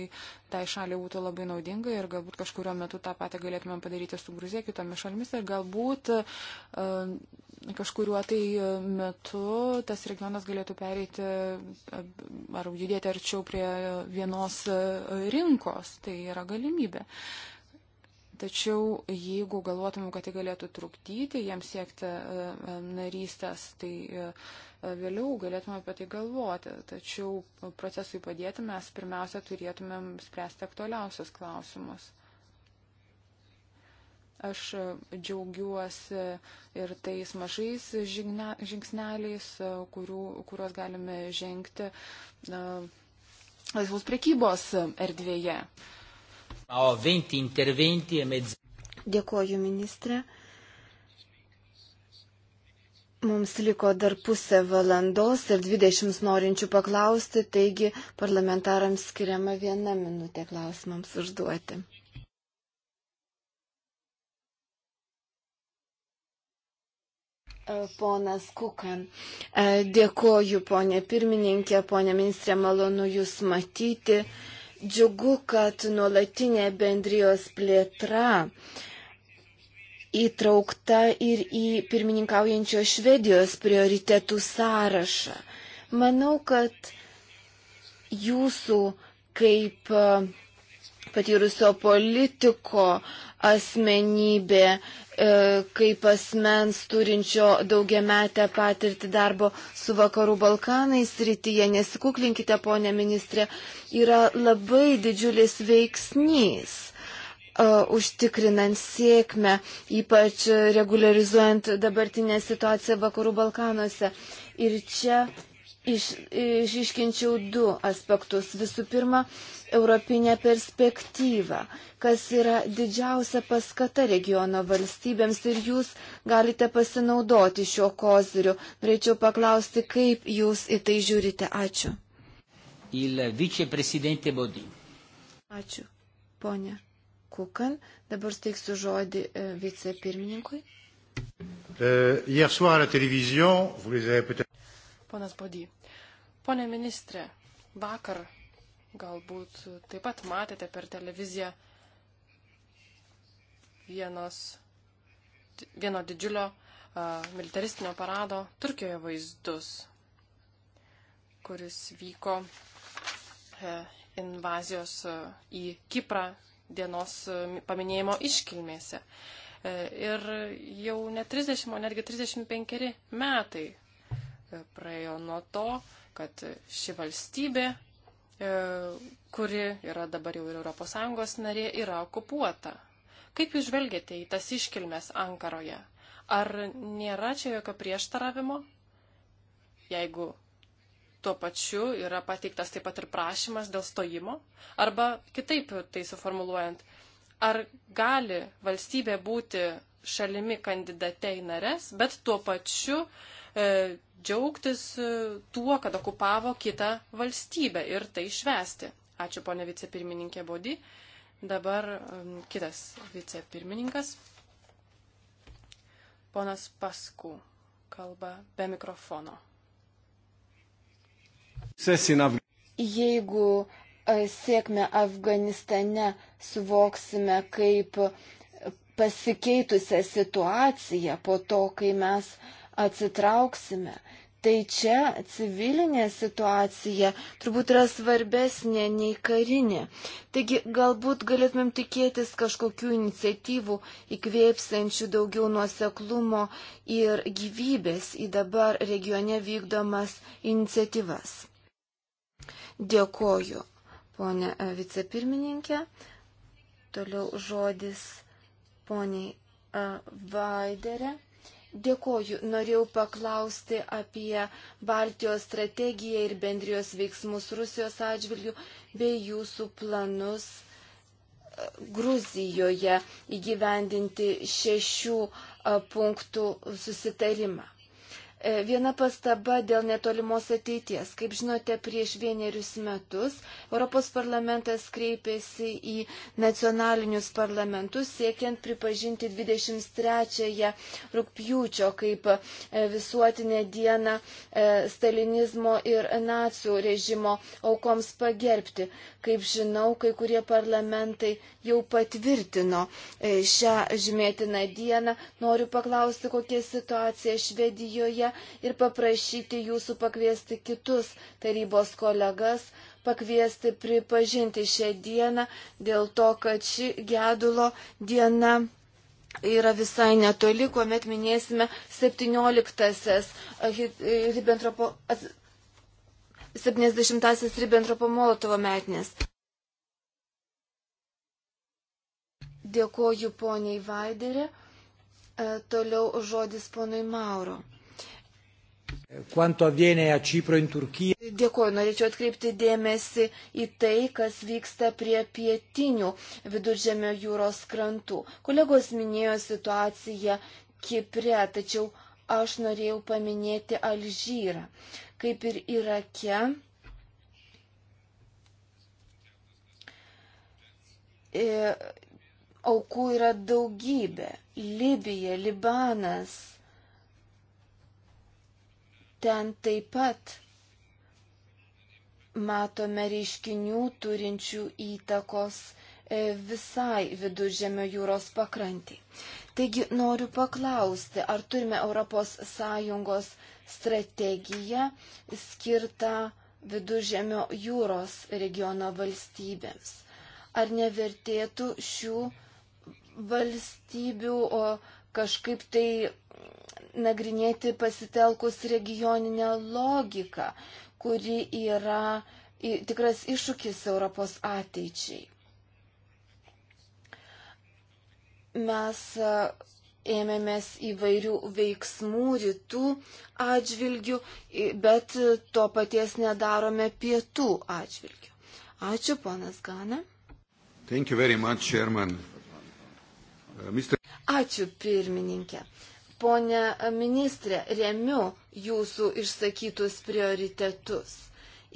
tai šaliai būtų labai naudinga ir galbūt kažkurio metu tą patį galėtumėm padaryti su Gruzija kitomis šalimis ir galbūt uh, kažkuriuo tai e, metu tas regionas galėtų pereiti e, ar judėti arčiau prie vienos e, rinkos. Tai yra galimybė. Tačiau jeigu galvotumėm, kad tai galėtų trukdyti jiems siekti narystės, tai vėliau galėtume apie tai galvoti. Tačiau procesui padėti mes pirmiausia turėtumėm spręsti aktualiausius klausimus. Aš džiaugiuosi ir tais mažais žingna, žingsneliais, kurių, kuriuos galime žengti laisvos prekybos erdvėje. E Dėkoju, ministrė. Mums liko dar pusę valandos ir 20 norinčių paklausti, taigi parlamentarams skiriama viena minutė klausimams užduoti. Ponas Kukan, e, dėkoju ponė pirmininkė, ponė ministrė, malonu Jūs matyti. Džiugu, kad nuolatinė bendrijos plėtra įtraukta ir į pirmininkaujančio Švedijos prioritetų sąrašą. Manau, kad Jūsų kaip patyrusio politiko asmenybė, e, kaip asmens turinčio daugiametę patirtį darbo su Vakarų Balkanais rytyje, nesikuklinkite, ponė ministrė, yra labai didžiulis veiksnys e, užtikrinant sėkmę, ypač regularizuojant dabartinę situaciją Vakarų Balkanuose. Ir čia iš, išiškinčiau du aspektus. Visų pirma, europinė perspektyva, kas yra didžiausia paskata regiono valstybėms ir jūs galite pasinaudoti šiuo koziriu. Norėčiau paklausti, kaip jūs į tai žiūrite. Ačiū. Il viceprezidente Bodį. Ačiū, ponė Kukan. Dabar steiksiu žodį e, vicepirmininkui. Uh, hier soir à la télévision, vous les avez peut-être. Ponas Bodį. Pone ministrė, vakar galbūt taip pat matėte per televiziją vienos, vieno didžiulio uh, militaristinio parado Turkijoje vaizdus, kuris vyko uh, invazijos uh, į Kiprą dienos uh, paminėjimo iškilmėse. Uh, ir jau ne 30, o netgi 35 metai e, praėjo nuo to, uh, kad ši valstybė, e, kuri yra dabar jau ir ES narė, yra okupuota. Kaip jūs žvelgiate į tas iškilmes Ankaroje? Ar nėra čia jokio prieštaravimo, jeigu tuo pačiu yra pateiktas taip pat ir prašymas dėl stojimo? Arba kitaip tai suformuluojant, ar gali valstybė būti šalimi kandidate į nares, bet tuo pačiu uh, E, džiaugtis e, tuo, kad okupavo kitą valstybę ir tai švesti. Ačiū ponė vicepirmininkė Bodi. Dabar um, kitas vicepirmininkas. Ponas Paskų kalba be mikrofono. Jeigu e, sėkmę Afganistane suvoksime kaip pasikeitusią situaciją po to, kai mes uh, atsitrauksime. Tai čia civilinė situacija turbūt yra svarbesnė nei karinė. Taigi galbūt galėtumėm tikėtis kažkokių iniciatyvų įkvėpsiančių daugiau nuoseklumo ir gyvybės į dabar regione vykdomas iniciatyvas. Dėkoju, ponė vicepirmininkė. Toliau žodis poniai Vaiderė. Dėkoju. Norėjau paklausti apie Baltijos strategiją ir bendrijos veiksmus Rusijos atžvilgių bei jūsų planus e, Gruzijoje įgyvendinti šešių e, punktų susitarimą. E, viena pastaba dėl netolimos ateities. Kaip žinote, prieš vienerius metus Europos parlamentas kreipėsi į nacionalinius parlamentus siekiant pripažinti 23 rūpjūčio kaip e, visuotinę dieną e, stalinizmo ir nacijų režimo aukoms pagerbti. Kaip žinau, kai kurie parlamentai jau patvirtino šią žymėtiną dieną. Noriu paklausti, kokia situacija Švedijoje ir paprašyti jūsų pakviesti kitus tarybos kolegas, pakviesti pripažinti šią dieną dėl to, kad ši gedulo diena yra visai netoli, kuomet minėsime 17-asias 70-asias Ribbentropo Molotovo metinės. Dėkoju poniai Vaiderė. E, toliau žodis ponui Mauro. Dėkuoju, norėčiau atkreipti dėmesį į tai, kas vyksta prie pietinių viduržėmio jūros krantų. Kolegos minėjo situaciją Kipre, tačiau aš norėjau paminėti Alžyrą. Kaip ir Irake, e, aukų yra daugybė. Libija, Libanas Ten taip pat matome reiškinių turinčių įtakos e, visai viduržėmio jūros pakrantį. Taigi noriu paklausti, ar turime ES strategiją skirtą viduržėmio jūros regiono valstybėms? Ar nevertėtų šių valstybių kažkaip tai nagrinėti pasitelkus regioninę logiką, kuri yra tikras iššūkis Europos ateičiai. Mes ėmėmės įvairių veiksmų rytų atžvilgių, bet to paties nedarome pietų atžvilgių. Ačiū, ponas Gana. Much, uh, Mister... Ačiū, pirmininkė. Pone ministrė, remiu jūsų išsakytus prioritetus.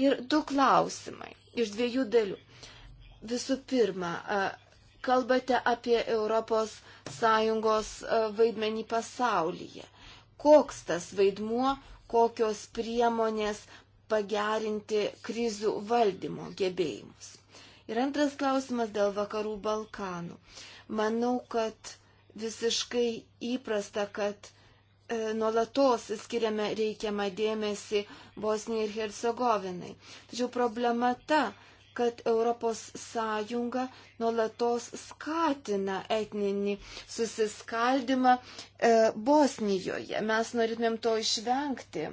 Ir du klausimai iš dviejų dalių. Visų pirma, kalbate apie ES vaidmenį pasaulyje. Koks tas vaidmuo, kokios priemonės pagerinti krizių valdymo gebėjimus. Ir antras klausimas dėl vakarų Balkanų. Manau, kad visiškai įprasta, kad e, nuolatos skiriame reikiamą dėmesį Bosnijai ir Hercegovinai. Tačiau problema ta, kad ES nuolatos skatina etninį susiskaldimą e, Bosnijoje. Mes norėtumėm to išvengti.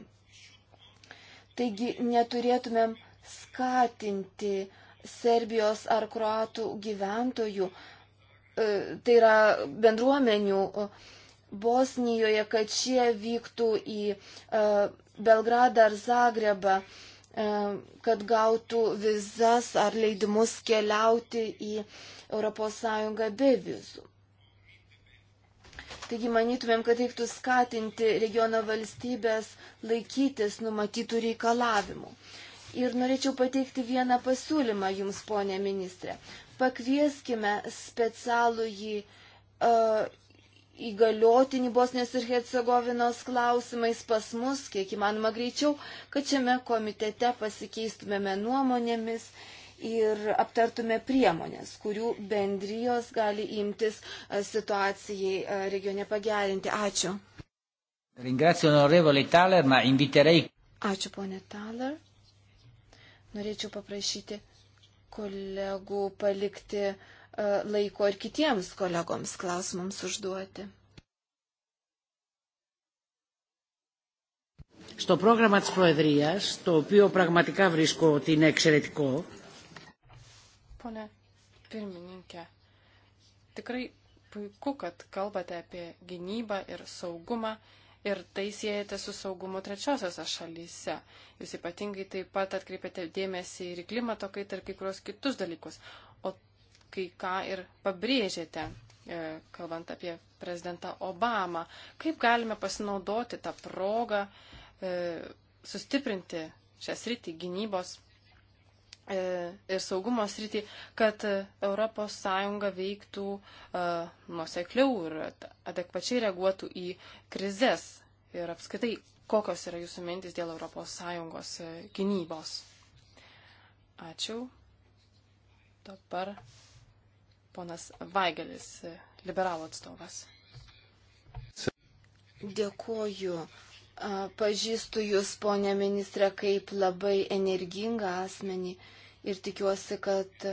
Taigi neturėtumėm skatinti Serbijos ar Kroatų gyventojų E, tai yra bendruomenių e, Bosnijoje, kad šie vyktų į e, Belgradą ar Zagrebą, kad gautų vizas ar leidimus keliauti į ES be vizų. Taigi manytumėm, kad reiktų skatinti regiono valstybės laikytis numatytų reikalavimų. Ir norėčiau pateikti vieną pasiūlymą jums, ponė ministrė. Pakvieskime specialų jį uh, įgaliotinį Bosnės ir Hercegovinos klausimais pas mus, kiek įmanoma greičiau, kad šiame komitete pasikeistumėme nuomonėmis ir aptartume priemonės, kurių bendrijos gali imtis e, situacijai e, regione pagerinti. Ačiū. Ačiū, ponė Taler. Norėčiau paprašyti kolegų palikti e, laiko ir kitiems kolegoms klausimams užduoti. Στο πρόγραμμα της Προεδρίας, το οποίο πραγματικά βρίσκω ότι είναι εξαιρετικό. Πονε, πυρμininkė, tikrai puiku, kad kalbate apie gynybą ir saugumą ir tai siejate su saugumu trečiosiose šalyse. Jūs ypatingai taip pat atkreipėte dėmesį ir į klimato kaitą ir kai kurios kitus dalykus, o kai ką ir pabrėžėte, e, kalbant apie prezidentą Obamą. Kaip galime pasinaudoti tą progą, e, sustiprinti šią sritį gynybos E, ir saugumo srity, kad ES veiktų e, nusekliau ir adekvačiai reaguotų į krizės ir apskaitai, kokios yra jūsų mintis dėl ES e, gynybos. Ačiū. Dabar ponas Vaigelis, liberalų atstovas. Dėkuoju. Pažįstu jūs, ponė ministrė, kaip labai energingą asmenį ir tikiuosi, kad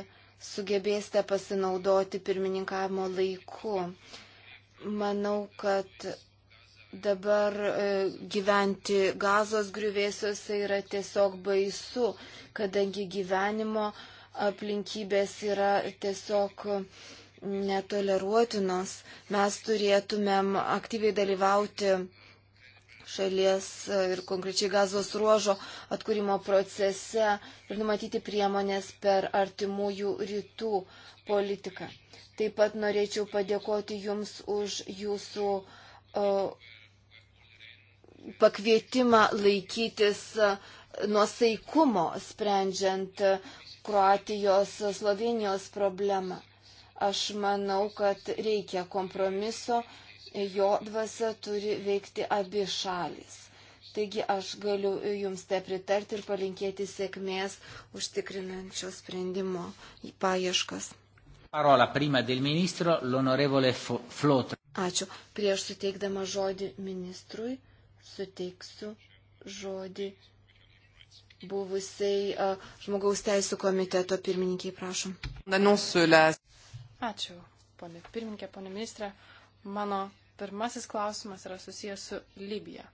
sugebėsite pasinaudoti pirmininkavimo laiku. Manau, kad dabar e, gyventi gazos griuvėsiuose yra tiesiog baisu, kadangi gyvenimo aplinkybės yra tiesiog netoleruotinos. Mes turėtumėm aktyviai dalyvauti šalies e, ir konkrečiai gazos ruožo atkūrimo procese ir numatyti priemonės per artimųjų rytų politiką. Taip pat norėčiau padėkoti Jums už Jūsų uh, pakvietimą laikytis uh, nuosaikumo sprendžiant uh, Kroatijos, Slovenijos problemą. Aš manau, kad reikia kompromiso, uh, jo dvasia turi veikti abi šalis. Taigi aš galiu jums te pritarti ir palinkėti sėkmės užtikrinančio sprendimo paieškas. Parola prima del ministro, l'onorevole Flotra. Ačiū. Prieš suteikdama žodį ministrui, suteiksiu žodį buvusiai uh, žmogaus teisų komiteto pirmininkiai, prašom. Ačiū, ponė pirmininkė, ponė ministrė. Mano Pirmasis klausimas yra susijęs su Libija.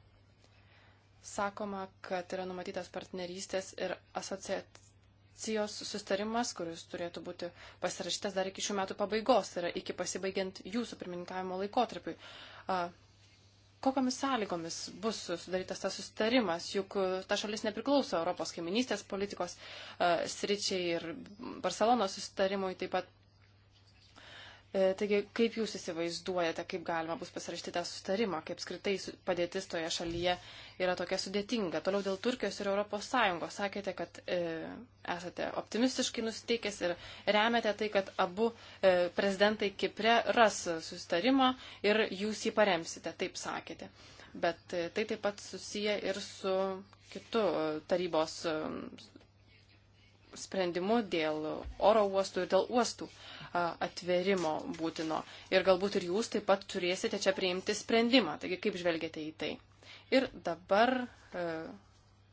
Sakoma, kad yra numatytas partnerystės ir asociacijos sustarimas, kuris turėtų būti pasirašytas dar iki šių metų pabaigos, tai yra iki pasibaigiant jūsų pirmininkavimo laikotarpiui. Kokiamis sąlygomis bus sudarytas tas sustarimas, juk ta šalis nepriklauso Europos kaiminystės politikos sričiai ir Barcelonos sustarimui taip pat E, taigi, kaip jūs įsivaizduojate, kaip galima bus pasirašyti tą sustarimą, kaip skritai padėtis toje šalyje yra tokia sudėtinga. Toliau dėl Turkijos ir ES sakėte, kad e, esate optimistiškai nusteikęs ir remiate tai, kad abu e, prezidentai Kipre ras sustarimą ir jūs jį paremsite, taip sakėte. Bet e, tai taip pat susiję ir su kitu e, tarybos e, sprendimu dėl oro uostų ir dėl uostų atverimo būtino. Ir galbūt ir jūs taip pat turėsite čia priimti sprendimą. Taigi, kaip žvelgiate į tai? Ir dabar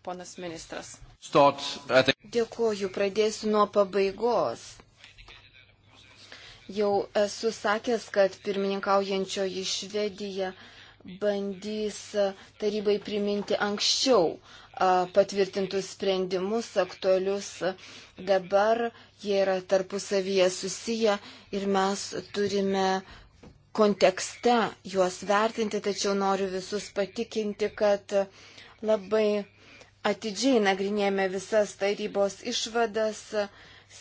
ponas ministras. Dėkuoju, pradėsiu nuo pabaigos. Jau esu sakęs, kad pirmininkaujančioji Švedija bandys tarybai priminti anksčiau patvirtintus sprendimus aktualius. Dabar jie yra tarpusavyje susiję ir mes turime kontekste juos vertinti, tačiau noriu visus patikinti, kad labai atidžiai nagrinėjame visas tarybos išvadas,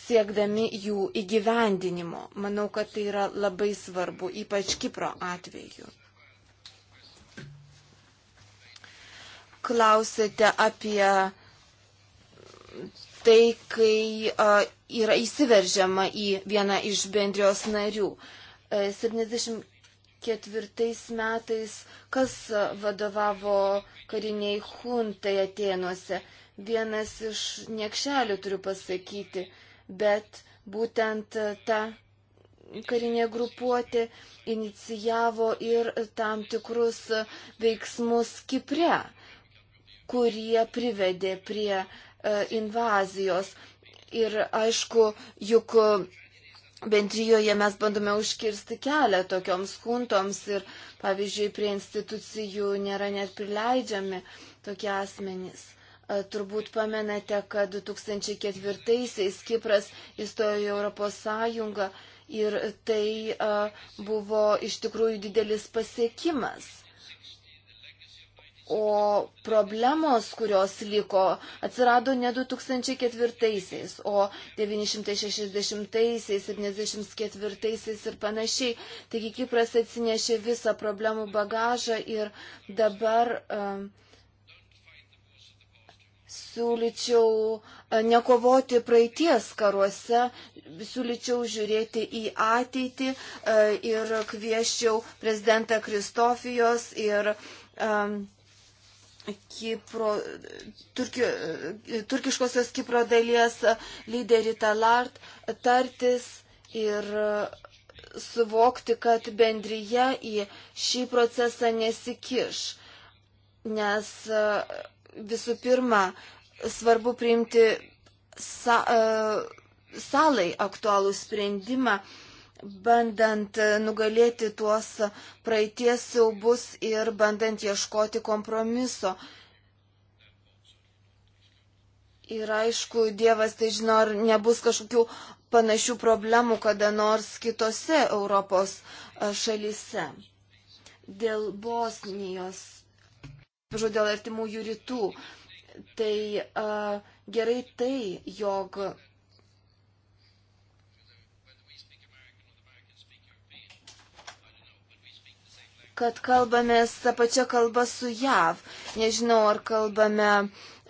siekdami jų įgyvendinimo. Manau, kad tai yra labai svarbu, ypač Kipro atveju. klausėte apie tai, kai yra įsiveržiama į vieną iš bendrijos narių. 74 e, metais kas vadovavo kariniai huntai Atenuose? Vienas iš niekšelių turiu pasakyti, bet būtent ta karinė grupuotė inicijavo ir tam tikrus veiksmus Kipre kurie privedė prie e, invazijos. Ir aišku, juk bendryjoje mes bandome užkirsti kelią tokioms huntoms ir, pavyzdžiui, prie institucijų nėra net prileidžiami tokie asmenys. E, turbūt pamenate, kad 2004-aisiais Kipras įstojo į Europos Sąjungą ir tai e, buvo iš tikrųjų didelis pasiekimas. O problemos, kurios liko, atsirado ne 2004-aisiais, o 960-aisiais, 74-aisiais ir panašiai. Taigi Kipras atsinešė visą problemų bagažą ir dabar um, siūlyčiau uh, nekovoti praeities karuose, siūlyčiau žiūrėti į ateitį um, ir kvieščiau prezidentą Kristofijos ir um, Kipro, turki, turkiškosios Kipro dalies lyderį Talart tartis ir suvokti, kad bendryje į šį procesą nesikiš, nes visų pirma svarbu priimti sa, salai aktualų sprendimą bandant e, nugalėti tuos praeities siaubus ir bandant ieškoti kompromiso. Ir aišku, Dievas tai žino, ar nebus kažkokių panašių problemų kada nors kitose Europos e, šalyse. Dėl Bosnijos, žodžiu, dėl artimųjų rytų. Tai a, e, gerai tai, jog kad kalbame tą pačią kalbą su JAV. Nežinau, ar kalbame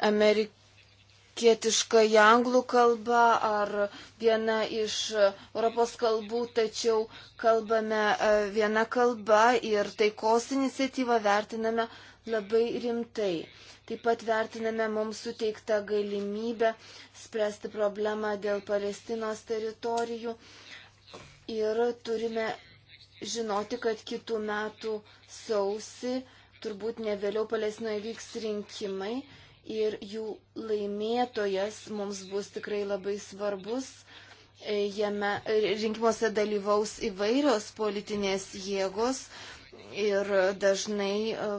amerikietišką anglų kalbą ar vieną iš Europos kalbų, tačiau kalbame e, vieną kalbą ir taikos iniciatyvą vertiname labai rimtai. Taip pat vertiname mums suteiktą galimybę spręsti problemą dėl Palestinos teritorijų ir turime žinoti, kad kitų metų sausi, turbūt ne vėliau Palestinoje vyks rinkimai ir jų laimėtojas mums bus tikrai labai svarbus. E, jame e, rinkimuose dalyvaus įvairios politinės jėgos ir dažnai e,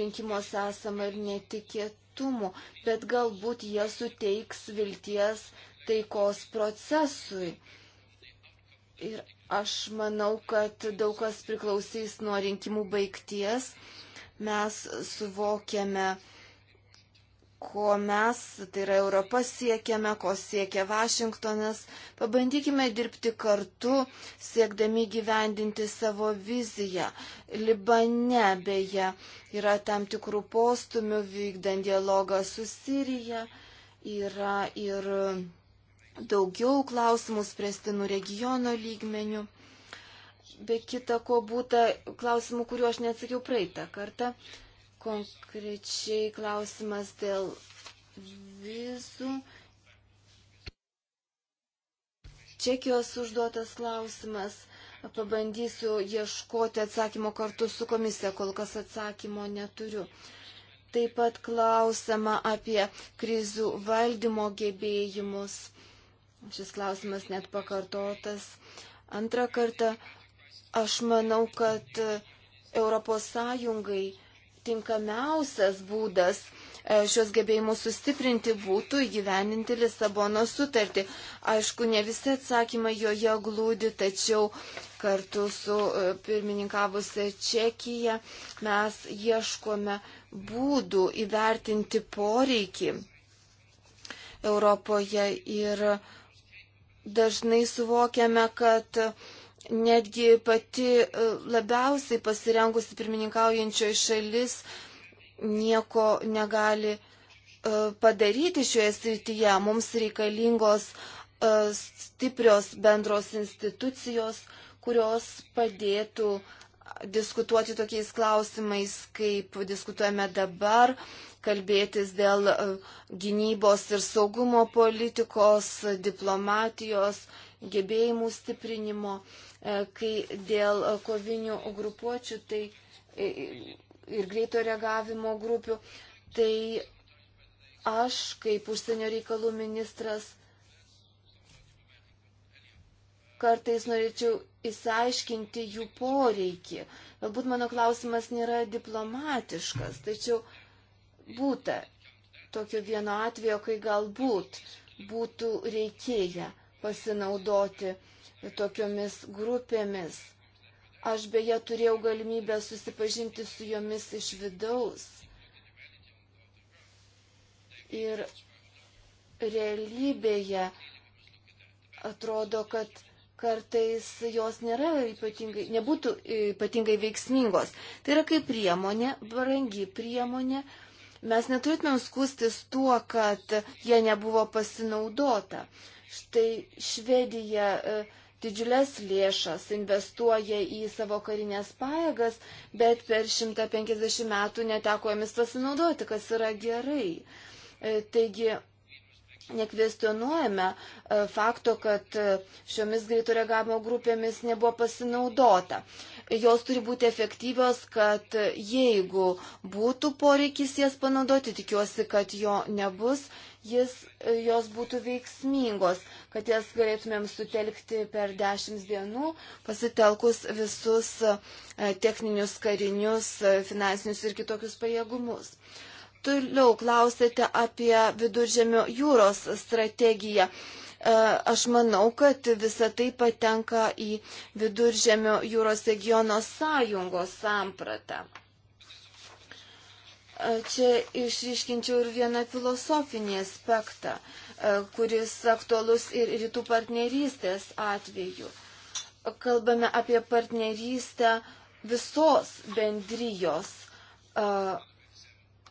rinkimuose esama ir netikėtumų, bet galbūt jie suteiks vilties taikos procesui. Ir aš manau, kad daug kas priklausys nuo rinkimų baigties. Mes suvokiame, ko mes, tai yra Europa siekiame, ko siekia Vašingtonas. Pabandykime dirbti kartu, siekdami gyvendinti savo viziją. Libane beje yra tam tikrų postumių vykdant dialogą su Sirija. Yra ir. Ir daugiau klausimų spręstinų regiono lygmenių. Be kita ko būta klausimų, kuriuo aš neatsakiau praeitą kartą. Konkrečiai klausimas dėl vizų. Čekijos užduotas klausimas. Pabandysiu ieškoti atsakymo kartu su komisija, kol kas atsakymo neturiu. Taip pat klausama apie krizių valdymo gebėjimus Šis klausimas net pakartotas. Antrą kartą aš manau, kad Europos Sąjungai tinkamiausias būdas e, šios gebėjimus sustiprinti būtų įgyveninti Lisabono sutartį. Aišku, ne visi atsakymai joje glūdi, tačiau kartu su e, pirmininkavusia Čekija mes ieškome būdų įvertinti poreikį Europoje ir uh, dažnai suvokiame, kad netgi pati e, labiausiai pasirengusi pirmininkaujančioji šalis nieko negali e, padaryti šioje srityje. Mums reikalingos e, stiprios bendros institucijos, kurios padėtų uh, diskutuoti tokiais klausimais, kaip diskutuojame dabar, kalbėtis dėl e, gynybos ir saugumo politikos, diplomatijos, gebėjimų stiprinimo, e, kai dėl kovinių grupuočių tai, e, ir greito reagavimo grupių. Tai aš kaip užsienio reikalų ministras kartais norėčiau įsiaiškinti jų poreikį. Galbūt mano klausimas nėra diplomatiškas, tačiau būta tokio vieno atvejo, kai galbūt būtų reikėję pasinaudoti tokiomis grupėmis. Aš beje turėjau galimybę susipažinti su jomis iš vidaus. Ir realybėje atrodo, kad kartais jos nėra ypatingai, nebūtų ypatingai veiksmingos. Tai yra kaip priemonė, brangi priemonė. Mes neturėtumėm skustis tuo, kad jie nebuvo pasinaudota. Štai Švedija e, didžiulės lėšas investuoja į savo karinės pajėgas, bet per 150 metų neteko jomis pasinaudoti, kas yra gerai. E, taigi nekvestionuojame e, fakto, kad e, šiomis greito reagavimo grupėmis nebuvo pasinaudota. Jos turi būti efektyvios, kad e, jeigu būtų poreikis jas panaudoti, tikiuosi, kad jo nebus, jis, jos būtų veiksmingos, kad jas galėtumėm sutelkti per dešimt dienų, pasitelkus visus techninius, karinius, finansinius ir kitokius pajėgumus. Toliau klausėte apie viduržėmio jūros strategiją. E, aš manau, kad visa tai patenka į viduržėmio jūros regiono sąjungos sampratą. E, čia išryškinčiau ir vieną filosofinį aspektą, e, kuris aktualus ir rytų partnerystės atveju. Kalbame apie partnerystę visos bendrijos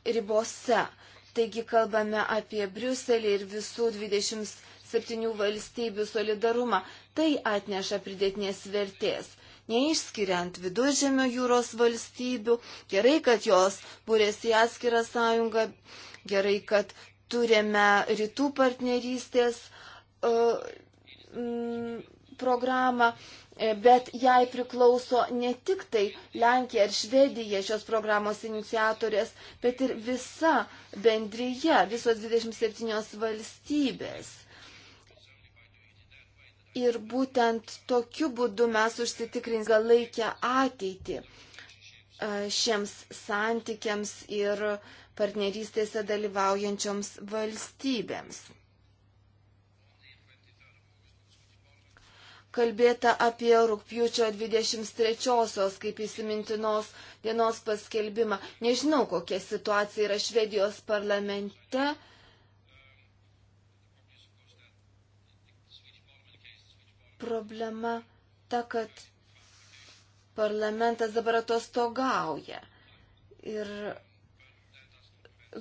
ribose. Taigi kalbame apie Briuselį ir visų 27 valstybių solidarumą. Tai atneša pridėtinės vertės neišskiriant viduržėmio jūros valstybių. Gerai, kad jos būrėsi į atskirą sąjungą, gerai, kad turime rytų partnerystės uh, m, programą, bet jai priklauso ne tik tai Lenkija ir Švedija šios programos iniciatorės, bet ir visa bendryje, visos 27 valstybės. Ir būtent tokiu būdu mes užsitikrinsime galaikę ateitį e, šiems santykiams ir partnerystėse dalyvaujančioms valstybėms. kalbėta apie rūpjūčio 23-osios kaip įsimintinos dienos paskelbimą. Nežinau, kokia situacija yra Švedijos parlamente. Problema ta, kad parlamentas dabar atostogauja ir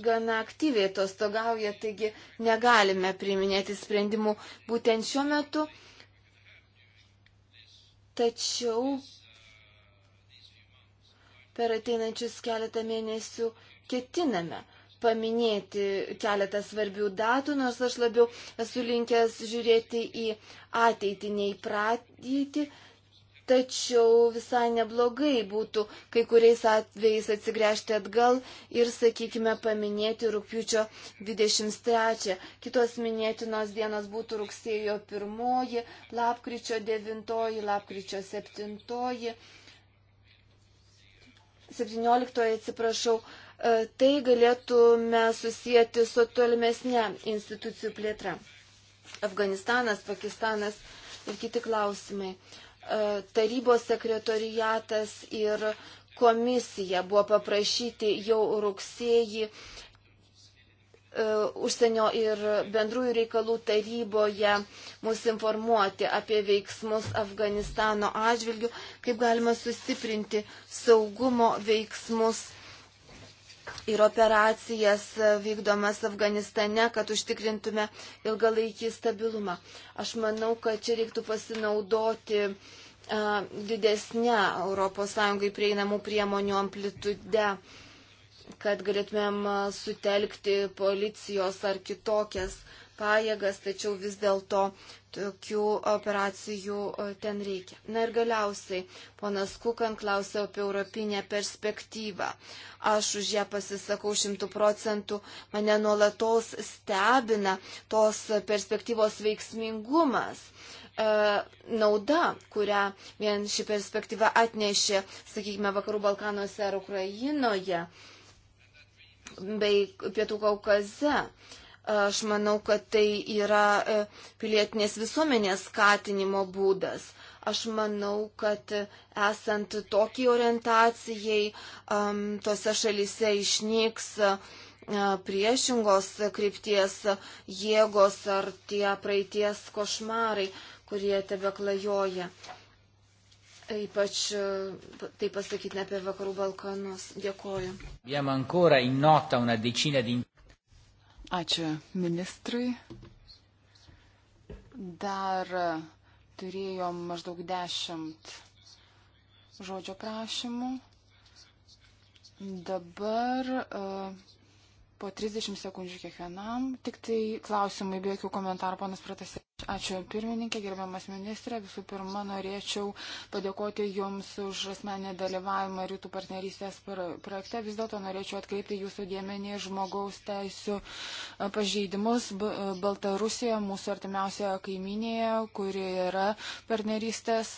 gana aktyviai atostogauja, taigi negalime priiminėti sprendimų būtent šiuo metu. Tačiau per ateinančius keletą mėnesių ketiname paminėti keletą svarbių datų, nors aš labiau esu linkęs žiūrėti į ateitį nei pradėti, Tačiau visai neblogai būtų kai kuriais atvejais atsigręžti atgal ir, sakykime, paminėti rūpiučio 23. Kitos minėtinos dienos būtų rugsėjo 1, lapkričio 9, lapkričio 7, 17, atsiprašau. E, tai galėtume susijęti su tolimesnė institucijų plėtra. Afganistanas, Pakistanas ir kiti klausimai. E, tarybos sekretoriatas ir komisija buvo paprašyti jau rugsėjį e, užsienio ir bendrųjų reikalų taryboje mus informuoti apie veiksmus Afganistano atžvilgių, kaip galima sustiprinti saugumo veiksmus ir operacijas vykdomas Afganistane, kad užtikrintume ilgalaikį stabilumą. Aš manau, kad čia reiktų pasinaudoti a, didesnę ES prieinamų priemonių amplitude, kad galėtumėm sutelkti policijos ar kitokias pajėgas, tačiau vis dėlto tokių operacijų e, ten reikia. Na ir galiausiai, ponas Kukan klausė apie europinę perspektyvą. Aš už ją pasisakau šimtų procentų, mane nuolatos stebina tos perspektyvos veiksmingumas e, nauda, kurią vien ši perspektyva atnešė, sakykime, Vakarų Balkanuose ar Ukrainoje bei Pietų Kaukaze. Aš manau, kad tai yra e, pilietinės visuomenės skatinimo būdas. Aš manau, kad esant tokiai orientacijai, tose šalise išnyks e, priešingos krypties jėgos ar tie praeities košmarai, kurie tebe klajoja. Ypač e, tai pasakyti ne apie vakarų Balkanus. Dėkoju. Ačiū ministrui. Dar turėjom maždaug dešimt žodžio prašymų. Dabar uh, po 30 sekundžių kiekvienam, tik tai klausimai, be jokių komentarų, panas Pratasė. Ačiū pirmininkė, gerbiamas ministrė. Visų pirma, norėčiau padėkoti Jums už asmenį dalyvavimą rytų partnerystės projekte. Vis dėlto norėčiau atkreipti Jūsų dėmenį žmogaus teisų pažeidimus Baltarusijoje, mūsų artimiausioje kaiminėje, kuri yra partnerystės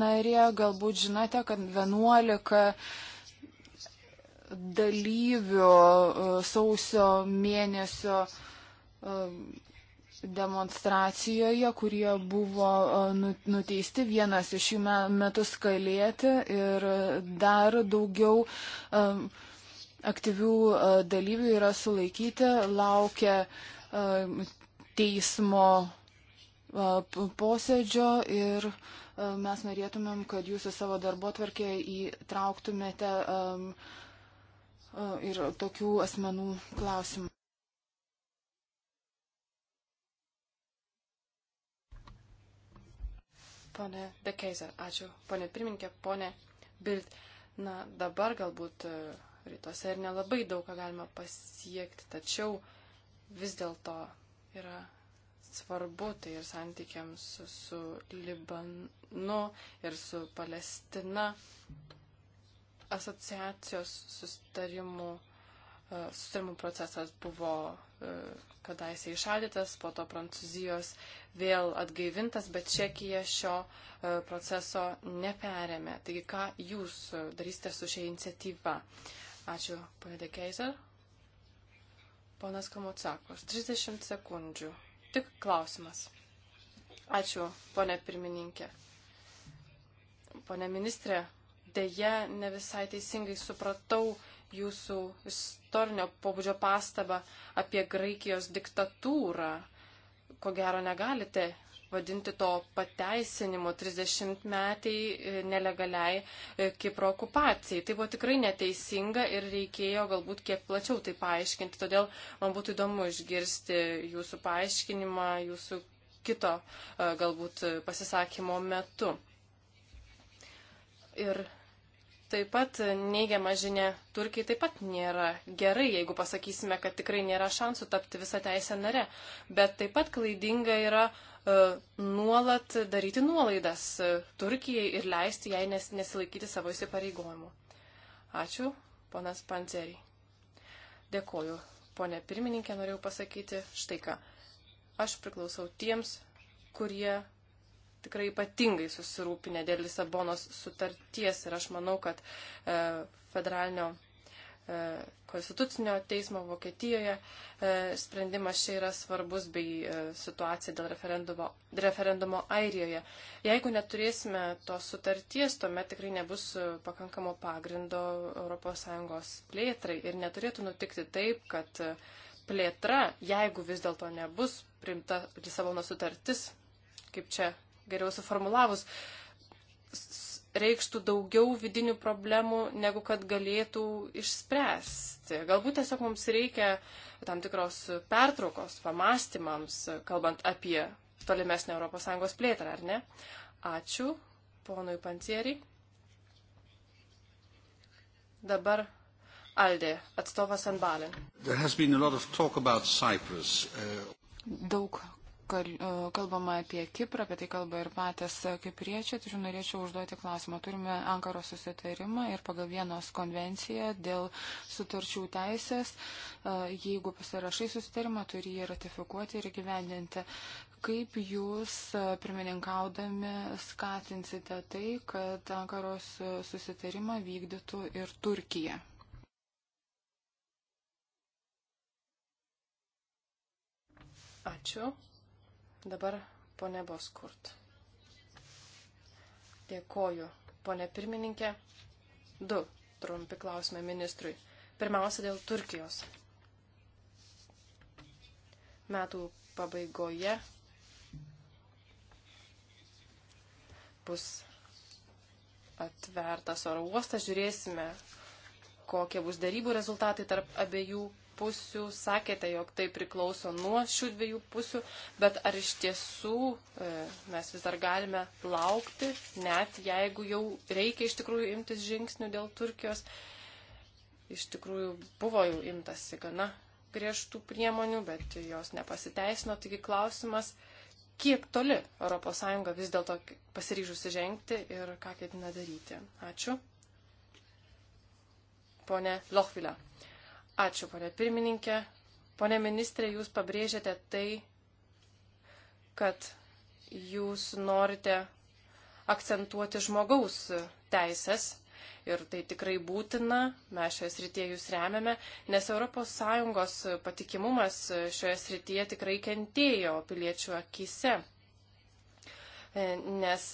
narė. Galbūt žinote, kad 11 dalyvių sausio mėnesio demonstracijoje, kurie buvo e, nu, nuteisti, vienas iš jų metus kalėti ir dar daugiau e, aktyvių e, dalyvių yra sulaikyti, laukia teismo posėdžio ir mes norėtumėm, kad jūs į savo darbo tvarkę įtrauktumėte ir tokių asmenų klausimų. Pone Dekeizer, ačiū. Pone pirmininkė, pone Bild. Na, dabar galbūt e, rytuose ir nelabai daug ką galima pasiekti, tačiau vis dėlto yra svarbu tai ir santykiams su, su Libanu ir su Palestina asociacijos sustarimų, e, sustarimų procesas buvo E, kadaise išaldytas, po to Prancūzijos vėl atgaivintas, bet Čekija šio e, proceso neperėmė. Taigi, ką jūs darysite su šia iniciatyva? Ačiū, ponė Dekeizer. Ponas Kamutsakos, 30 sekundžių. Tik klausimas. Ačiū, ponė pirmininkė. Pone ministrė, dėje ne visai teisingai supratau jūsų istorinio pobūdžio pastabą apie Graikijos diktatūrą. Ko gero negalite vadinti to pateisinimu 30-metiai e, nelegaliai e, Kipro okupacijai. Tai buvo tikrai neteisinga ir reikėjo galbūt kiek plačiau tai paaiškinti. Todėl man būtų įdomu išgirsti jūsų paaiškinimą, jūsų kito e, galbūt pasisakymo metu. Ir Taip pat neigiama žinia Turkijai taip pat nėra gerai, jeigu pasakysime, kad tikrai nėra šansų tapti visą teisę nare. Bet taip pat klaidinga yra uh, nuolat daryti nuolaidas uh, Turkijai ir leisti jai nes, nesilaikyti savo įsipareigojimų. Ačiū, ponas Panzerį. Dėkoju, ponė pirmininkė, norėjau pasakyti štai ką. Aš priklausau tiems, kurie tikrai ypatingai susirūpinę dėl Lisabonos sutarties ir aš manau, kad e, federalinio e, konstitucinio teismo Vokietijoje e, sprendimas čia yra svarbus bei e, situacija dėl referendumo, referendumo Airijoje. Jeigu neturėsime tos sutarties, tuomet tikrai nebus e, pakankamo pagrindo ES plėtrai ir neturėtų nutikti taip, kad e, plėtra, jeigu vis dėlto nebus primta Lisabono sutartis, kaip čia geriau suformulavus, reikštų daugiau vidinių problemų, negu kad galėtų išspręsti. Galbūt tiesiog mums reikia tam tikros pertraukos pamastymams, kalbant apie tolimesnę ES plėtrą, ar ne? Ačiū, ponui Pancieriai. Dabar Aldė, atstovas Anbalin. Uh, Daug E, kalbama apie Kiprą, apie tai kalba ir patys e, kipriečiai, tačiau norėčiau užduoti klausimą. Turime Ankaros susitarimą ir pagal vienos konvenciją dėl sutarčių teisės, e, jeigu pasirašai susitarimą, turi jį ratifikuoti ir gyvendinti. Kaip jūs pirmininkaudami skatinsite tai, kad Ankaros susitarimą vykdytų ir Turkija? Ačiū. Dabar ponė Boskurt. Dėkoju, ponė pirmininkė. Du trumpi klausimai ministrui. Pirmiausia, dėl Turkijos. Metų pabaigoje bus atvertas oro uostas, žiūrėsime, kokie bus darybų rezultatai tarp abiejų pusių, sakėte, jog tai priklauso nuo šių dviejų pusių, bet ar iš tiesų e, mes vis dar galime laukti, net jeigu jau reikia iš tikrųjų imtis žingsnių dėl Turkijos, iš tikrųjų buvo jau imtasi gana griežtų priemonių, bet jos nepasiteisino, taigi klausimas, kiek toli ES vis dėlto pasiryžusi žengti ir ką ketina daryti. Ačiū. Pone Lochvila. Ačiū, ponė pirmininkė. Pone ministrė, jūs pabrėžėte tai, kad jūs norite akcentuoti žmogaus teisės. Ir tai tikrai būtina, mes šioje srityje jūs remiame, nes ES patikimumas šioje srityje tikrai kentėjo piliečių akise. Nes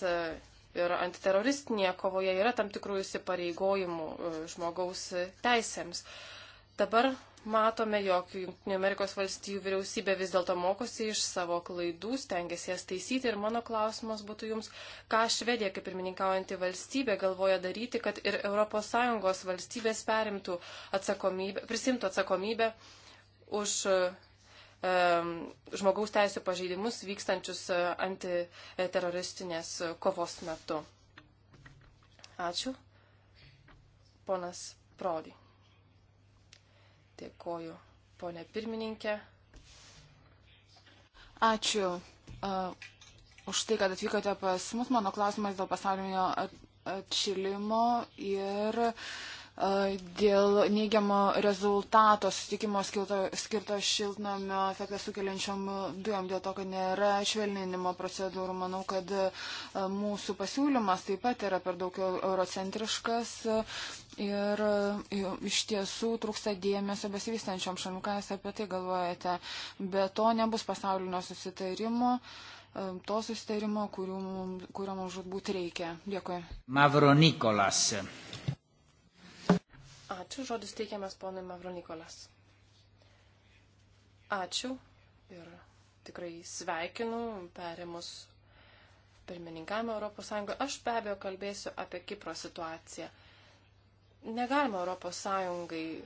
ir antiteroristinėje kovoje yra tam tikrų įsipareigojimų žmogaus teisėms. Uh, Dabar matome, jog Junktinių Amerikos valstijų vyriausybė vis dėlto mokosi iš savo klaidų, stengiasi jas taisyti ir mano klausimas būtų jums, ką Švedija kaip pirmininkaujanti valstybė galvoja daryti, kad ir ES valstybės perimtų atsakomybę, prisimtų atsakomybę už e, žmogaus teisų pažeidimus vykstančius e, antiteroristinės kovos metu. Ačiū. Ponas Prodi. Dėkoju, ponė pirmininkė. Ačiū uh, už tai, kad atvykote pas mus. Mano klausimas dėl pasaulinio atšilimo ir uh, dėl neigiamo rezultato sutikimo skirto, skirto šiltnamio efektą sukeliančiom dujom, dėl to, kad nėra švelninimo procedūrų. Manau, kad uh, mūsų pasiūlymas taip pat yra per daug eurocentriškas. Uh, Ir e, iš tiesų trūksta dėmesio besivystančiom šalim, ką jūs apie tai galvojate. Be to nebus pasaulinio susitarimo, e, to susitarimo, kurio, kurio mums žudbūt reikia. Dėkui. Mavro Nikolas. Ačiū, žodis teikiamas ponui Mavro Nikolas. Ačiū ir tikrai sveikinu perėmus pirmininkavimą Europos Sąjungoje. Aš be abejo kalbėsiu apie Kipro situaciją. Negalima ES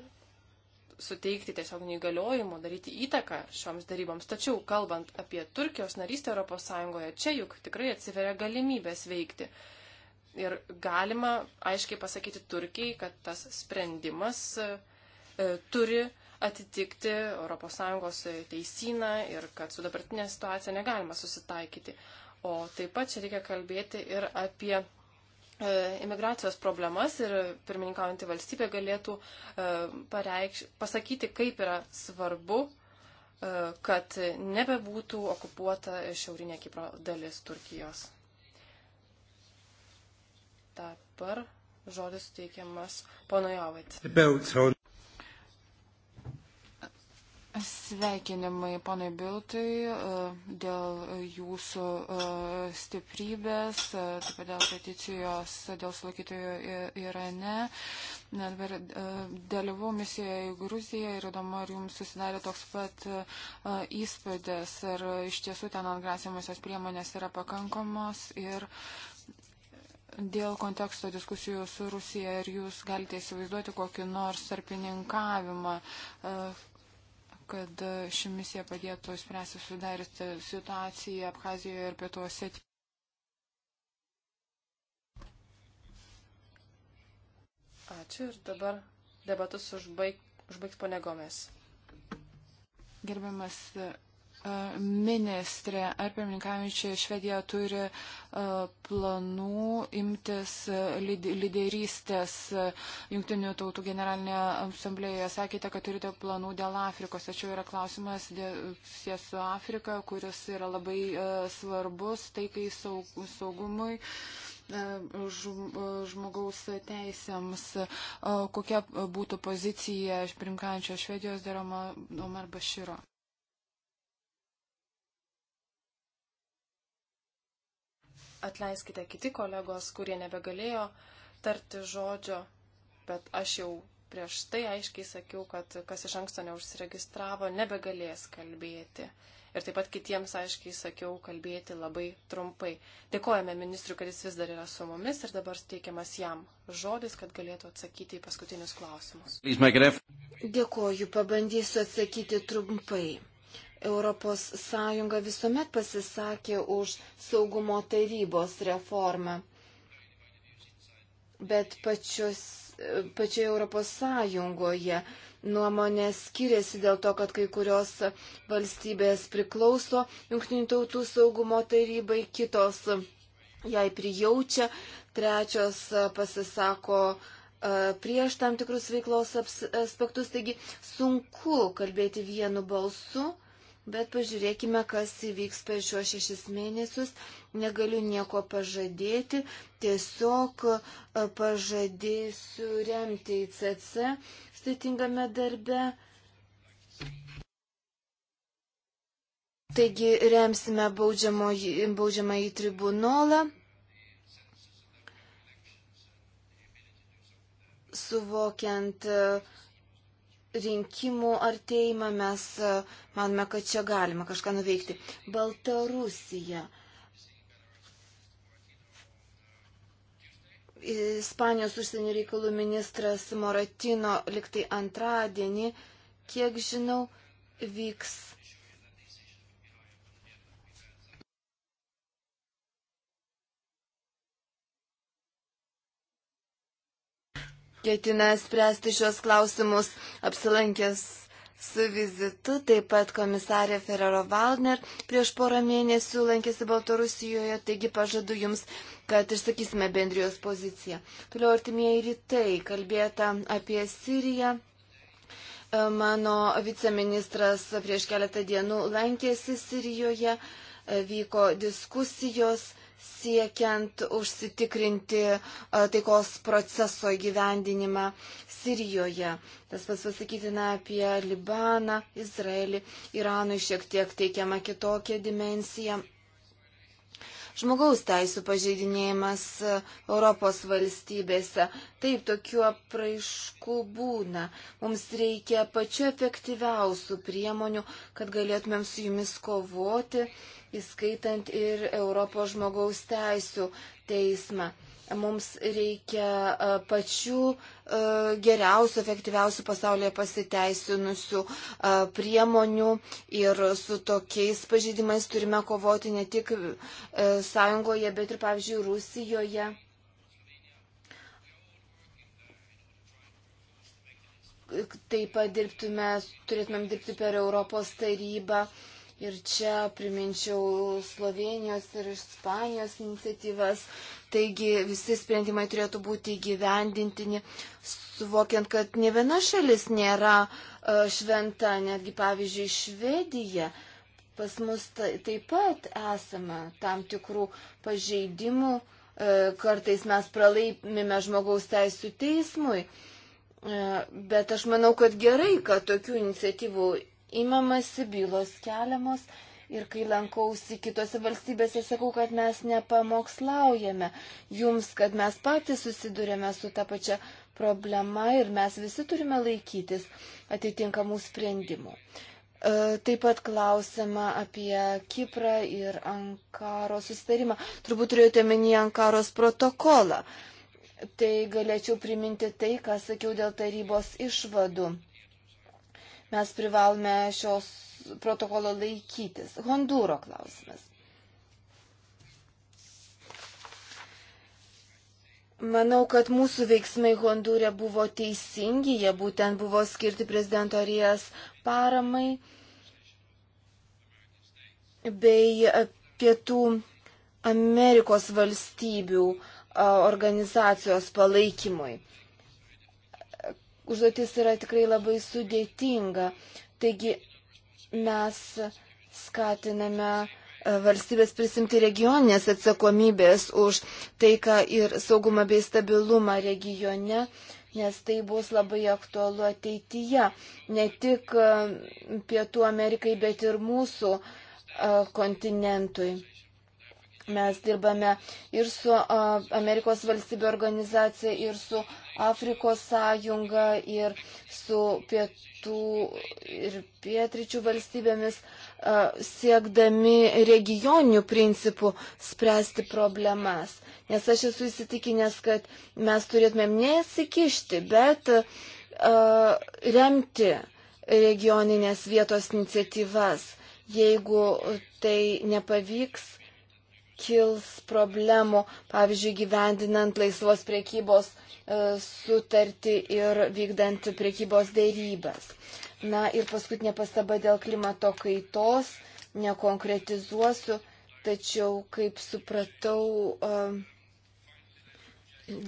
suteikti tiesiog neįgaliojimų, daryti įtaką šioms daryboms. Tačiau, kalbant apie Turkijos narystę ES, čia juk tikrai atsiveria galimybės veikti. Ir galima aiškiai pasakyti Turkijai, kad tas sprendimas e, turi atitikti ES teisyną ir kad su dabartinė situacija negalima susitaikyti. O taip pat čia reikia kalbėti ir apie E, imigracijos problemas ir pirmininkaujantį valstybę galėtų e, pareikš, pasakyti, kaip yra svarbu, e, kad nebebūtų okupuota šiaurinė Kipro dalis Turkijos. Dabar žodis teikiamas pono Javait. Sveikinimai ponai Biltui e, dėl jūsų e, stiprybės, e, taip pat dėl peticijos, dėl sulaikytojų Irane. Dabar dalyvau misijoje į Gruziją ir įdomu, ar jums susidarė toks pat įspūdis, ar iš tiesų ten atgrasiamosios priemonės yra pakankamos ir dėl konteksto diskusijų su Rusija, ar jūs galite įsivaizduoti kokį nors tarpininkavimą, kad e, ši misija padėtų spręsti sudaryti situaciją Abhazijoje ir Pietuose. Ačiū ir dabar debatus užbaig, užbaigs ponė Gomes. Gerbiamas e, ministrė, ar pirmininkaujančia Švedija turi planų imtis lyderystės Junktinių tautų generalinėje asamblėje. Sakėte, kad turite planų dėl Afrikos, tačiau yra klausimas susijęs su Afrika, kuris yra labai svarbus taikai saugumui žmogaus teisėms. Kokia būtų pozicija primkančio Švedijos deramo Omar Bashiro? atleiskite kiti kolegos, kurie nebegalėjo tarti žodžio, bet aš jau prieš tai aiškiai sakiau, kad kas iš anksto neužsiregistravo, nebegalės kalbėti. Ir taip pat kitiems aiškiai sakiau kalbėti labai trumpai. Dėkojame ministriui, kad jis vis dar yra su mumis ir dabar suteikiamas jam žodis, kad galėtų atsakyti į paskutinius klausimus. Dėkoju, pabandysiu atsakyti trumpai. ES visuomet pasisakė už saugumo tarybos reformą. Bet pačios, pačioje ES nuomonės skiriasi dėl to, kad kai kurios valstybės priklauso Junktinių tautų saugumo tarybai, kitos jai prijaučia, trečios pasisako e, prieš tam tikrus veiklos aspektus. Taigi sunku kalbėti vienu balsu Bet pažiūrėkime, kas įvyks per šiuos šešis mėnesius. Negaliu nieko pažadėti, tiesiog e, pažadėsiu remti ICC sudėtingame darbe. Taigi remsime baudžiamą į tribunolą. Suvokiant uh, rinkimų artėjimą mes e, manome, kad čia galima kažką nuveikti. Baltarusija. Ispanijos užsienio reikalų ministras Moratino liktai antradienį, kiek žinau, vyks ketina spręsti šios klausimus apsilankęs su vizitu. Taip pat komisarė Ferrero Valner prieš porą mėnesių lankėsi Baltarusijoje, taigi pažadu jums, kad išsakysime bendrijos poziciją. Toliau artimieji rytai kalbėta apie Siriją. E, mano viceministras prieš keletą dienų lankėsi Sirijoje, e, vyko diskusijos siekiant užsitikrinti e, taikos proceso įgyvendinimą Sirijoje. Tas pats pasakytina apie Libaną, Izraelį, Iranui šiek tiek teikiama kitokia dimensija. Žmogaus teisų pažeidinėjimas e, Europos valstybėse. Taip, tokių apraiškų būna. Mums reikia pačiu efektyviausių priemonių, kad galėtumėm su jumis kovoti įskaitant ir Europos žmogaus teisų teismą. Mums reikia e, pačių e, geriausių, efektyviausių pasaulyje pasiteisinusių e, priemonių ir su tokiais pažydimais turime kovoti ne tik sąjungoje, bet ir, pavyzdžiui, Rusijoje. Taip pat dirbtume, turėtumėm dirbti per Europos tarybą Ir čia priminčiau Slovenijos ir Ispanijos iniciatyvas. Taigi visi sprendimai turėtų būti įgyvendintini, suvokiant, kad ne viena šalis nėra e, šventa, netgi pavyzdžiui Švedija. Pas mus taip pat esame tam tikrų pažeidimų, e, kartais mes pralaimime žmogaus teisų teismui, e, bet aš manau, kad gerai, kad tokių iniciatyvų imamasi, bylos keliamos. Ir kai lankausi kitose valstybėse, sakau, kad mes nepamokslaujame jums, kad mes patys susidurėme su ta pačia problema ir mes visi turime laikytis atitinkamų sprendimų. E, taip pat klausima apie Kiprą ir Ankaro susitarimą. Turbūt turėjote menį Ankaros protokolą. Tai galėčiau priminti tai, ką sakiau dėl tarybos išvadų mes privalome šios protokolo laikytis. Hondūro klausimas. Manau, kad mūsų veiksmai Hondūre buvo teisingi, jie būtent buvo skirti prezidento Rijas paramai bei pietų Amerikos valstybių organizacijos palaikymui užduotis yra tikrai labai sudėtinga. Taigi mes skatiname e, valstybės prisimti regioninės atsakomybės už taiką ir saugumą bei stabilumą regione, nes tai bus labai aktualu ateityje, ne tik e, Pietų Amerikai, bet ir mūsų e, kontinentui. Mes dirbame ir su Amerikos valstybė organizacija, ir su Afrikos sąjunga ir su pietų ir pietričių valstybėmis, siekdami regioninių principų spręsti problemas. Nes aš esu įsitikinęs, kad mes turėtumėm nesikišti, bet remti regioninės vietos iniciatyvas. Jeigu tai nepavyks, kils problemų, pavyzdžiui, gyvendinant laisvos priekybos e, sutartį ir vykdant priekybos dėrybas. Na ir paskutinė pastaba dėl klimato kaitos, nekonkretizuosiu, tačiau, kaip supratau, e,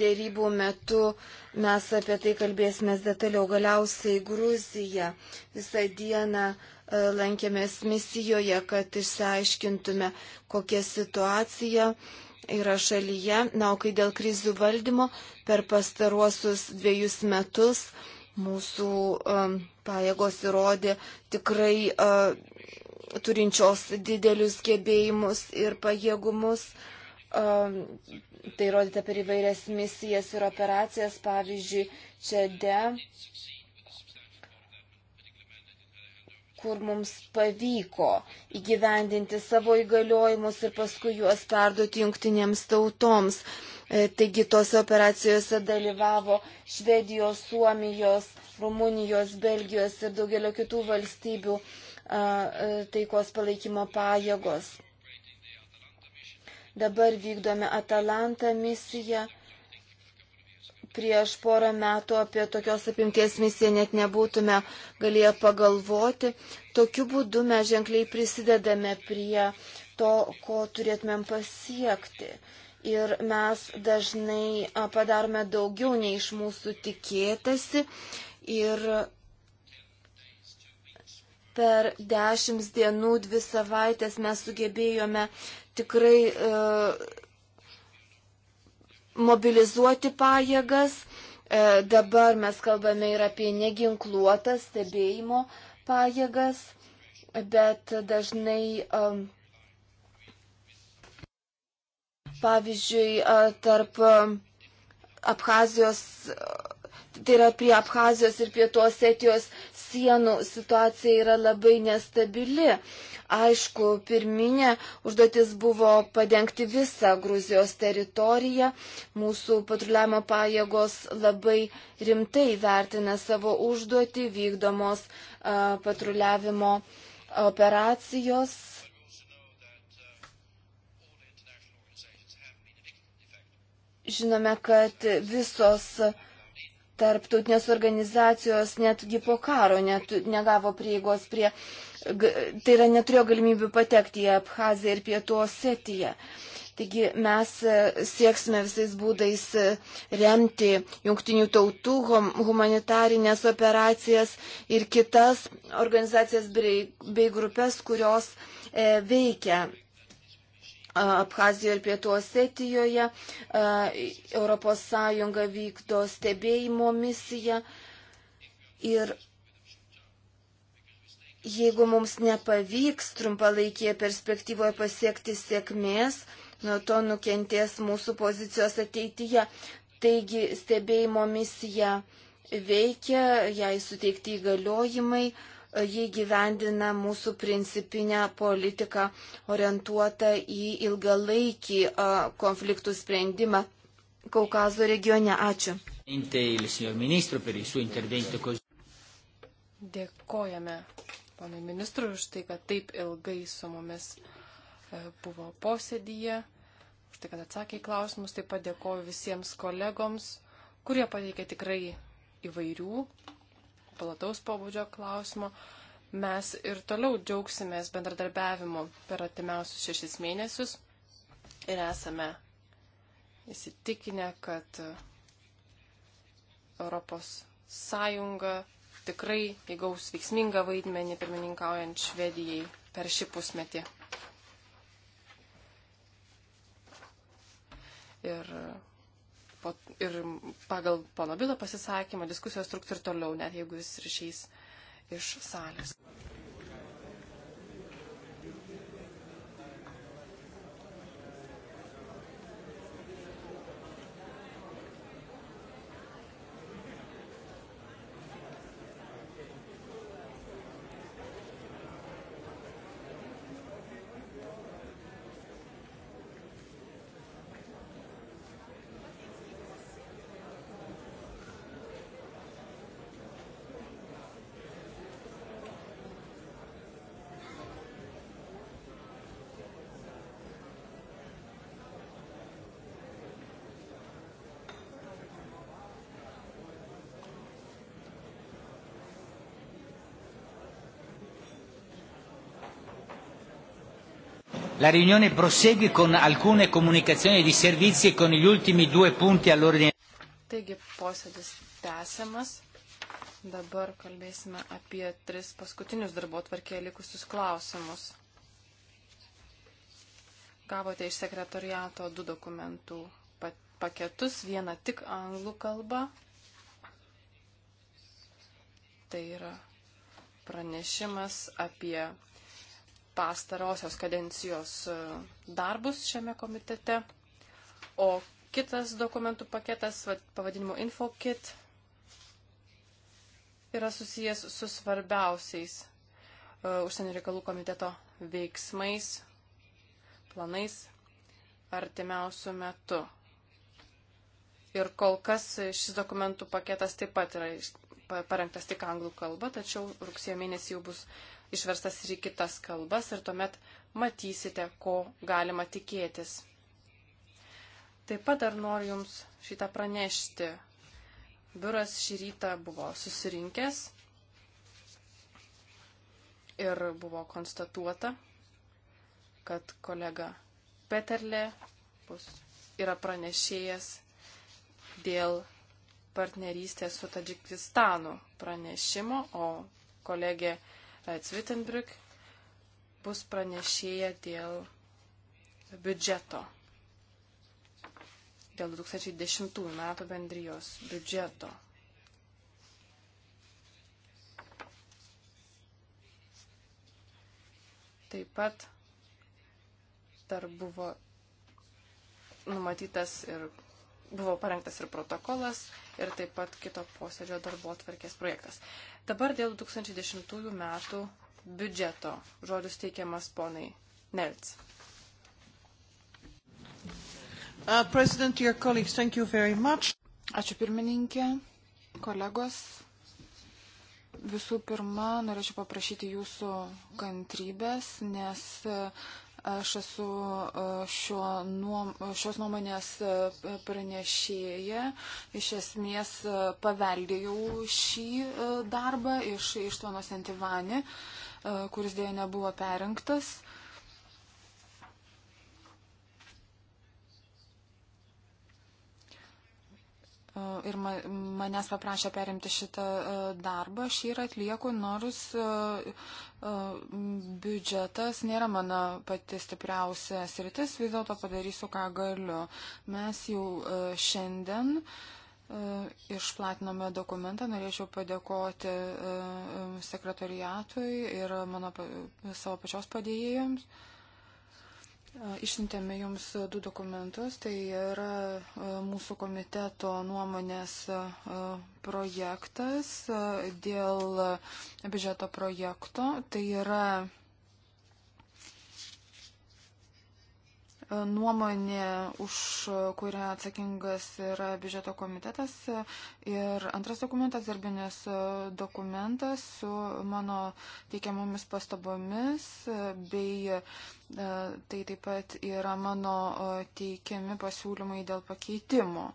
dėrybų metu mes apie tai kalbėsime detaliau. Galiausiai Gruzija visą dieną uh, lankėmės misijoje, kad išsiaiškintume, kokia situacija yra šalyje. Na, o kai dėl krizių valdymo per pastaruosius dviejus metus mūsų um, pajėgos įrodė tikrai uh, turinčios didelius gebėjimus ir pajėgumus. Um, tai rodėte per įvairias misijas ir operacijas, pavyzdžiui, čia D kur mums pavyko įgyvendinti savo įgaliojimus ir paskui juos perduoti jungtinėms tautoms. E, taigi tose operacijose dalyvavo Švedijos, Suomijos, Rumunijos, Belgijos ir daugelio kitų valstybių e, taikos palaikymo pajėgos. Dabar vykdome Atalanta misiją prieš porą metų apie tokios apimties misiją net nebūtume galėję pagalvoti. Tokiu būdu mes ženkliai prisidedame prie to, ko turėtumėm pasiekti. Ir mes dažnai padarome daugiau nei iš mūsų tikėtasi. Ir per dešimt dienų, dvi savaitės mes sugebėjome tikrai. Uh, mobilizuoti pajėgas. E, dabar mes kalbame ir apie neginkluotas stebėjimo pajėgas, bet dažnai, e, pavyzdžiui, e, tarp um, Abhazijos tai yra prie Abhazijos ir pietų Osetijos sienų situacija yra labai nestabili. Aišku, pirminė užduotis buvo padengti visą Gruzijos teritoriją. Mūsų patruliavimo pajėgos labai rimtai vertina savo užduotį, vykdomos uh, patruliavimo operacijos. Žinome, kad visos uh, tarptautinės organizacijos netgi po karo net, negavo prieigos prie, tai yra neturėjo galimybių patekti į Abhaziją ir Pietų Osetiją. Taigi mes e, sieksime visais būdais e, remti jungtinių tautų humanitarinės operacijas ir kitas organizacijas bei, bei grupės, kurios e, veikia Abhazijoje ir Pietų Osetijoje ES vykdo stebėjimo misiją ir jeigu mums nepavyks trumpalaikėje perspektyvoje pasiekti sėkmės, nuo to nukentės mūsų pozicijos ateityje. Taigi stebėjimo misija veikia, jai suteikti įgaliojimai. Uh, E, jie gyvendina mūsų principinę politiką orientuotą į ilgalaikį e, konfliktų sprendimą Kaukazo regione. Ačiū. Dėkojame ponui ministrui už tai, kad taip ilgai su mumis e, buvo posėdyje, už tai, kad atsakė į klausimus. Taip pat dėkoju visiems kolegoms, kurie pateikė tikrai įvairių plataus pobūdžio klausimo. Mes ir toliau džiaugsimės bendradarbiavimu per atimiausius šešis mėnesius ir esame įsitikinę, kad Europos Sąjunga tikrai įgaus veiksmingą vaidmenį pirmininkaujant Švedijai per šį pusmetį. Ir po, ir pagal pono Bilo pasisakymą diskusijos truks ir toliau, net jeigu jis ir išeis iš salės. La riunione prosegue con alcune comunicazioni di servizi e con gli ultimi due punti all'ordine. Taigi posėdis tęsiamas. Dabar kalbėsime apie tris paskutinius darbo tvarkėje likusius klausimus. Gavote iš sekretoriato du dokumentų paketus, vieną tik anglų kalbą. Tai yra pranešimas apie pastarosios kadencijos e, darbus šiame komitete. O kitas dokumentų paketas, pavadinimu InfoKit, yra susijęs su svarbiausiais uh, užsienio reikalų komiteto veiksmais, planais artimiausių metų. Ir kol kas šis dokumentų paketas taip pat yra parengtas tik anglų kalba, tačiau rugsėjo mėnesį jau bus išverstas ir į kitas kalbas ir tuomet matysite, ko galima tikėtis. Taip pat dar noriu Jums šitą pranešti. Biuras šį rytą buvo susirinkęs ir buvo konstatuota, kad kolega Peterle bus, yra pranešėjas dėl partnerystės su Tadžikistanu pranešimo, o kolegė Cvitenbriuk bus pranešėja dėl biudžeto, dėl 2010 metų bendrijos biudžeto. Taip pat dar buvo numatytas ir buvo parengtas ir protokolas, ir taip pat kito posėdžio darbo atvarkės projektas. Dabar dėl 2010 metų biudžeto žodis teikiamas ponai Nelts. Uh, Ačiū pirmininkė, kolegos. Visų pirma, norėčiau paprašyti jūsų kantrybės, nes Aš esu e, šio nuom, šios nuomonės e, pranešėja. Iš esmės e, paveldėjau šį darbą iš, iš Tvanos Antivani, kuris dėja nebuvo perinktas. ir manęs paprašė perimti šitą darbą, aš jį ir atlieku, nors biudžetas nėra mano pati stipriausia sritis, vis dėlto padarysiu, ką galiu. Mes jau šiandien išplatinome dokumentą, norėčiau padėkoti sekretariatui ir mano savo pačios padėjėjams. Išsintėme jums e, du dokumentus, tai yra e, mūsų komiteto nuomonės e, projektas dėl biudžeto projekto, tai yra nuomonė, už kurią atsakingas yra biudžeto komitetas. Ir antras dokumentas, darbinis dokumentas su mano teikiamomis pastabomis bei e, tai taip pat yra mano e, teikiami pasiūlymai dėl pakeitimo.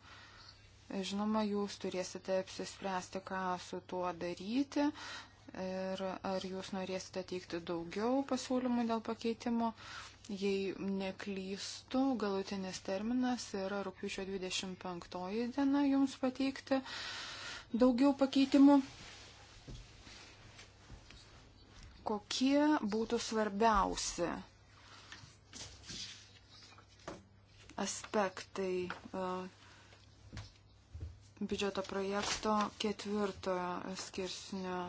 Žinoma, jūs turėsite apsispręsti, ką su tuo daryti ir ar jūs norėsite teikti daugiau pasiūlymų dėl pakeitimo. Uh, Jei neklystų, galutinis terminas yra rūpiučio 25 diena jums pateikti daugiau pakeitimų. Kokie būtų svarbiausi aspektai e, biudžeto projekto ketvirtojo skirsnio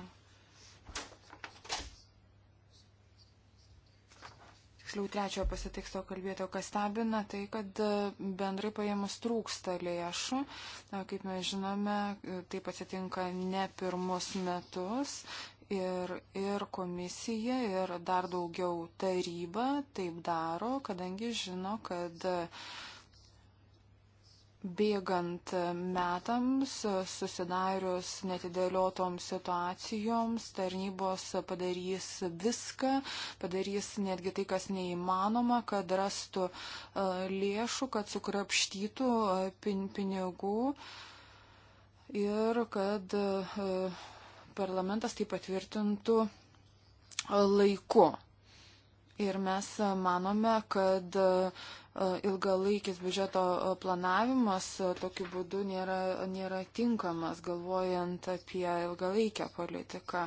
tiksliau trečiojo pasitiksto kalbėtojo, kas stebina, tai kad e, bendrai paėmus trūksta lėšų. Kaip mes žinome, e, taip atsitinka ne pirmus metus. Ir, ir komisija, ir dar daugiau taryba taip daro, kadangi žino, kad uh, bėgant metams, susidarius netidėliotoms situacijoms, tarnybos padarys viską, padarys netgi tai, kas neįmanoma, kad rastų e, lėšų, kad sukrapštytų e, pin pinigų ir kad e, parlamentas tai patvirtintų laiku. Ir mes manome, kad E, ilgalaikis biudžeto e, planavimas e, tokiu būdu nėra, nėra tinkamas, galvojant apie ilgalaikę politiką.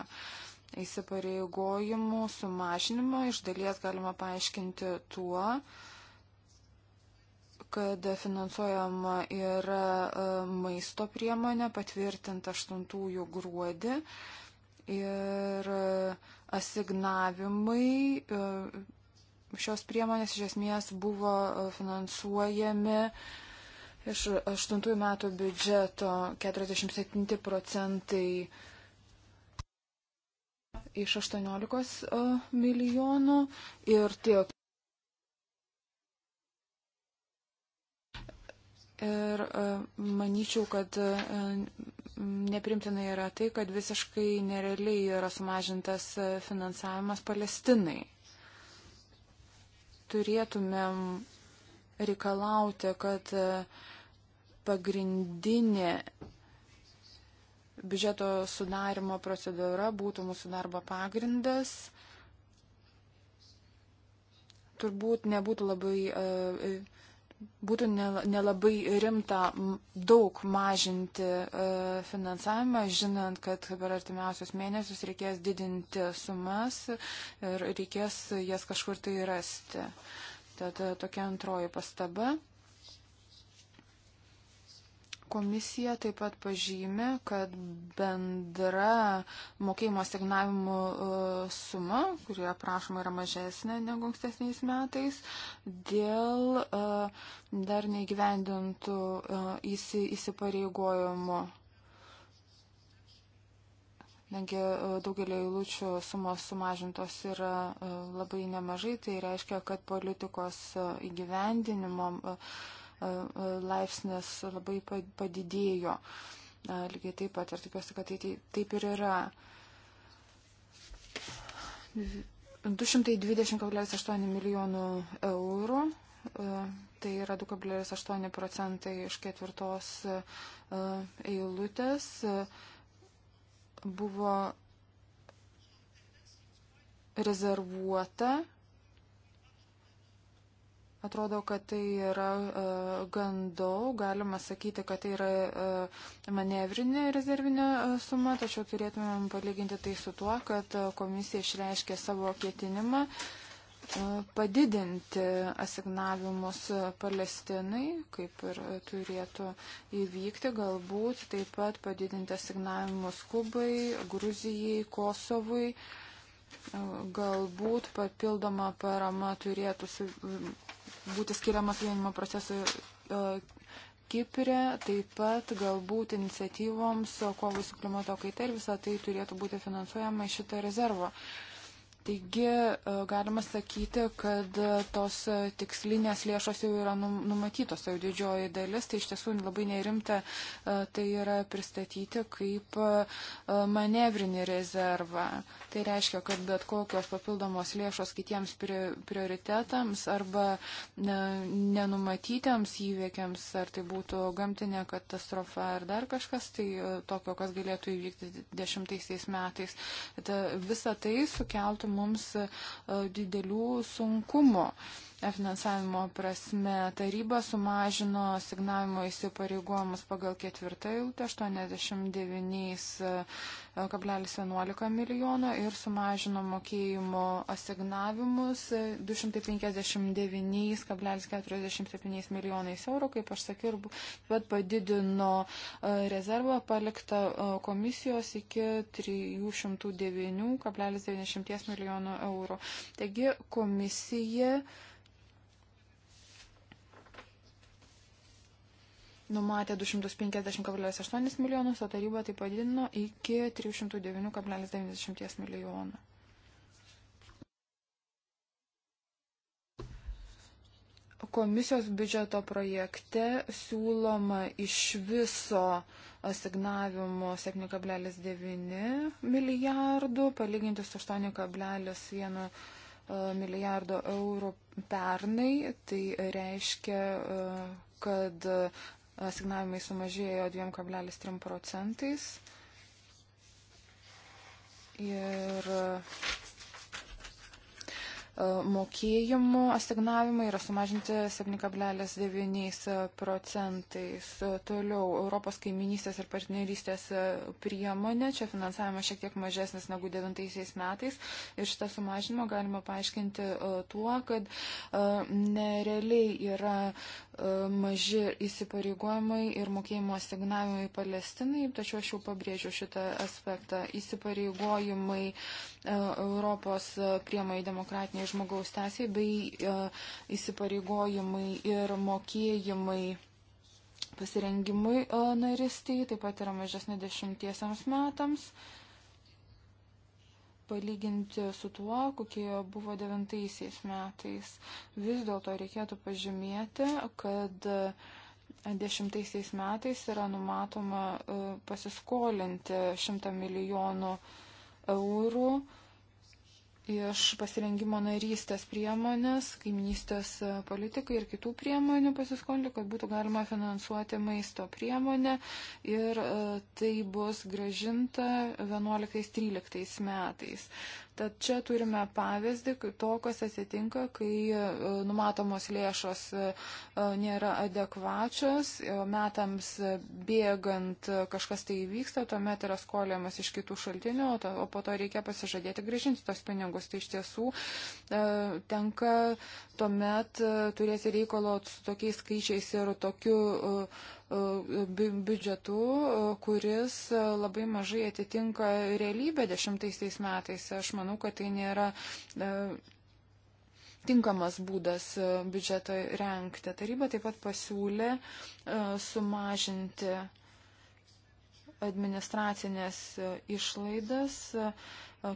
Įsipareigojimų sumažinimą iš dalies galima paaiškinti tuo, kad finansuojama yra maisto priemonė patvirtinta 8 gruodį ir asignavimai šios priemonės iš esmės buvo e, finansuojami iš 8 metų biudžeto 47 procentai iš 18 e, milijonų ir tiek. Ir e, manyčiau, kad neprimtina yra tai, kad visiškai nerealiai yra sumažintas finansavimas Palestinai turėtumėm reikalauti, kad e, pagrindinė biudžeto sudarimo procedūra būtų mūsų darbo pagrindas. Turbūt nebūtų labai uh, būtų nelabai rimta daug mažinti e, finansavimą, žinant, kad per artimiausius mėnesius reikės didinti sumas ir reikės jas kažkur tai rasti. Tad e, tokia antroji pastaba. Komisija taip pat pažymė, kad bendra mokėjimo signavimų e, suma, kuri aprašoma yra mažesnė negu ankstesniais metais, dėl e, dar neįgyvendintų e, įsipareigojimų. Negi daugelį eilučių sumos sumažintos yra labai nemažai, tai reiškia, kad politikos įgyvendinimo uh, laipsnis labai padidėjo. Lygiai taip pat ir tikiuosi, kad tai, tai taip ir yra. 220,8 milijonų eurų, tai yra 2,8 procentai iš ketvirtos eilutės, buvo rezervuota Atrodo, kad tai yra e, gan daug, galima sakyti, kad tai yra e, manevrinė rezervinė e, suma, tačiau turėtumėm palyginti tai su tuo, kad komisija išreiškė savo ketinimą padidinti asignavimus Palestinai, kaip ir turėtų įvykti, galbūt taip pat padidinti asignavimus Kubai, Gruzijai, Kosovui. Galbūt papildoma parama turėtų būti skiriamas vienimo procesui e, Kiprė, taip pat galbūt iniciatyvoms e, kovai su klimato kaita ir visą tai turėtų būti finansuojama iš šito rezervo. Uh, Taigi e, galima sakyti, kad e, tos e, tikslinės lėšos jau yra numatytos, tai jau didžioji dalis, tai iš tiesų labai nerimta tai yra pristatyti kaip manevrinį rezervą. Tai reiškia, kad bet kokios papildomos lėšos kitiems prioritetams arba nenumatytiems įveikiams, ar tai būtų gamtinė katastrofa ar dar kažkas, tai tokio, kas galėtų įvykti dešimtaisiais metais, visa tai sukeltų mums e, didelių sunkumų. Uh, finansavimo prasme. Taryba sumažino signavimo įsipareigojimus pagal ketvirtą eilutę 89,11 e, milijono ir sumažino mokėjimo asignavimus 259,47 milijonais eurų, kaip aš sakiau, bet padidino e, rezervą paliktą e, komisijos iki 309,90 milijonų eurų. Taigi komisija numatė 250,8 milijonus, o taryba tai padidino iki 309,90 milijonų. Komisijos biudžeto projekte siūloma iš viso asignavimo 7,9 milijardų, palyginti su 8,1 e, milijardo eurų pernai. Tai reiškia, e, kad asignavimai sumažėjo 2,3 procentais. Ir e, mokėjimų asignavimai yra sumažinti 7,9 procentais. Toliau Europos kaiminystės ir partnerystės priemonė, čia finansavimas šiek tiek mažesnis negu 9 metais ir šitą sumažinimą galima paaiškinti e, tuo, kad e, nerealiai yra maži įsipareigojimai ir mokėjimo asignavimai Palestinai, tačiau aš jau pabrėžiu šitą aspektą. Įsipareigojimai e, Europos priemai demokratiniai žmogaus teisėjai bei e, įsipareigojimai ir mokėjimai pasirengimui e, narystėje, taip pat yra mažesnė dešimtiesiams metams palyginti su tuo, kokie buvo devintaisiais metais. Vis dėlto reikėtų pažymėti, kad dešimtaisiais metais yra numatoma e, pasiskolinti 100 milijonų eurų iš pasirengimo narystės priemonės, kaiminystės e, politikai ir kitų priemonių pasiskolinti, kad būtų galima finansuoti maisto priemonę ir e, tai bus gražinta 11-13 metais. Tad čia turime pavyzdį to, kas atsitinka, kai e, numatomos lėšos e, e, nėra adekvačios, metams bėgant kažkas tai įvyksta, tuomet yra skoliamas iš kitų šaltinių, o po to reikia pasižadėti grįžinti tos pinigus. Tai iš tiesų tenka tuomet turėti reikalo su tokiais skaičiais ir tokiu E, biudžetu, e, kuris e, labai mažai atitinka realybę dešimtaisiais metais. Aš manau, kad tai nėra tinkamas būdas biudžetą renkti. Taryba taip pat pasiūlė sumažinti administracinės išlaidas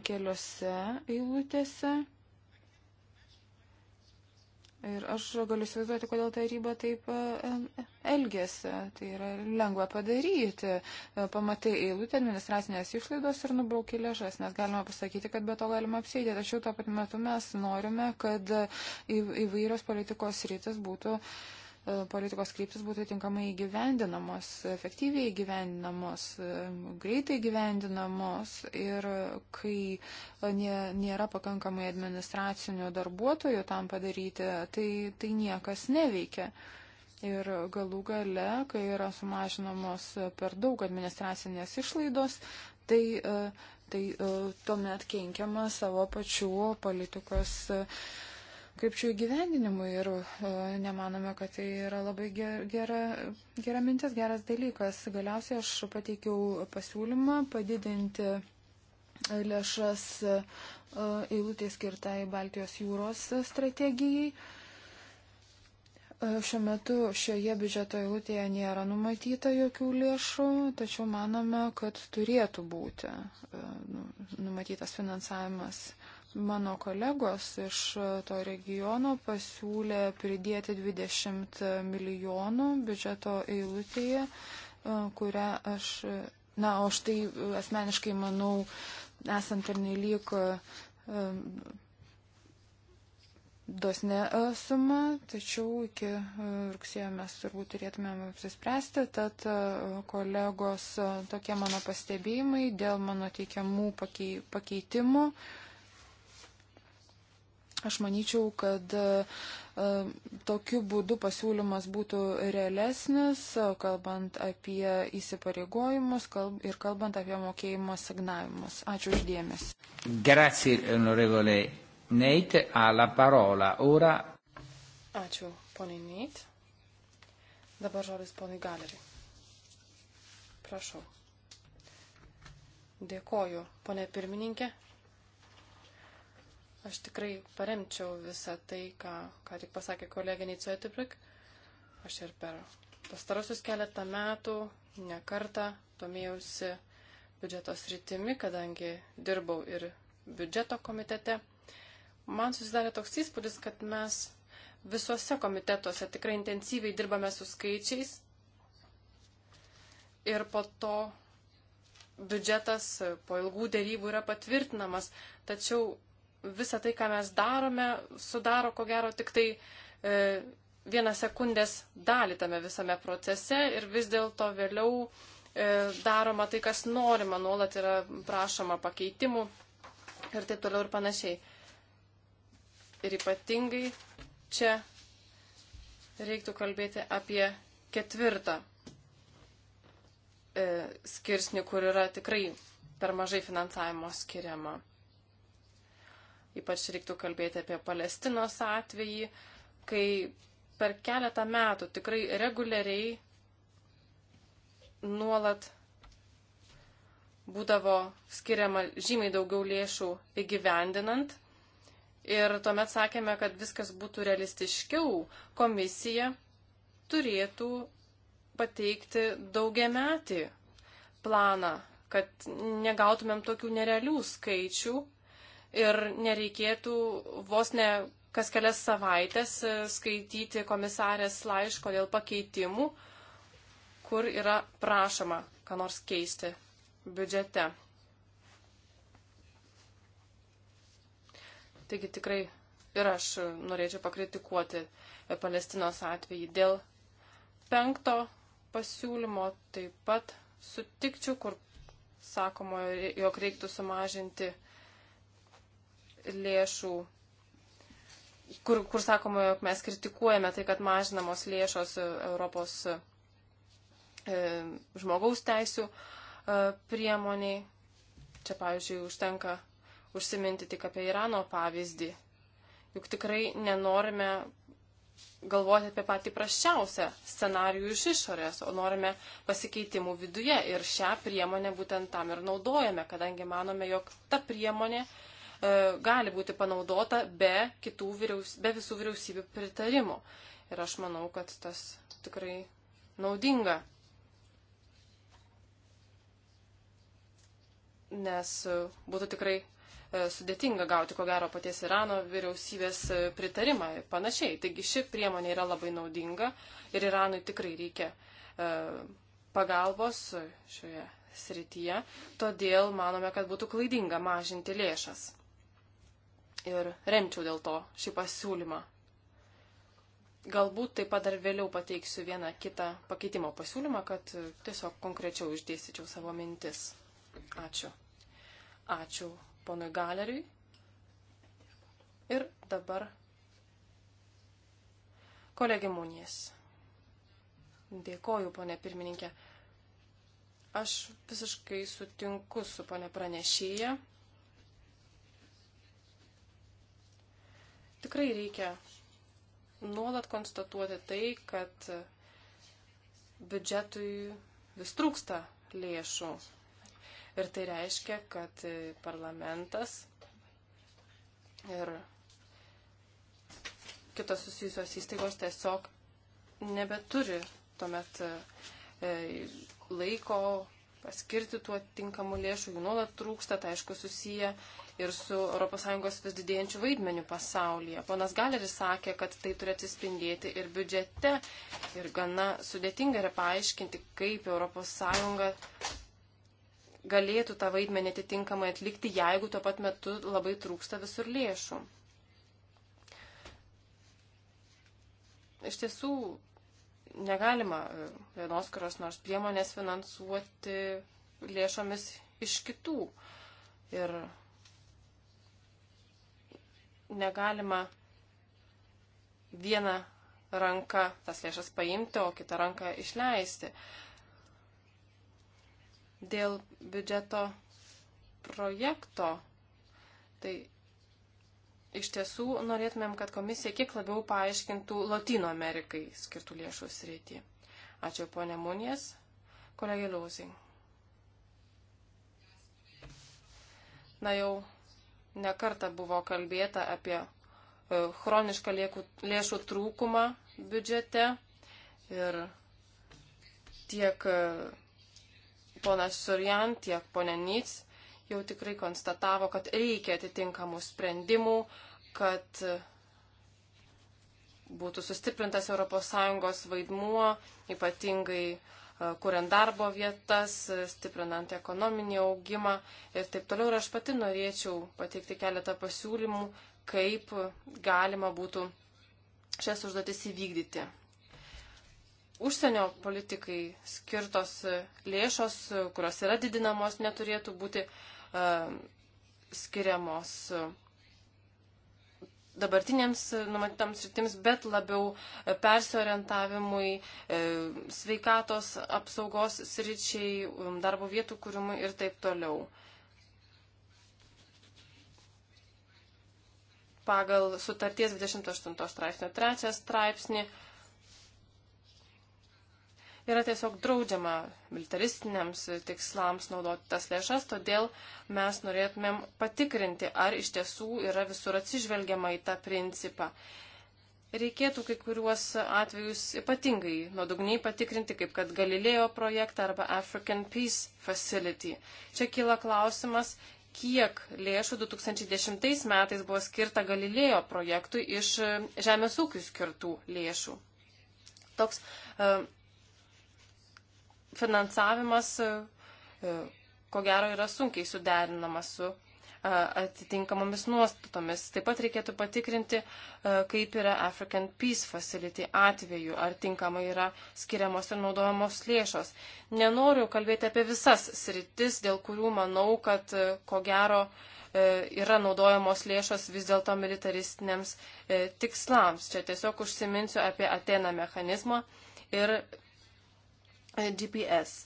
keliose eilutėse. Ir aš galiu įsivaizduoti, kodėl taryba taip e, e, elgėsi. Tai yra lengva padaryti. E, pamatai eilutę administracinės išlaidos ir nubrauki lėšas, nes galima pasakyti, kad be to galima apsėdėti. Tačiau tuo pat metu mes norime, kad įvairios politikos rytis būtų uh, E, politikos kryptis būtų tinkamai įgyvendinamos, efektyviai įgyvendinamos, e, greitai įgyvendinamos ir kai nėra pakankamai administracinių darbuotojų tam padaryti, tai, tai niekas neveikia. Ir galų gale, kai yra sumažinamos per daug administracinės išlaidos, tai, e, tai tuomet kenkiama savo pačių politikos kaip šių įgyvendinimų ir e, nemanome, kad tai yra labai gera, gera mintis, geras dalykas. Galiausiai aš pateikiau pasiūlymą padidinti lėšas e, eilutė skirtai Baltijos jūros strategijai. E, šiuo metu šioje biudžeto eilutėje nėra numatyta jokių lėšų, tačiau manome, kad turėtų būti nu, numatytas finansavimas Mano kolegos iš to regiono pasiūlė pridėti 20 milijonų biudžeto eilutėje, e, kurią aš, na, o štai asmeniškai manau, esant pernelyg e, dosne suma, tačiau iki e, rugsėjo mes turbūt turėtumėm apsispręsti, tad kolegos tokie mano pastebėjimai dėl mano teikiamų pakeitimų. Pakei Aš manyčiau, kad e, tokiu būdu pasiūlymas būtų realesnis, kalbant apie įsipareigojimus ir kalbant apie mokėjimo signavimus. Ačiū uždėmesi. Grazie, onorevole Neit, alla parola. Ora. Ačiū, poniai Neit. Dabar žodis poniai Galeriai. Prašau. Dėkoju, ponė pirmininkė. Aš tikrai paremčiau visą tai, ką, ką tik pasakė kolegė Nicuetiprik. Aš ir per pastarosius keletą metų nekartą domėjausi biudžeto sritimi, kadangi dirbau ir biudžeto komitete. Man susidarė toks įspūdis, kad mes visuose komitetuose tikrai intensyviai dirbame su skaičiais ir po to biudžetas po ilgų dėrybų yra patvirtinamas, tačiau visa tai, ką mes darome, sudaro ko gero tik tai e, vieną sekundės dalį tame visame procese ir vis dėlto vėliau e, daroma tai, kas norima, nuolat yra prašoma pakeitimų ir taip toliau ir panašiai. Ir ypatingai čia reiktų kalbėti apie ketvirtą e, skirsnį, kur yra tikrai per mažai finansavimo skiriama. Ypač reiktų kalbėti apie Palestinos atvejį, kai per keletą metų tikrai reguliariai nuolat būdavo skiriama žymiai daugiau lėšų įgyvendinant. Ir tuomet sakėme, kad viskas būtų realistiškiau. Komisija turėtų pateikti daugiametį planą, kad negautumėm tokių nerealių skaičių ir nereikėtų vos ne kas kelias savaitės e, skaityti komisarės laiško dėl pakeitimų, kur yra prašoma, ką nors keisti biudžete. Taigi tikrai ir aš norėčiau pakritikuoti e, Palestinos atvejį. Dėl penkto pasiūlymo taip pat sutikčiau, kur sakoma, jog reiktų sumažinti lėšų, kur, kur sakoma, jog mes kritikuojame tai, kad mažinamos lėšos e, Europos e, žmogaus teisų e, priemoniai. Čia, pavyzdžiui, užtenka užsiminti tik apie Irano pavyzdį. Juk tikrai nenorime galvoti apie patį praščiausią scenarijų iš išorės, o norime pasikeitimų viduje. Ir šią priemonę būtent tam ir naudojame, kadangi manome, jog ta priemonė uh, E, gali būti panaudota be, vyriaus, be visų vyriausybių pritarimo. Ir aš manau, kad tas tikrai naudinga. Nes būtų tikrai e, sudėtinga gauti, ko gero, paties Irano vyriausybės e, pritarimą ir panašiai. Taigi ši priemonė yra labai naudinga ir Iranui tikrai reikia pagalbos šioje srityje, todėl manome, kad būtų klaidinga mažinti lėšas ir remčiau dėl to šį pasiūlymą. Galbūt taip pat dar vėliau pateiksiu vieną kitą pakeitimo pasiūlymą, kad tiesiog konkrečiau išdėstyčiau savo mintis. Ačiū. Ačiū ponui Galeriui. Ir dabar kolegė Mūnijas. Dėkoju, ponė pirmininkė. Aš visiškai sutinku su ponė pranešėja Tikrai reikia nuolat konstatuoti tai, kad biudžetui vis trūksta lėšų. Ir tai reiškia, kad parlamentas ir kitos susijusios įstaigos tiesiog nebeturi tuomet e, laiko paskirti tuo tinkamų lėšų, jų nuolat trūksta, tai aišku susiję ir su ES vis didėjančiu vaidmeniu pasaulyje. Ponas Galeris sakė, kad tai turi atsispindėti ir biudžete. Ir gana sudėtinga yra paaiškinti, kaip ES galėtų tą vaidmenį atitinkamai atlikti, jeigu tuo pat metu labai trūksta visur lėšų. Iš tiesų, negalima e, vienos kurios nors priemonės finansuoti lėšomis iš kitų. Ir negalima vieną ranką tas lėšas paimti, o kitą ranką išleisti. Dėl biudžeto projekto, tai iš tiesų norėtumėm, kad komisija kiek labiau paaiškintų Latino Amerikai skirtų lėšų srity. Ačiū ponė Munės, kolegė Liūzing. Na jau Nekarta buvo kalbėta apie e, chronišką liekų, lėšų trūkumą biudžete ir tiek e, ponas Surjan, tiek ponė Nic jau tikrai konstatavo, kad reikia atitinkamų sprendimų, kad e, būtų sustiprintas ES vaidmuo, ypatingai uh, E, kuriant darbo vietas, e, stiprinant ekonominį augimą ir taip toliau. Ir aš pati norėčiau pateikti keletą pasiūlymų, kaip galima būtų šias užduotis įvykdyti. Užsienio politikai skirtos lėšos, kurios yra didinamos, neturėtų būti uh, skiriamos uh, dabartinėms numatytams rytims, bet labiau e, persiorientavimui, e, sveikatos apsaugos sričiai, darbo vietų kūrimui ir taip toliau. Pagal sutarties 28 straipsnio 3 straipsnį yra tiesiog draudžiama militaristiniams tikslams naudoti tas lėšas, todėl mes norėtumėm patikrinti, ar iš tiesų yra visur atsižvelgiama į tą principą. Reikėtų kai kuriuos atvejus ypatingai nuodugniai patikrinti, kaip kad Galilėjo projektą arba African Peace Facility. Čia kyla klausimas, kiek lėšų 2010 metais buvo skirta Galilėjo projektui iš žemės ūkių skirtų lėšų. Toks uh, finansavimas, e, ko gero, yra sunkiai suderinamas su e, atitinkamomis nuostatomis. Taip pat reikėtų patikrinti, e, kaip yra African Peace Facility atveju, ar tinkamai yra skiriamos ir naudojamos lėšos. Nenoriu kalbėti apie visas sritis, dėl kurių manau, kad ko gero yra naudojamos lėšos vis dėlto militaristiniams tikslams. Čia tiesiog užsiminsiu apie Atena mechanizmą ir E, GPS.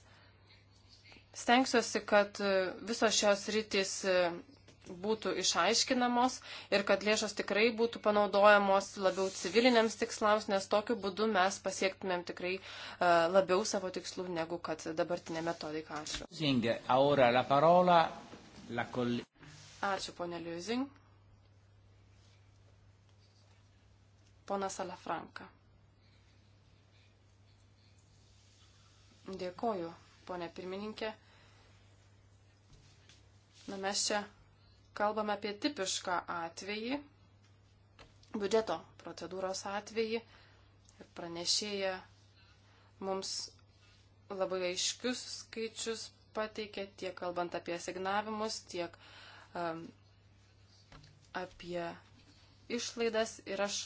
Stengsiuosi, kad e, visos šios rytis e, būtų išaiškinamos ir kad lėšos tikrai būtų panaudojamos labiau civiliniams tikslams, nes tokiu būdu mes pasiektumėm tikrai uh, labiau savo tikslų negu kad dabartinė metodika. Ačiū. Ačiū, ponė Liuzing. Ponas Alafranka. Dėkoju, ponė pirmininkė. Na mes čia kalbame apie tipišką atvejį, biudžeto procedūros atvejį ir pranešėja mums labai aiškius skaičius pateikė, tiek kalbant apie asignavimus, tiek um, apie išlaidas ir aš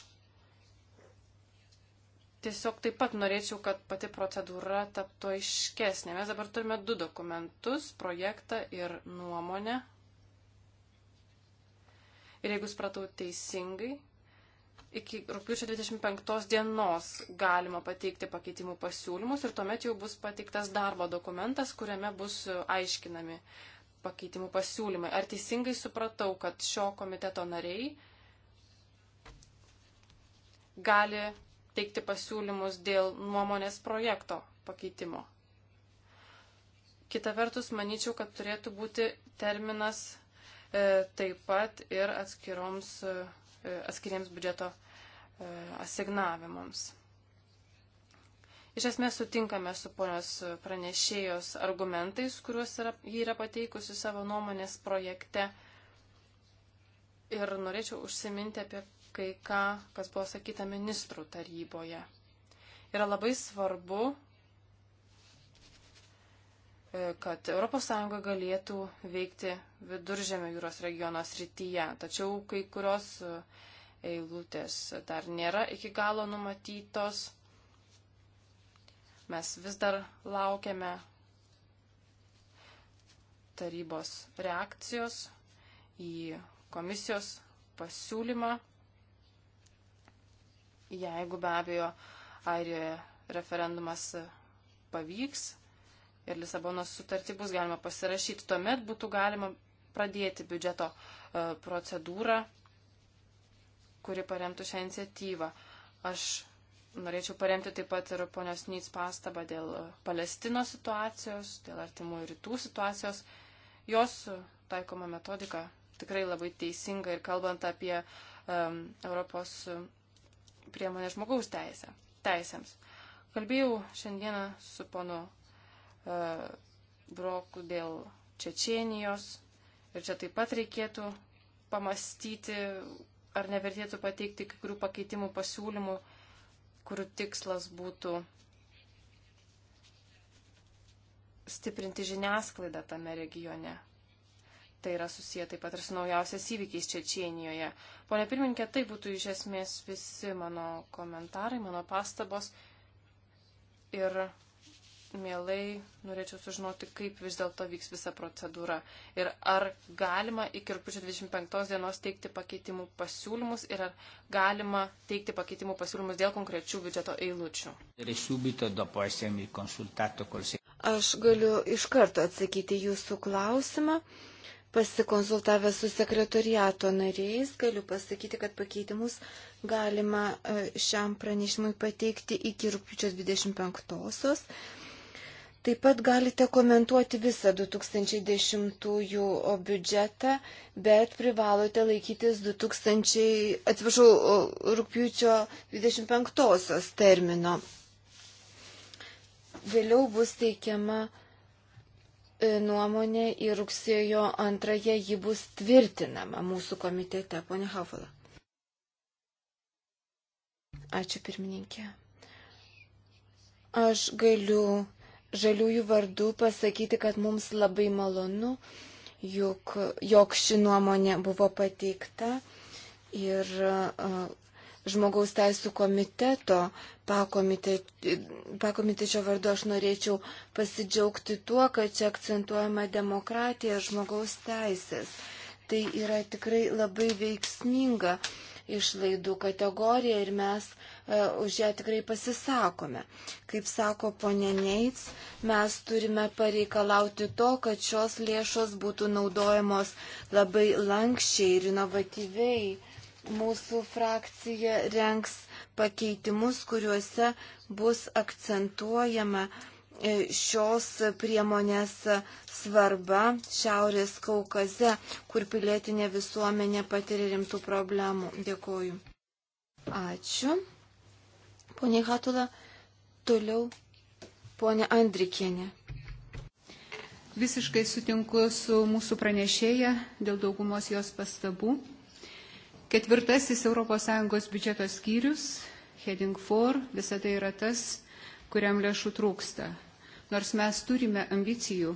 Tiesiog taip pat norėčiau, kad pati procedūra taptų aiškesnė. Mes dabar turime du dokumentus - projektą ir nuomonę. Ir jeigu supratau teisingai, iki rūpiučio 25 dienos galima pateikti pakeitimų pasiūlymus ir tuomet jau bus pateiktas darbo dokumentas, kuriame bus aiškinami pakeitimų pasiūlymai. Ar teisingai supratau, kad šio komiteto nariai gali teikti pasiūlymus dėl nuomonės projekto pakeitimo. Kita vertus, manyčiau, kad turėtų būti terminas e, taip pat ir atskiroms, e, e atskiriems biudžeto e, asignavimams. Iš esmės sutinkame su ponios pranešėjos argumentais, kuriuos yra, jį yra pateikusi savo nuomonės projekte. Ir norėčiau užsiminti apie kai ką, kas buvo sakyta ministrų taryboje. Yra labai svarbu, e, kad ES galėtų veikti viduržėmio jūros regionos rytyje. Tačiau kai kurios e, eilutės dar nėra iki galo numatytos. Mes vis dar laukiame tarybos reakcijos į komisijos pasiūlymą jeigu be abejo Airijoje referendumas pavyks ir Lisabonos sutartį bus galima pasirašyti, tuomet būtų galima pradėti biudžeto e, procedūrą, kuri paremtų šią iniciatyvą. Aš norėčiau paremti taip pat ir ponios Nyts pastabą dėl e, Palestinos situacijos, dėl artimų rytų situacijos. Jos taikoma metodika tikrai labai teisinga ir kalbant apie um, Europos priemonė žmogaus teisė, teisėms. Kalbėjau šiandieną su ponu uh, Broku dėl Čečienijos ir čia taip pat reikėtų pamastyti, ar nevertėtų pateikti kai kurių pakeitimų pasiūlymų, kurių tikslas būtų stiprinti žiniasklaidą tame regione. Tai yra susiję taip pat ir su naujausias įvykiais Čečienijoje. Pone pirmininkė, tai būtų iš esmės visi mano komentarai, mano pastabos. Ir mielai norėčiau sužinoti, kaip vis dėlto vyks visa procedūra. Ir ar galima iki rūpiučio 25 dienos teikti pakeitimų pasiūlymus ir ar galima teikti pakeitimų pasiūlymus dėl konkrečių biudžeto eilučių. Aš galiu iš karto atsakyti jūsų klausimą pasikonsultavęs su sekretoriato nariais, galiu pasakyti, kad pakeitimus galima e, šiam pranešimui pateikti iki rūpiučio 25-osios. Taip pat galite komentuoti visą 2010-ųjų biudžetą, bet privalote laikytis 2000, atsiprašau, e, rūpiučio 25-osios termino. Vėliau bus teikiama uh, E, nuomonė ir rugsėjo antraje ji bus tvirtinama mūsų komitete, ponė Havala. Ačiū pirmininkė. Aš galiu žaliųjų vardų pasakyti, kad mums labai malonu, juk, jog ši nuomonė buvo pateikta ir uh, žmogaus teisų komiteto pakomitečio vardu aš norėčiau pasidžiaugti tuo, kad čia akcentuojama demokratija ir žmogaus teisės. Tai yra tikrai labai veiksminga išlaidų kategorija ir mes uh, už ją tikrai pasisakome. Kaip sako ponė Neits, mes turime pareikalauti to, kad šios lėšos būtų naudojamos labai lankščiai ir inovatyviai mūsų frakcija renks pakeitimus, kuriuose bus akcentuojama e, šios priemonės svarba Šiaurės Kaukaze, kur pilietinė visuomenė patiria rimtų problemų. Dėkoju. Ačiū. Pone Hatula, toliau ponė Andrikienė. Visiškai sutinku su mūsų pranešėja dėl daugumos jos pastabų. Ketvirtasis ES biudžeto skyrius, Heading 4, visą tai yra tas, kuriam lėšų trūksta. Nors mes turime ambicijų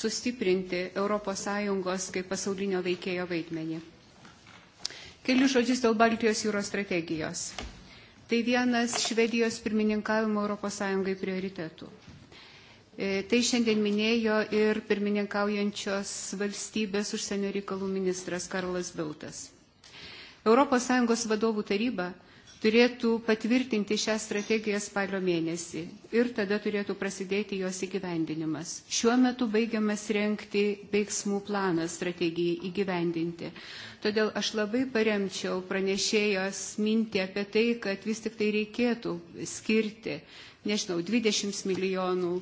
sustiprinti ES kaip pasaulinio veikėjo vaidmenį. Keli žodžius dėl Baltijos jūros strategijos. Tai vienas Švedijos pirmininkavimo ES prioritetų. E, tai šiandien minėjo ir pirmininkaujančios valstybės užsienio reikalų ministras Karlas Biltas. ES vadovų taryba turėtų patvirtinti šią strategiją spalio mėnesį ir tada turėtų prasidėti jos įgyvendinimas. Šiuo metu baigiamas renkti veiksmų planą strategijai įgyvendinti. Todėl aš labai paremčiau pranešėjos mintį apie tai, kad vis tik tai reikėtų skirti, nežinau, 20 milijonų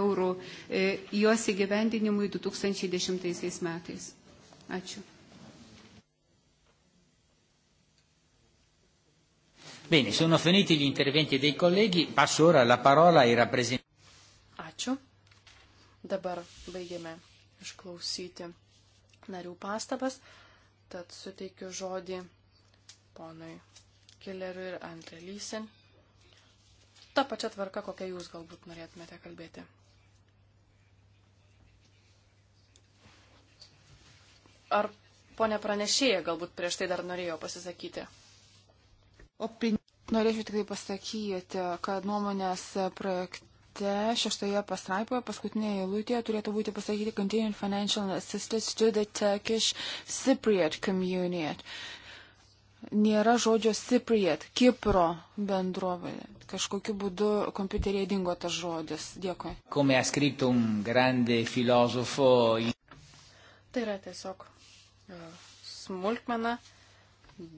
eurų e, jos įgyvendinimui 2010 metais. Ačiū. Bene, sono finiti gli interventi dei colleghi, passo ora la parola ai rappresentanti. Ačiū. Dabar baigiame išklausyti narių pastabas, tad suteikiu žodį ponui Kileriui ir Antrelysin. Ta pačia tvarka, kokią jūs galbūt norėtumėte kalbėti. Ar ponė pranešėja galbūt prieš tai dar norėjo pasisakyti? Opin... Norėčiau tik tai pasakyti, kad nuomonės projekte te šeštoje pastraipoje paskutinėje eilutėje turėtų būti pasakyti Continued Financial Assistance to the Turkish Cypriot Community. Nėra žodžio Cypriot, Kipro bendrovė. Kažkokiu būdu kompiuterėje dingo tas žodis. Dėkui. Tai yra tiesiog e, smulkmena,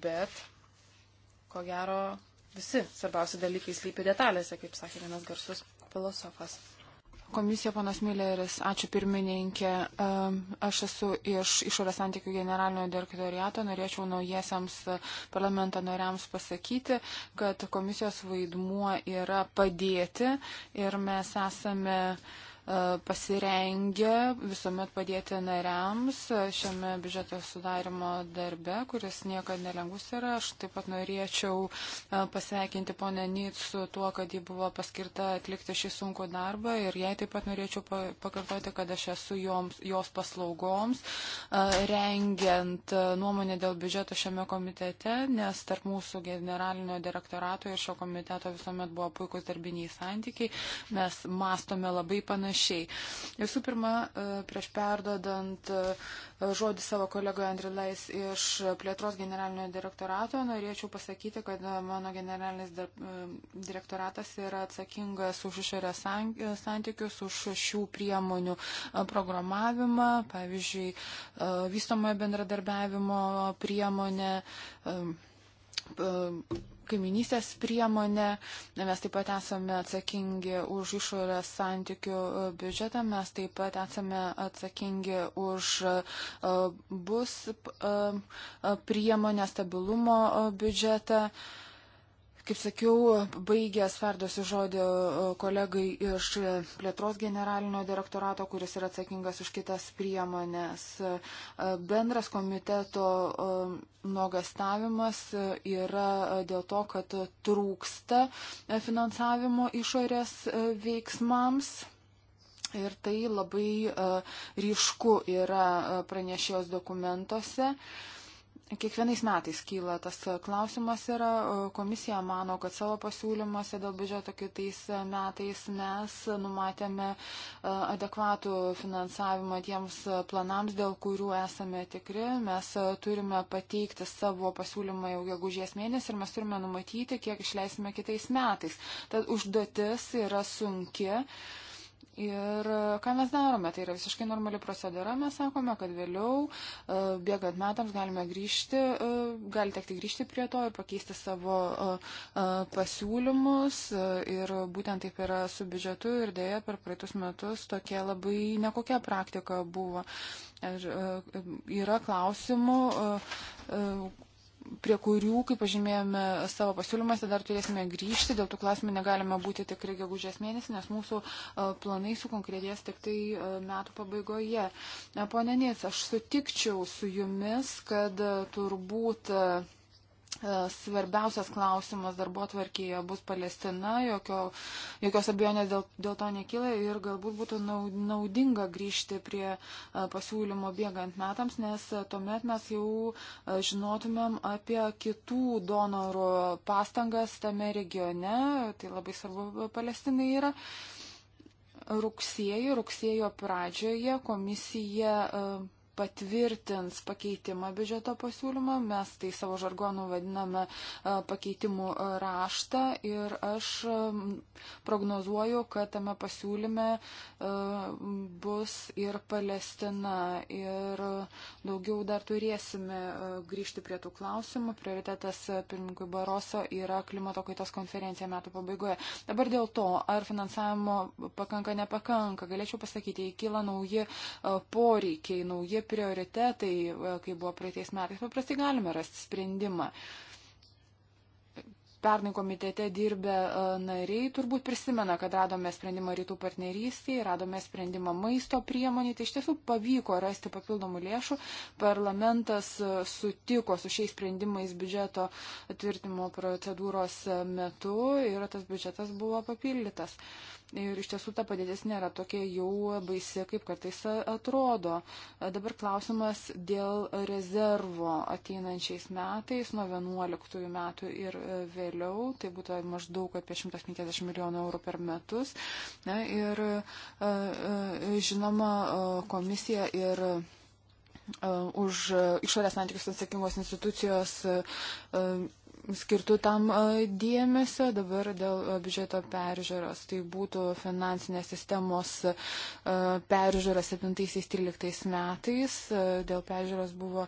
bet ko gero visi svarbiausi dalykai slypi detalėse, kaip sakė vienas garsus filosofas. Komisija panas Milleris, ačiū pirmininkė. Aš esu iš išorės santykių generalinio direktoriato. Norėčiau naujiesiams parlamento nariams pasakyti, kad komisijos vaidmuo yra padėti ir mes esame uh, E, pasirengę visuomet padėti nariams šiame biudžeto sudarimo darbe, kuris niekada nelengus yra. Aš taip pat norėčiau e, pasveikinti ponę Nyt su tuo, kad ji buvo paskirta atlikti šį sunkų darbą ir jai taip pat norėčiau pakartoti, kad aš esu joms, jos paslaugoms, e, rengiant nuomonę dėl biudžeto šiame komitete, nes tarp mūsų generalinio direktorato ir šio komiteto visuomet buvo puikus darbiniai santykiai. Mes mastome labai panašiai panašiai. Visų pirma, e, prieš perdodant e, žodį savo kolegoje Andrilais iš plėtros generalinio direktorato, norėčiau pasakyti, kad e, mano generalinis direktoratas yra atsakingas už išorės santykius, už šių priemonių programavimą, pavyzdžiui, vystomojo bendradarbiavimo priemonę kaiminystės priemonė, mes taip pat esame atsakingi už išorės santykių e, biudžetą, mes taip pat esame atsakingi už e, bus e, priemonę stabilumo biudžetą. Uh, Kaip sakiau, baigęs perduosiu žodį e, kolegai iš plėtros generalinio direktorato, kuris yra atsakingas už kitas priemonės. E, bendras komiteto e, nuogastavimas yra dėl to, kad trūksta finansavimo išorės veiksmams. Ir tai labai ryšku yra pranešėjos dokumentuose. Uh, Kiekvienais metais kyla tas klausimas yra, e, komisija mano, kad savo pasiūlymuose dėl biudžeto kitais metais mes numatėme e, adekvatų finansavimą tiems planams, dėl kurių esame tikri. Mes e, turime pateikti savo pasiūlymą jau gegužės mėnesį ir mes turime numatyti, kiek išleisime kitais metais. Tad užduotis yra sunki. Uh, Ir e, ką mes darome, tai yra visiškai normali procedūra, mes sakome, kad vėliau, e, bėgant metams, galime grįžti, e, gali tekti grįžti prie to ir pakeisti savo pasiūlymus. Ir būtent taip yra su biudžetu ir dėja per praeitus metus tokia labai nekokia praktika buvo. Ir yra klausimų, prie kurių, kaip pažymėjome savo pasiūlymuose, dar turėsime grįžti. Dėl tų klausimų negalime būti tikrai gegužės mėnesį, nes mūsų e, planai sukonkrėtės tik tai e, metų pabaigoje. E, pone Nės, aš sutikčiau su jumis, kad turbūt. Uh, E, svarbiausias klausimas darbo tvarkyje bus Palestina, jokio, jokios abejonės dėl, dėl to nekyla ir galbūt būtų naudinga grįžti prie e, pasiūlymo bėgant metams, nes e, tuomet mes jau žinotumėm apie kitų donorų pastangas tame regione, tai labai svarbu Palestinai yra. Rugsėjai, rugsėjo pradžioje komisija uh, patvirtins pakeitimą biudžeto pasiūlymą, mes tai savo žargonu vadiname e, pakeitimų e, raštą ir aš e, prognozuoju, kad tame pasiūlyme bus ir Palestina ir daugiau dar turėsime grįžti prie tų klausimų. Prioritetas pirmininkui Baroso yra klimato kaitos konferencija metų pabaigoje. Dabar dėl to, ar finansavimo pakanka, nepakanka, galėčiau pasakyti, įkyla nauji poreikiai, nauji prioritetai, kai buvo praeitais metais, paprastai galime rasti sprendimą. Pernai komitete dirbę e, nariai turbūt prisimena, kad radome sprendimą rytų partnerystėje, radome sprendimą maisto priemonį, tai iš tiesų pavyko rasti papildomų lėšų. Parlamentas e, sutiko su šiais sprendimais biudžeto atvirtimo procedūros e, metu ir tas biudžetas buvo papildytas. Ir iš tiesų ta padėtis nėra tokia jau baisi, kaip kartais atrodo. Dabar klausimas dėl rezervo ateinančiais metais, nuo 11 metų ir vėliau, tai būtų maždaug apie 150 milijonų eurų per metus. Na, ir e, e, žinoma, komisija ir e, už išorės santykius atsakingos institucijos skirtų tam e, dėmesio dabar dėl e, biudžeto peržiūros. Tai būtų finansinės sistemos e, peržiūra 17-13 metais. Dėl peržiūros buvo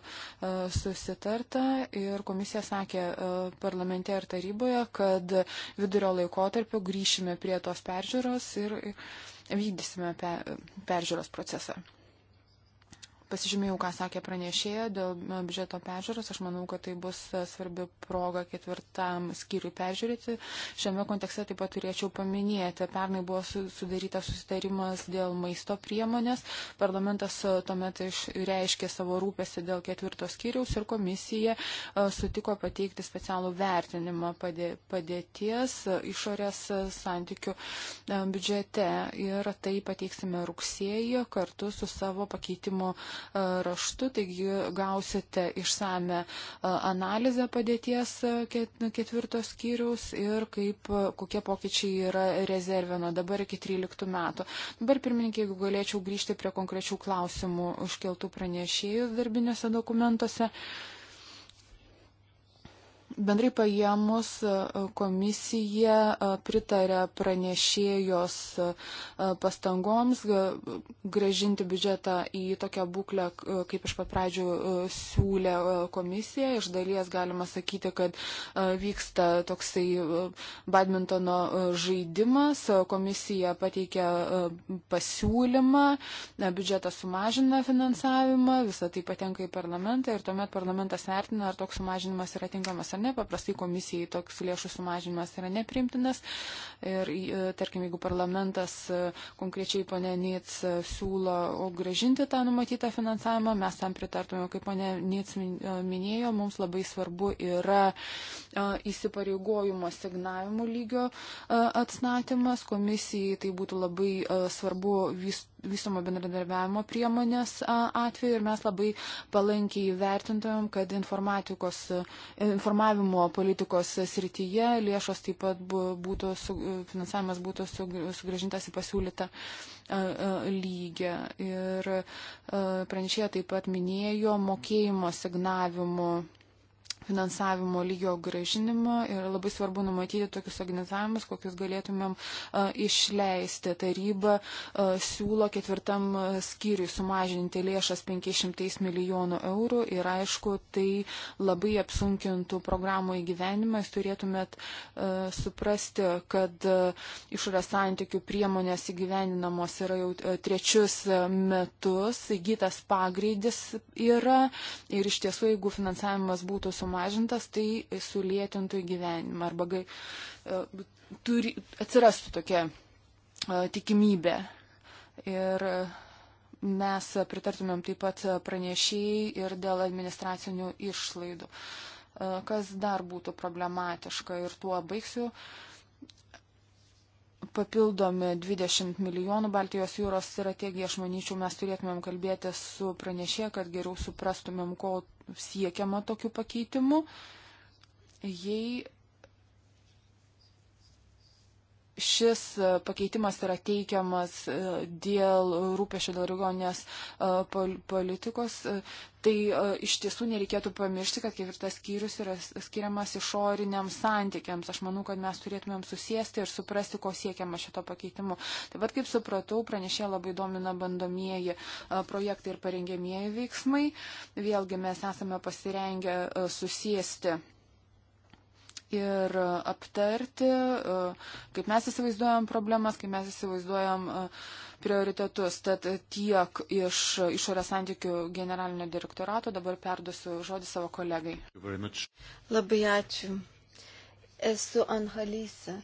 susitarta ir komisija sakė parlamente ir taryboje, kad vidurio laikotarpio grįšime prie tos peržiūros ir vykdysime peržiūros procesą. Pasižymėjau, ką sakė pranešėja dėl biudžeto peržiūros. Aš manau, kad tai bus e, svarbi proga ketvirtam skyriui peržiūrėti. Šiame kontekste taip pat turėčiau paminėti. Pernai buvo sudarytas susitarimas dėl maisto priemonės. Parlamentas e, tuomet išreiškė savo rūpėsi dėl ketvirto skyriaus ir komisija e, sutiko pateikti specialų vertinimą padėties išorės santykių biudžete. Ir tai pateiksime rugsėjį kartu su savo pakeitimo E, raštu, taigi gausite išsame e, analizę padėties e, ketvirtos skyrius ir kaip, kokie pokyčiai yra rezervė nuo dabar iki 13 metų. Dabar, pirmininkai, jeigu galėčiau grįžti prie konkrečių klausimų užkeltų pranešėjų darbinėse dokumentuose. Thank you Bendrai paėmus e, komisija e, pritarė pranešėjos e, pastangoms gražinti biudžetą į tokią būklę, kaip iš pat pradžių siūlė komisija. Iš dalies galima sakyti, kad vyksta toksai badmintono žaidimas. Komisija pateikė pasiūlymą, biudžetas sumažina finansavimą, visą tai patenka į parlamentą ir tuomet parlamentas vertina, ar toks sumažinimas yra tinkamas ar ne regione. Paprastai komisijai toks lėšų sumažinimas yra neprimtinas. Ir, e, tarkim, jeigu parlamentas e, konkrečiai ponė Nits e, siūlo gražinti tą numatytą finansavimą, mes tam pritartume, kaip ponė Nits minėjo, mums labai svarbu yra įsipareigojimo signavimų lygio atstatymas. Komisijai tai būtų labai svarbu vystyti vystomo bendradarbiavimo priemonės atveju ir mes labai palankiai vertintumėm, kad e, informavimo politikos srityje lėšos taip pat būtų, e, finansavimas būtų sugražintas į pasiūlytą lygį. Ir pranešėja taip pat minėjo mokėjimo signavimo finansavimo lygio gražinimą ir labai svarbu numatyti tokius organizavimus, kokius galėtumėm išleisti. Taryba siūlo ketvirtam skyriui sumažinti lėšas 500 milijonų eurų ir aišku, tai labai apsunkintų programų įgyvenimą. Jūs turėtumėt suprasti, kad išorės santykių priemonės įgyveninamos yra jau trečius metus, įgytas pagreidis yra ir iš tiesų, jeigu finansavimas būtų sumažintas, sumažintas, tai sulėtintų įgyvenimą arba gai, e, turi, atsirastų tokia e, tikimybė. Ir mes pritartumėm taip pat pranešėjai ir dėl administracinių išlaidų. E, kas dar būtų problematiška ir tuo baigsiu. Papildomi 20 milijonų Baltijos jūros strategija, aš manyčiau, mes turėtumėm kalbėti su pranešė, kad geriau suprastumėm, ko siekiama tokiu pakeitimu, jei šis e, pakeitimas yra teikiamas e, dėl rūpešio dėl regioninės e, politikos, tai iš tiesų nereikėtų pamiršti, kad ketvirtas skyrius yra skiriamas išoriniams santykiams. Aš manau, kad mes turėtumėm susijęsti ir suprasti, ko siekiama šito pakeitimu. Taip pat, kaip supratau, pranešė labai domina bandomieji projektai ir parengėmieji veiksmai. Vėlgi mes esame pasirengę susijęsti ir e, aptarti, e, kaip mes įsivaizduojam problemas, kaip mes įsivaizduojam e, prioritetus. Tad tiek iš išorės santykių generalinio direktorato dabar perduosiu žodį savo kolegai. Labai ačiū. Esu Anhalysa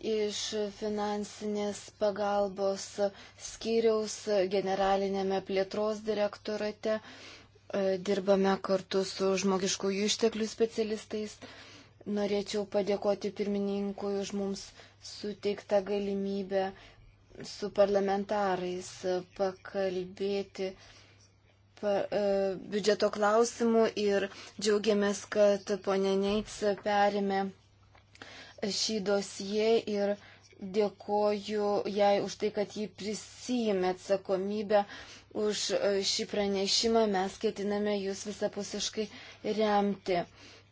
iš finansinės pagalbos skyriaus generalinėme plėtros direktorate. Dirbame kartu su žmogiškųjų išteklių specialistais Norėčiau padėkoti pirmininkui už mums suteiktą galimybę su parlamentarais pakalbėti pa, e, biudžeto klausimų ir džiaugiamės, kad ponė Neits perėmė šį dosiją ir dėkoju jai už tai, kad jį prisijėmė atsakomybę už e, šį pranešimą. Mes ketiname jūs visapusiškai remti.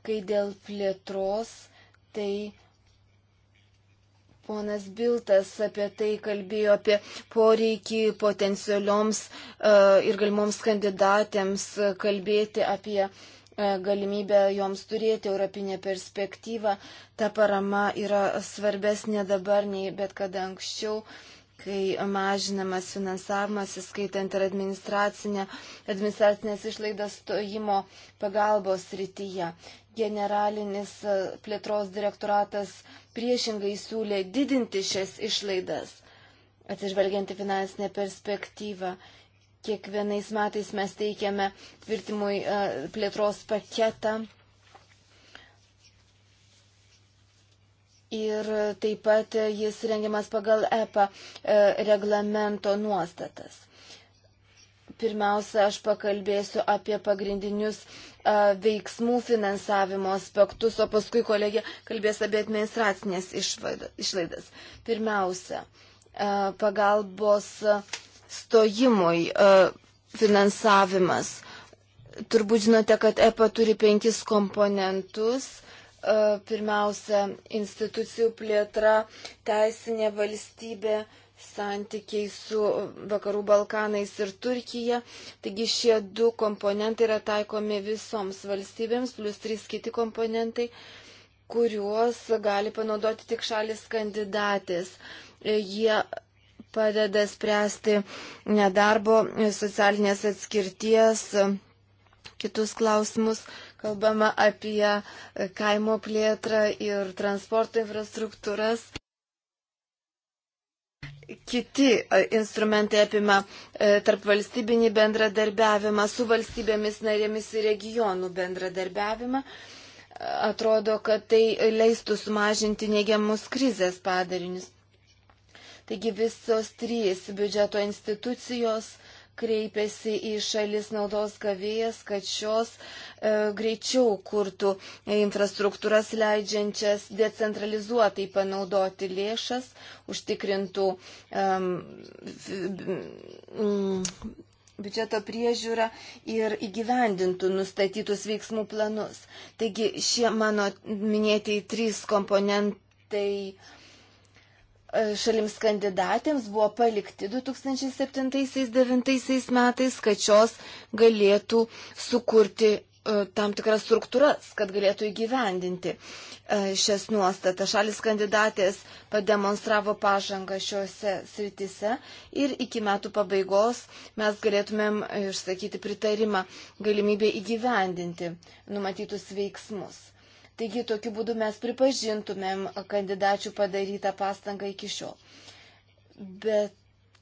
Kai dėl plėtros, tai Ponas Biltas apie tai kalbėjo, apie poreikį potencialioms e, ir galimoms kandidatėms kalbėti apie e, galimybę joms turėti europinę perspektyvą. Ta parama yra svarbesnė dabar nei bet kada anksčiau kai mažinamas finansavimas, įskaitant ir administracinė, administracinės išlaidas stojimo pagalbos rytyje. Generalinis e, plėtros direktoratas priešingai siūlė didinti šias išlaidas, atsižvelgianti finansinę perspektyvą. Kiekvienais metais mes teikiame tvirtimui e, plėtros paketą Ir taip pat jis rengiamas pagal EPA e, reglamento nuostatas. Pirmiausia, aš pakalbėsiu apie pagrindinius e, veiksmų finansavimo aspektus, o paskui kolegė kalbės apie administracinės išlaidas. Pirmiausia, e, pagalbos stojimui finansavimas. Turbūt žinote, kad EPA turi penkis komponentus E, pirmiausia, institucijų plėtra, teisinė valstybė, santykiai su Vakarų Balkanais ir Turkija. Taigi šie du komponentai yra taikomi visoms valstybėms, plus trys kiti komponentai, kuriuos gali panaudoti tik šalis kandidatės. E, jie padeda spręsti nedarbo, socialinės atskirties, kitus klausimus kalbama apie kaimo plėtrą ir transporto infrastruktūras. Kiti e, instrumentai apima e, tarp valstybinį bendradarbiavimą su valstybėmis narėmis ir regionų bendradarbiavimą. Atrodo, kad tai leistų sumažinti neigiamus krizės padarinius. Taigi visos trys biudžeto institucijos kreipiasi į šalis naudos gavėjas, kad šios e, greičiau kurtų infrastruktūras leidžiančias decentralizuotai panaudoti lėšas, užtikrintų um, um, biudžeto priežiūrą ir įgyvendintų nustatytus veiksmų planus. Taigi šie mano minėtieji trys komponentai tai šalims kandidatėms buvo palikti 2007-2009 metais, kad šios galėtų sukurti e, tam tikras struktūras, kad galėtų įgyvendinti e, šias nuostatas. Šalis kandidatės pademonstravo pažangą šiuose sritise ir iki metų pabaigos mes galėtumėm išsakyti pritarimą galimybę įgyvendinti numatytus veiksmus. Taigi tokiu būdu mes pripažintumėm kandidačių padarytą pastangą iki šiol. Bet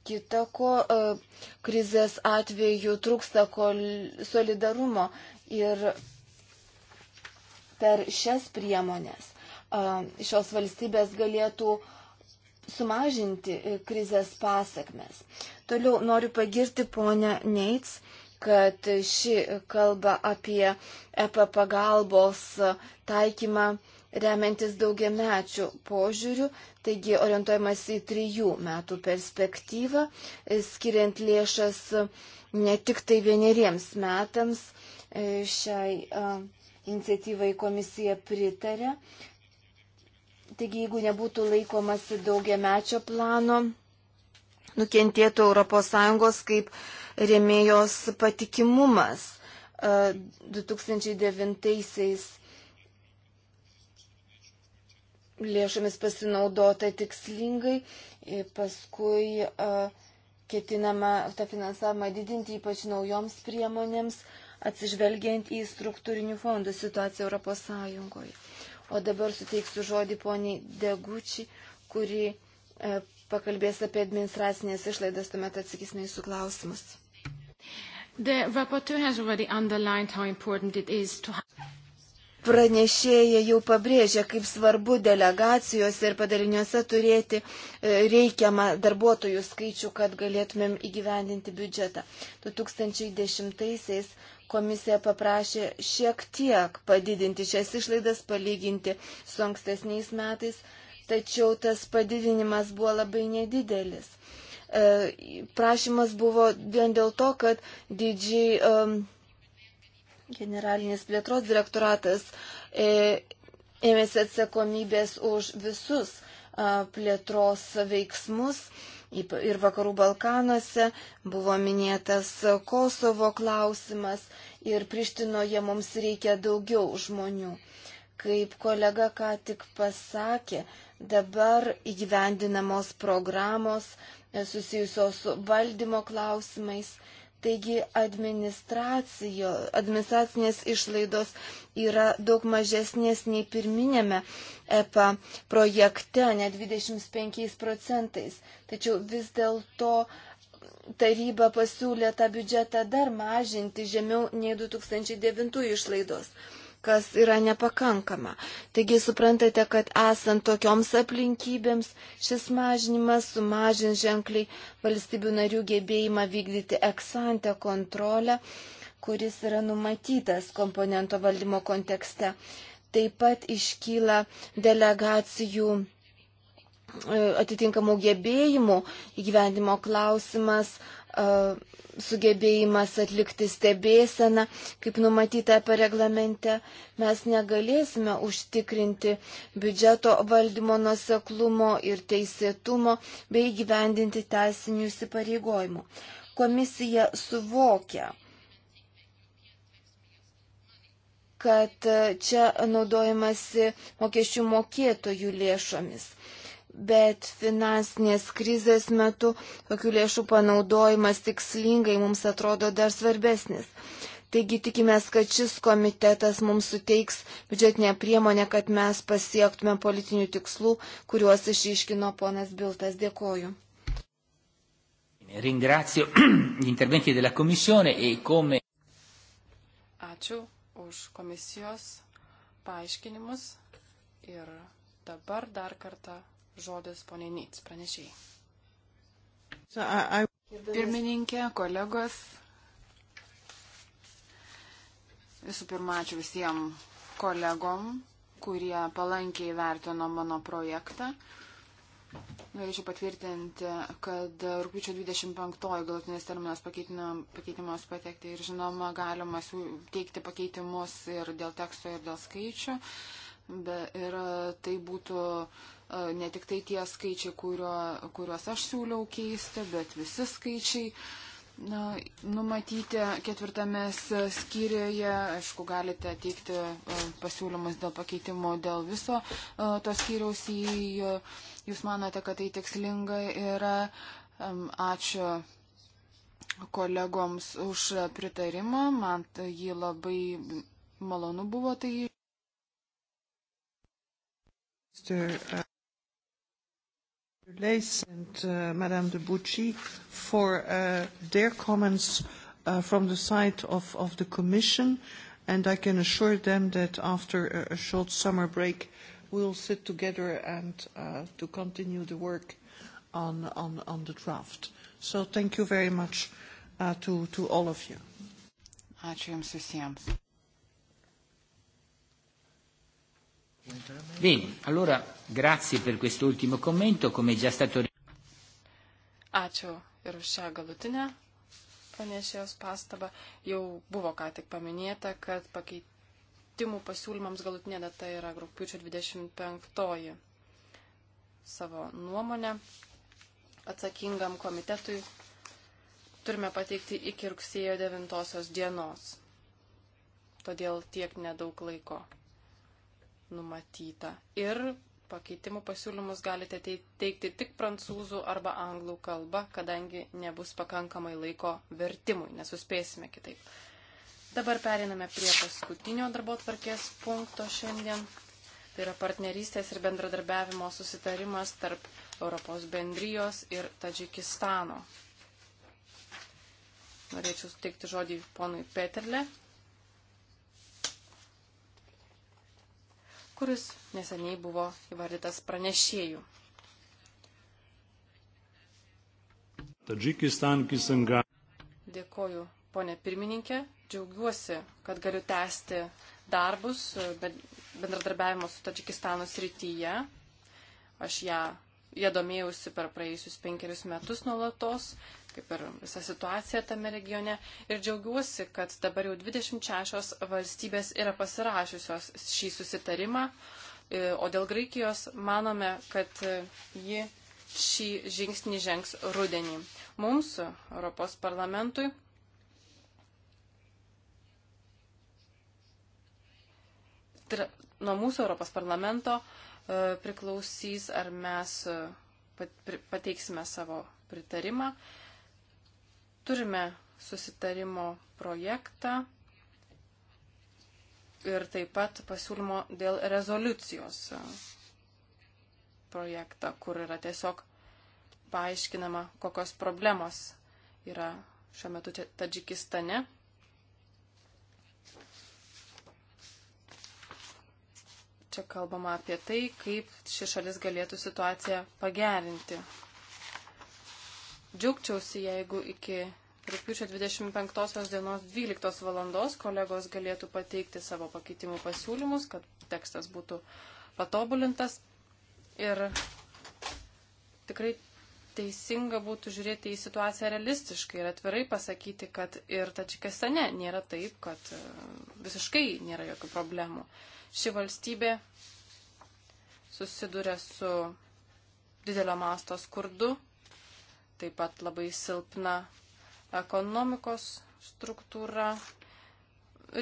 kita ko, e, krizės atveju trūksta solidarumo ir per šias priemonės e, šios valstybės galėtų sumažinti e, krizės pasakmes. Toliau noriu pagirti ponę Neits kad ši kalba apie EP pagalbos taikymą remiantis daugiamečių požiūrių, taigi orientuojamas į trijų metų perspektyvą, skiriant lėšas ne tik tai vieneriems metams. E, šiai iniciatyvai komisija pritarė. Taigi, jeigu nebūtų laikomasi daugiamečio plano, nukentėtų ES kaip remėjos patikimumas. 2009-aisiais e, lėšomis pasinaudota tikslingai, paskui e, ketinama tą finansavimą didinti ypač naujoms priemonėms, atsižvelgiant į struktūrinių fondų situaciją Europos Sąjungoje. O dabar suteiksiu žodį poniai Degučiai, kuri e, pakalbės apie administracinės išlaidas, tuomet atsakysime į jūsų klausimus. The rapporteur has already underlined how important it is to have pranešėja jau pabrėžė, kaip svarbu delegacijose ir padaliniuose turėti e, reikiamą darbuotojų skaičių, kad galėtumėm įgyvendinti biudžetą. 2010-aisiais komisija paprašė šiek tiek padidinti šias išlaidas, palyginti su ankstesniais metais, tačiau tas padidinimas buvo labai nedidelis. E, prašymas buvo vien dėl to, kad didžiai um, generalinis plėtros direktoratas e, ėmėsi atsakomybės už visus a, e, plėtros veiksmus ir vakarų Balkanuose, buvo minėtas Kosovo klausimas ir Prištinoje mums reikia daugiau žmonių. Kaip kolega ką tik pasakė, dabar įgyvendinamos programos e, susijusios su valdymo klausimais. Taigi administracinės išlaidos yra daug mažesnės nei pirminėme EPA projekte, ne 25 procentais. Tačiau vis dėlto taryba pasiūlė tą biudžetą dar mažinti žemiau nei 2009 išlaidos kas yra nepakankama. Taigi suprantate, kad esant tokioms aplinkybėms šis mažinimas sumažins ženkliai valstybių narių gebėjimą vykdyti eksantę kontrolę, kuris yra numatytas komponento valdymo kontekste. Taip pat iškyla delegacijų e, atitinkamų gebėjimų įgyvendimo klausimas sugebėjimas atlikti stebėseną, kaip numatyta per reglamente, mes negalėsime užtikrinti biudžeto valdymo nuseklumo ir teisėtumo bei gyvendinti teisinių įsipareigojimų. Komisija suvokia, kad čia naudojamasi mokesčių mokėtojų lėšomis bet finansinės krizės metu tokių lėšų panaudojimas tikslingai mums atrodo dar svarbesnis. Taigi tikimės, kad šis komitetas mums suteiks biudžetinę priemonę, kad mes pasiektume politinių tikslų, kuriuos išiškino ponas Biltas. Dėkoju. Ringrazio (clears throat) gli interventi della Commissione e come. Ačiū už komisijos paaiškinimus ir dabar dar kartą žodis ponė Nits, pranešiai. So I, I... Pirmininkė, kolegos. Visų pirma, ačiū visiems kolegom, kurie palankiai vertino mano projektą. Norėčiau patvirtinti, kad rūpiučio 25 galutinės terminas pakeitimas patekti ir žinoma galima teikti pakeitimus ir dėl teksto, ir dėl skaičių. Be, ir tai būtų uh, E, ne tik tai tie skaičiai, kurio, kuriuos aš siūliau keisti, bet visi skaičiai. Na, numatyti ketvirtame skyriuje, aišku, galite teikti e, pasiūlymus dėl pakeitimo dėl viso e, to skyriaus, jei jūs manote, kad tai tikslinga yra. Ačiū kolegoms už pritarimą, man jį labai malonu buvo tai. Uh, And, uh, Madame de Bucci for uh, their comments uh, from the side of, of the Commission, and I can assure them that after a, a short summer break, we'll sit together and uh, to continue the work on, on, on the draft. So thank you very much uh, to, to all of you. Ačiū Jums visiems. Bene, allora grazie per quest'ultimo commento, come è già stato. Ačiū ir už šią galutinę pranešėjos pastabą. Jau buvo ką tik paminėta, kad pakeitimų pasiūlymams galutinė data yra rūpiučio 25-oji. Savo nuomonę atsakingam komitetui turime pateikti iki rugsėjo 9 dienos. Todėl tiek nedaug laiko numatyta. Ir pakeitimų pasiūlymus galite teikti tik prancūzų arba anglų kalba, kadangi nebus pakankamai laiko vertimui, nesuspėsime kitaip. Dabar periname prie paskutinio darbo tvarkės punkto šiandien. Tai yra partnerystės ir bendradarbiavimo susitarimas tarp Europos bendrijos ir Tadžikistano. Norėčiau suteikti žodį ponui Peterle, kuris neseniai buvo įvardytas pranešėjų. Dėkoju, ponė pirmininkė. Džiaugiuosi, kad galiu tęsti darbus bendradarbiavimo su Tadžikistano srityje. Aš ją, ją domėjausi per praėjusius penkerius metus nuolatos kaip ir visa situacija tame regione. Ir džiaugiuosi, kad dabar jau 26 valstybės yra pasirašiusios šį susitarimą. E, o dėl Graikijos manome, kad ji šį žingsnį žengs rudenį. Mums, Europos parlamentui, tra, nuo mūsų Europos parlamento e, priklausys, ar mes e, pateiksime savo pritarimą Turime susitarimo projektą ir taip pat pasiūlymo dėl rezoliucijos projektą, kur yra tiesiog paaiškinama, kokios problemos yra šiuo metu Tadžikistane. Čia kalbama apie tai, kaip ši šalis galėtų situaciją pagerinti. Džiaugčiausi, jeigu iki rūpiučio 25 dienos 12 valandos kolegos galėtų pateikti savo pakeitimų pasiūlymus, kad tekstas būtų patobulintas. Ir tikrai teisinga būtų žiūrėti į situaciją realistiškai ir atvirai pasakyti, kad ir Tačikastane nėra taip, kad e, visiškai nėra jokių problemų. Ši valstybė susiduria su didelio masto skurdu, taip pat labai silpna ekonomikos struktūra,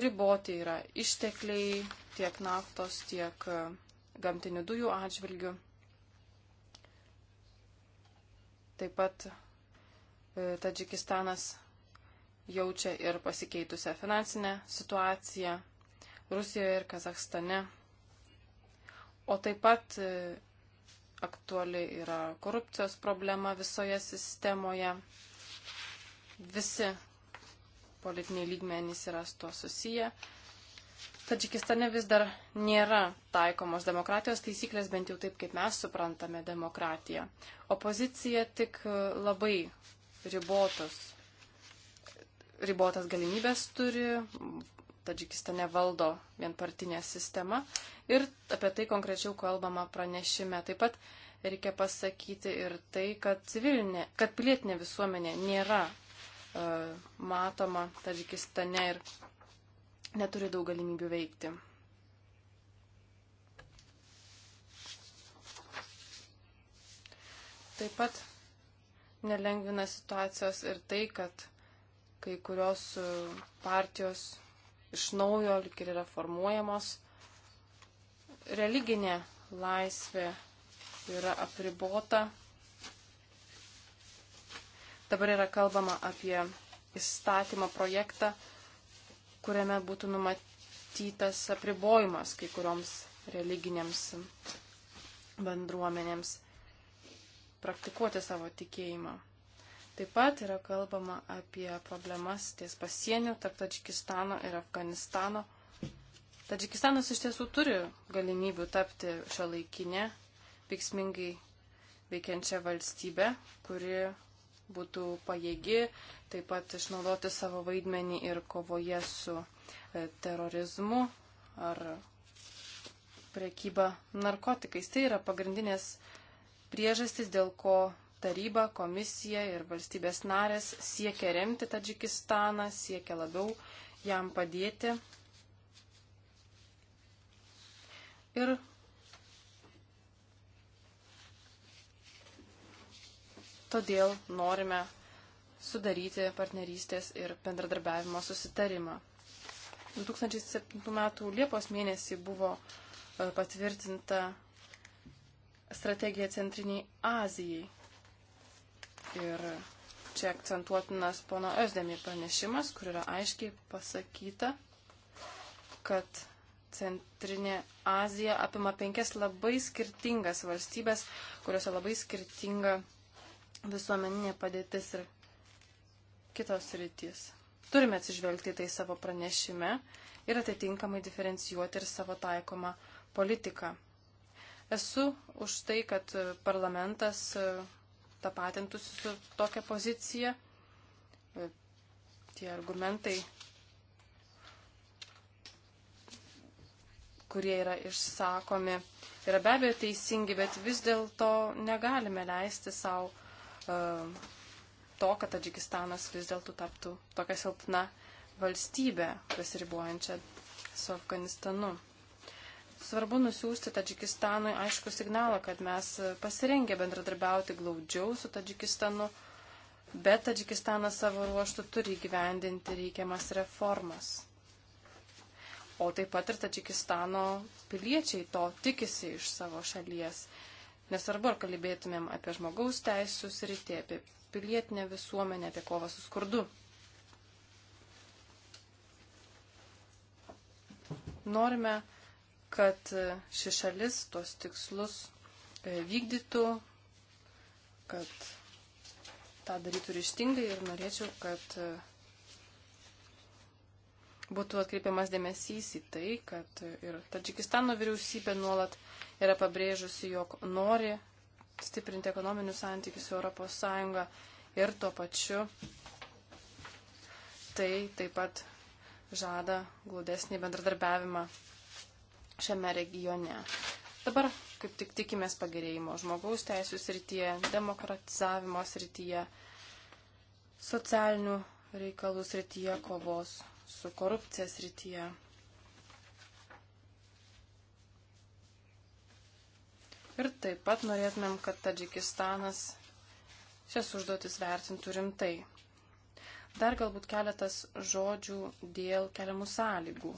riboti yra ištekliai tiek naftos, tiek e, gamtinių dujų atžvilgių. Taip pat e, Tadžikistanas jaučia ir pasikeitusią finansinę situaciją Rusijoje ir Kazakstane. O taip pat e, aktuali yra korupcijos problema visoje sistemoje. Visi politiniai lygmenys yra su tuo susiję. Tadžikistane vis dar nėra taikomos demokratijos taisyklės, bent jau taip, kaip mes suprantame demokratiją. Opozicija tik labai ribotos, ribotas galimybės turi, Tadžikistane valdo vienpartinė sistema. Ir apie tai konkrečiau kalbama pranešime. Taip pat reikia pasakyti ir tai, kad, civilinė, kad pilietinė visuomenė nėra uh, matoma Tadžikistane ir neturi daug galimybių veikti. Taip pat nelengvina situacijos ir tai, kad kai kurios e, partijos iš naujo lik ir yra formuojamos. Religinė laisvė yra apribota. Dabar yra kalbama apie įstatymo projektą, kuriame būtų numatytas apribojimas kai kurioms religinėms bendruomenėms praktikuoti savo tikėjimą. Taip pat yra kalbama apie problemas ties pasienio tarp Tadžikistano ir Afganistano. Tadžikistanas iš tiesų turi galimybių tapti šio laikinė, veiksmingai veikiančią valstybę, kuri būtų pajėgi taip pat išnaudoti savo vaidmenį ir kovoje su e, terorizmu ar priekyba narkotikais. Tai yra pagrindinės priežastis, dėl ko taryba, komisija ir valstybės narės siekia remti Tadžikistaną, siekia labiau jam padėti. Ir todėl norime sudaryti partnerystės ir bendradarbiavimo susitarimą. 2007 m. Liepos mėnesį buvo e, patvirtinta strategija Centriniai Azijai, Ir čia akcentuotinas pono Özdemir pranešimas, kur yra aiškiai pasakyta, kad Centrinė Azija apima penkias labai skirtingas valstybės, kuriuose labai skirtinga visuomeninė padėtis ir kitos rytis. Turime atsižvelgti tai savo pranešime ir atitinkamai diferencijuoti ir savo taikomą politiką. Esu už tai, kad parlamentas tapatintųsi su tokia pozicija. E, tie argumentai, kurie yra išsakomi, yra be abejo teisingi, bet vis dėlto negalime leisti savo uh, e, to, kad Tadžikistanas vis dėlto taptų tokia silpna valstybė, besiribuojančia su Afganistanu. Svarbu nusiųsti Tadžikistanui aišku signalą, kad mes pasirengę bendradarbiauti glaudžiau su Tadžikistanu, bet Tadžikistanas savo ruoštų turi gyvendinti reikiamas reformas. O taip pat ir Tadžikistano piliečiai to tikisi iš savo šalies. Nesvarbu, ar kalbėtumėm apie žmogaus teisų sritį, apie pilietinę visuomenę, apie kovą su skurdu. Norime kad ši šalis tuos tikslus e, vykdytų, kad tą darytų ryštingai ir norėčiau, kad e, būtų atkreipiamas dėmesys į tai, kad ir Tadžikistano vyriausybė nuolat yra pabrėžusi, jog nori stiprinti ekonominius santykius su Europos Sąjunga ir tuo pačiu tai taip pat žada glaudesnį bendradarbiavimą šiame regione. Dabar kaip tik tikimės pagerėjimo žmogaus teisų srityje, demokratizavimo srityje, socialinių reikalų srityje, kovos su korupcija srityje. Ir taip pat norėtumėm, kad Tadžikistanas šias užduotis vertintų rimtai. Dar galbūt keletas žodžių dėl keliamų sąlygų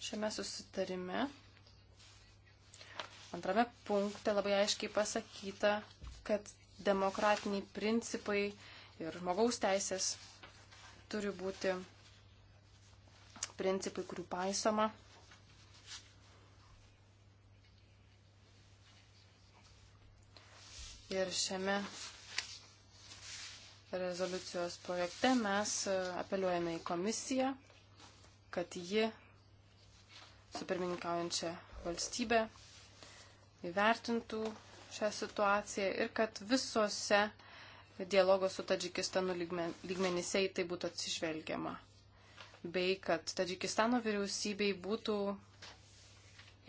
Šiame susitarime antrame punkte labai aiškiai pasakyta, kad demokratiniai principai ir žmogaus teisės turi būti principai, kurių paisoma. Ir šiame rezoliucijos projekte mes apeliuojame į komisiją, kad ji su pirmininkaujančia valstybė įvertintų šią situaciją ir kad visose dialogo su Tadžikistanu lygmenyse į tai būtų atsižvelgiama. Bei kad Tadžikistano vyriausybei būtų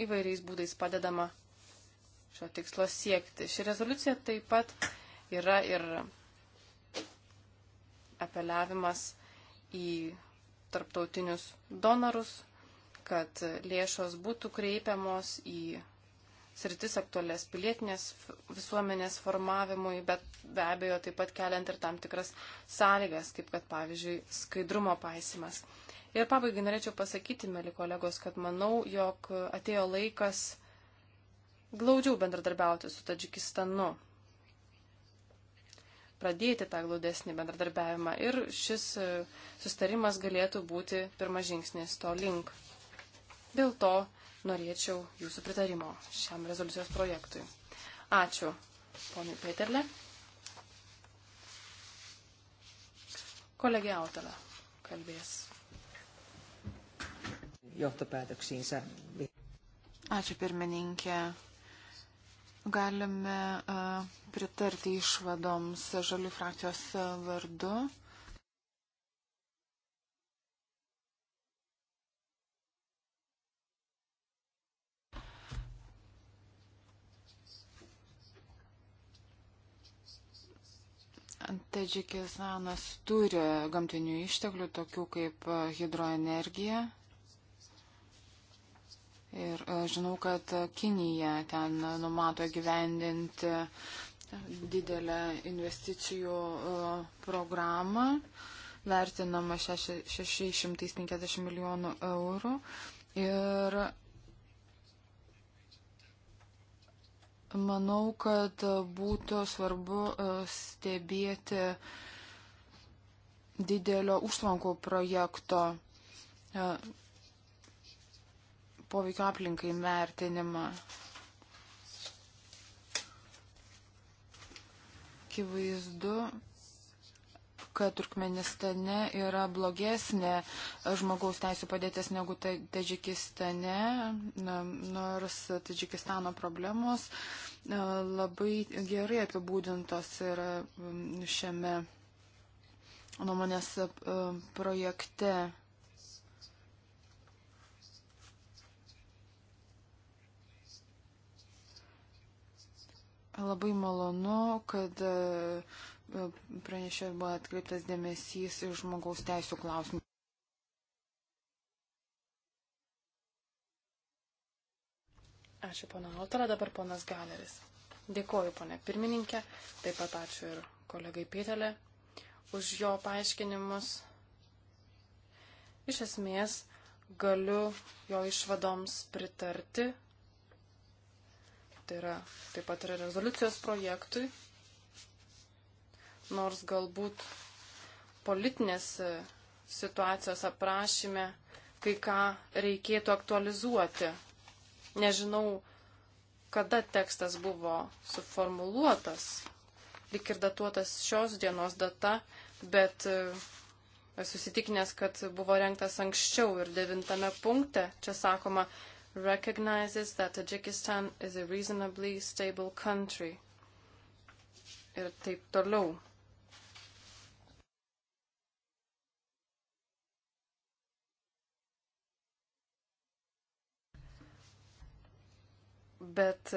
įvairiais būdais padedama šio tikslo siekti. Ši rezoliucija taip pat yra ir apeliavimas į tarptautinius donorus, kad lėšos būtų kreipiamos į sritis aktualias pilietinės visuomenės formavimui, bet be abejo taip pat keliant ir tam tikras sąlygas, kaip kad pavyzdžiui skaidrumo paisimas. Ir pabaigai norėčiau pasakyti, mėly kolegos, kad manau, jog atėjo laikas glaudžiau bendradarbiauti su Tadžikistanu, pradėti tą glaudesnį bendradarbiavimą ir šis e, sustarimas galėtų būti pirmas žingsnis to link. Dėl to norėčiau jūsų pritarimo šiam rezoliucijos projektui. Ačiū, ponui Peterle. Kolegi Autala kalbės. Johtopäätöksiinsä. Ačiū pirmininkė. Galime pritarti išvadoms žalių frakcijos vardu. Tadžikistanas turi gamtinių išteklių, tokių kaip e, hidroenergija. Ir e, žinau, kad Kinija ten numato gyvendinti didelę investicijų e, programą, vertinama 650 milijonų eurų. Ir Manau, kad būtų svarbu e, stebėti didelio užtvankų projekto e, poveikio aplinkai vertinimą. Kivaizdu, kad Turkmenistane yra blogesnė žmogaus teisų padėtis negu Tadžikistane, nors Tadžikistano problemos e, labai gerai apibūdintos yra šiame nuomonės e, projekte. Labai malonu, kad uh, pranešė buvo atkreiptas dėmesys į žmogaus teisų klausimą. Ačiū, pana Altora, dabar ponas Galeris. Dėkoju, ponė pirmininkė, taip pat ačiū ir kolegai Pitelė už jo paaiškinimus. Iš esmės, galiu jo išvadoms pritarti. Tai yra taip pat ir rezoliucijos projektui, nors galbūt politinės e, situacijos aprašyme kai ką reikėtų aktualizuoti. Nežinau, kada tekstas buvo suformuluotas, lik ir datuotas šios dienos data, bet e, esu įsitikinęs, kad buvo renktas anksčiau ir devintame punkte čia sakoma recognizes that Tajikistan is a reasonably stable country. Ir taip toliau. bet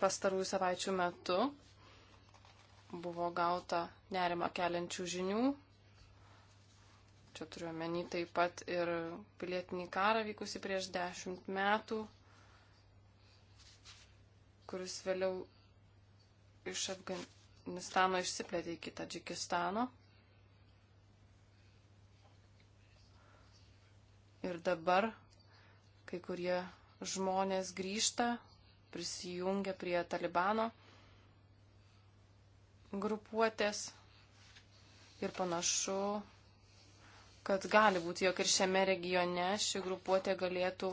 pastarųjų savaičių metu buvo gauta nerima keliančių žinių. Čia turiuomenį taip pat ir pilietinį karą vykusi prieš dešimt metų, kuris vėliau iš Afganistano išsiplėtė iki Tadžikistano. Ir dabar kai kurie žmonės grįžta, prisijungia prie Talibano grupuotės ir panašu, kad gali būti, jog ir šiame regione ši grupuotė galėtų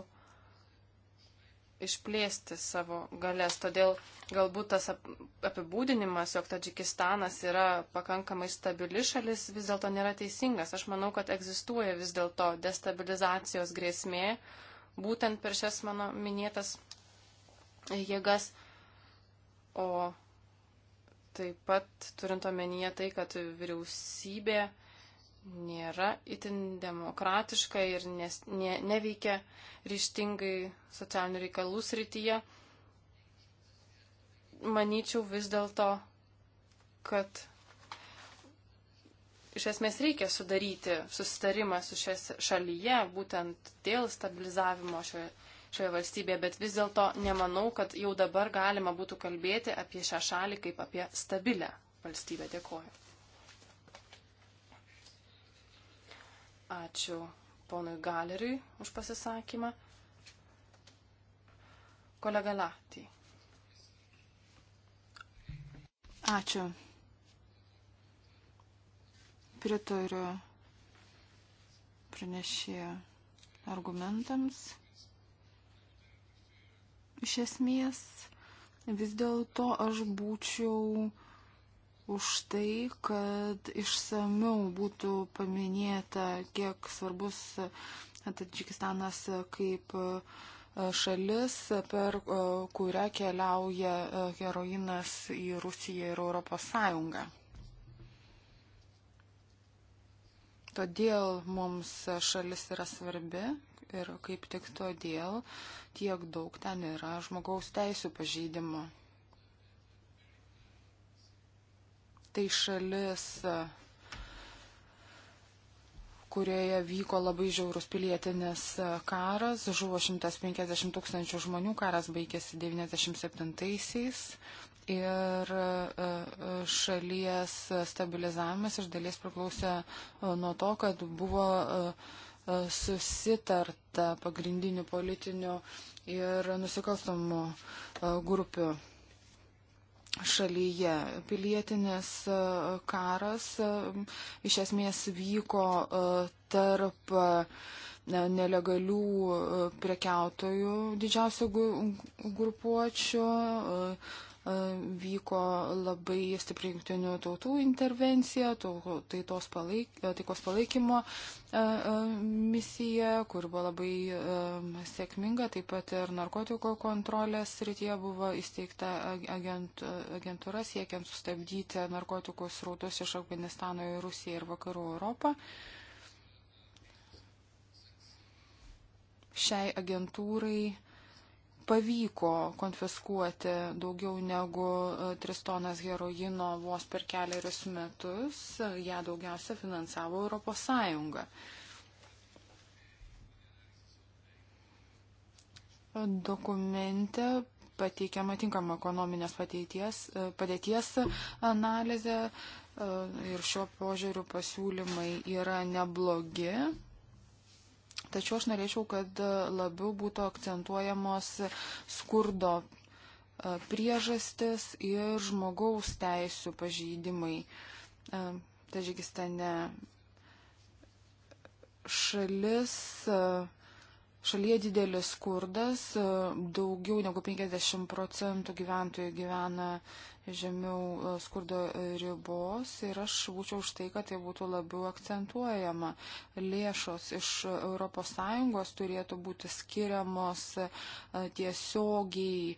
išplėsti savo galės. Todėl galbūt tas apibūdinimas, jog Tadžikistanas yra pakankamai stabili šalis, vis dėlto nėra teisingas. Aš manau, kad egzistuoja vis dėlto destabilizacijos grėsmė, būtent per šias mano minėtas jėgas. O taip pat turint omenyje tai, kad vyriausybė nėra itin demokratiška ir nes, ne, neveikia ryštingai socialinių reikalų srityje, manyčiau vis dėlto, kad iš esmės reikia sudaryti susitarimą su šia šalyje, būtent dėl stabilizavimo šioje, šioje valstybėje, bet vis dėlto nemanau, kad jau dabar galima būtų kalbėti apie šią šalį kaip apie stabilę valstybę. Dėkuoju. Ačiū ponui Galeriui už pasisakymą. Kolega Latį. Ačiū. Pritariu pranešėjo argumentams. Iš esmės, vis dėlto aš būčiau už tai, kad išsamiau būtų paminėta, kiek svarbus Tadžikistanas kaip e, šalis, per e, kurią keliauja e, heroinas į Rusiją ir Europos Sąjungą. Todėl mums šalis yra svarbi ir kaip tik todėl tiek daug ten yra žmogaus teisų pažeidimų. Tai šalis, kurioje vyko labai žiaurus pilietinis karas, žuvo 150 tūkstančių žmonių, karas baigėsi 97-aisiais, ir e, e, šalies stabilizavimas iš dalies priklausė e, nuo to, kad buvo susitarta pagrindinių politinių ir nusikalstamų grupių šalyje. Pilietinis karas iš esmės vyko tarp nelegalių prekiautojų didžiausių grupuočių, E, vyko labai stipri jungtinių tautų intervencija, e, taikos palaik, palaikymo e, misija, kur buvo labai sėkminga, taip pat ir narkotikų kontrolės srityje buvo įsteigta agent, agentūra siekiant sustabdyti narkotikų srautus iš Afganistano į Rusiją ir Vakarų Europą. Šiai agentūrai pavyko konfiskuoti daugiau negu 3 e, tonas heroino vos per keliarius metus. Ja daugiausia finansavo ES. Dokumente pateikiama tinkama ekonominės pateities, e, padėties analizė e, ir šiuo požiūriu pasiūlymai yra neblogi Tačiau aš norėčiau, kad labiau būtų akcentuojamos skurdo e, priežastis ir žmogaus teisų pažeidimai. E, Tažikistane šalis, e, šalyje didelis skurdas, daugiau negu 50 procentų gyventojų gyvena žemiau e, skurdo ribos ir aš būčiau už tai, kad tai būtų labiau akcentuojama. Lėšos iš ES turėtų būti skiriamos e, tiesiogiai e,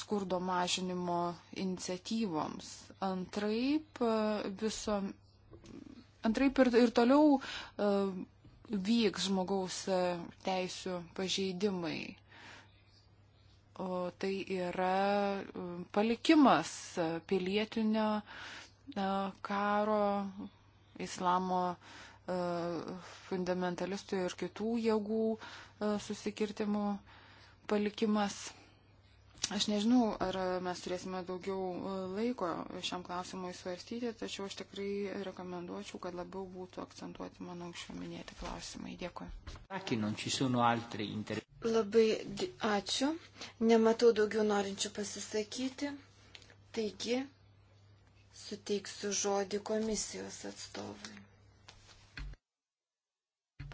skurdo mažinimo iniciatyvoms. Antraip, viso, antraip ir, ir toliau vyks žmogaus teisų pažeidimai o tai yra e, palikimas pilietinio e, karo, islamo e, fundamentalistų ir kitų jėgų susikirtimų palikimas. Aš nežinau, ar mes turėsime daugiau laiko šiam klausimui svarstyti, tačiau aš tikrai rekomenduočiau, kad labiau būtų akcentuoti mano anksčiau minėti klausimai. Dėkui. Labai ačiū. Nematau daugiau norinčių pasisakyti. Taigi, suteiksiu žodį komisijos atstovui.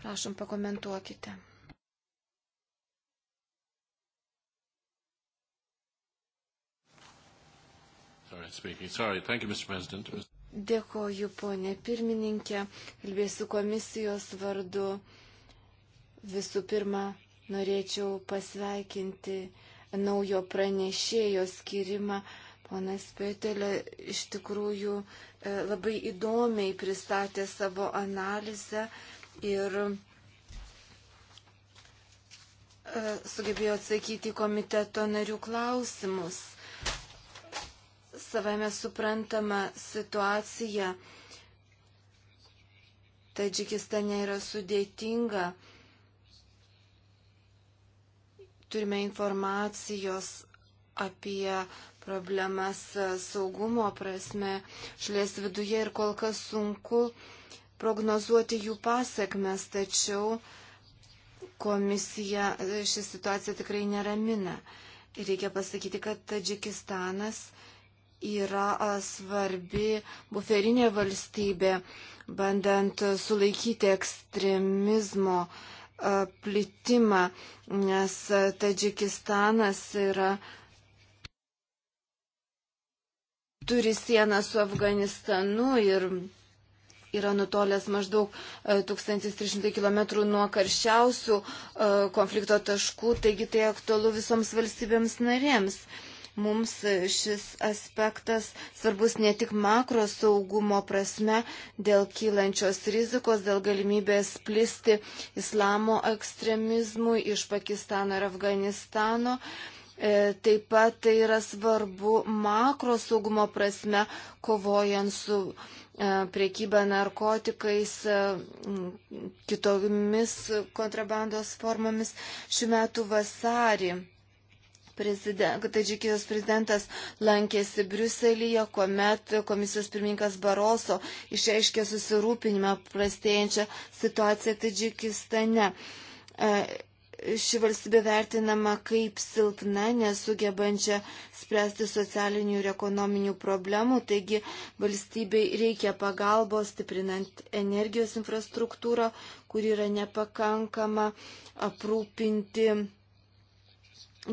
Prašom, pakomentuokite. Dėkoju, ponė pirmininkė. Kalbėsiu komisijos vardu. Visų pirma, Norėčiau pasveikinti naujo pranešėjo skirimą. Ponas Petelė iš tikrųjų e, labai įdomiai pristatė savo analizę ir e, sugebėjo atsakyti komiteto narių klausimus. Savame suprantama situacija Tadžikistane yra sudėtinga turime informacijos apie problemas saugumo prasme šalies viduje ir kol kas sunku prognozuoti jų pasiekmes, tačiau komisija e, ši situacija tikrai neramina. Ir reikia pasakyti, kad Tadžikistanas yra svarbi buferinė valstybė, bandant sulaikyti ekstremizmo uh, plitimą, nes Tadžikistanas yra turi sieną su Afganistanu ir yra nutolęs maždaug 1300 km nuo karščiausių konflikto taškų, taigi tai aktualu visoms valstybėms narėms. Mums šis aspektas svarbus ne tik makro saugumo prasme dėl kylančios rizikos, dėl galimybės plisti islamo ekstremizmui iš Pakistano ir Afganistano. E, taip pat tai yra svarbu makro saugumo prasme, kovojant su e, priekyba narkotikais, e, kitomis kontrabandos formomis šiuo metu vasarį. Prezident, Tadžikijos prezidentas lankėsi Briuselyje, kuomet komisijos pirmininkas Baroso išreiškė susirūpinimą prastėjančią situaciją Tadžikistane. E, ši valstybė vertinama kaip silpna, nesugebančia spręsti socialinių ir ekonominių problemų, taigi valstybei reikia pagalbos, stiprinant energijos infrastruktūrą, kuri yra nepakankama, aprūpinti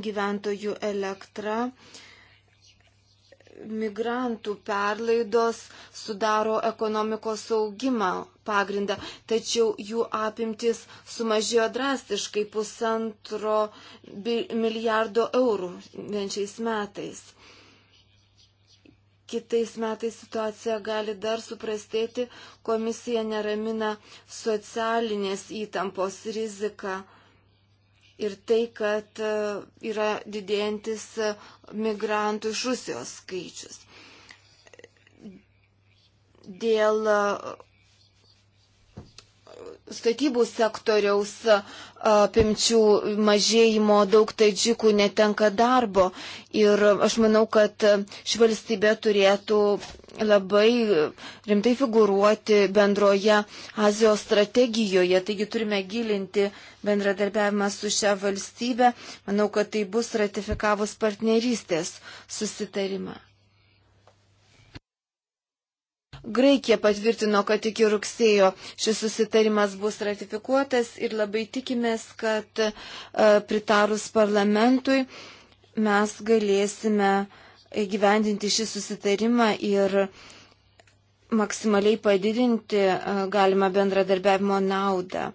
gyventojų elektrą. Migrantų perlaidos sudaro ekonomikos augimą pagrindą, tačiau jų apimtis sumažėjo drastiškai pusantro milijardo eurų vienčiais metais. Kitais metais situacija gali dar suprastėti, komisija neramina socialinės įtampos riziką ir tai, kad e, yra didėjantis e, migrantų iš Rusijos skaičius. Dėl e, statybų sektoriaus apimčių mažėjimo daug taidžikų netenka darbo. Ir aš manau, kad ši valstybė turėtų labai rimtai figuruoti bendroje Azijos strategijoje. Taigi turime gilinti bendradarbiavimą su šią valstybę. Manau, kad tai bus ratifikavus partnerystės susitarimą. Graikija patvirtino, kad iki rugsėjo šis susitarimas bus ratifikuotas ir labai tikimės, kad e, pritarus parlamentui mes galėsime gyvendinti šį susitarimą ir maksimaliai padidinti e, galima bendradarbiavimo naudą.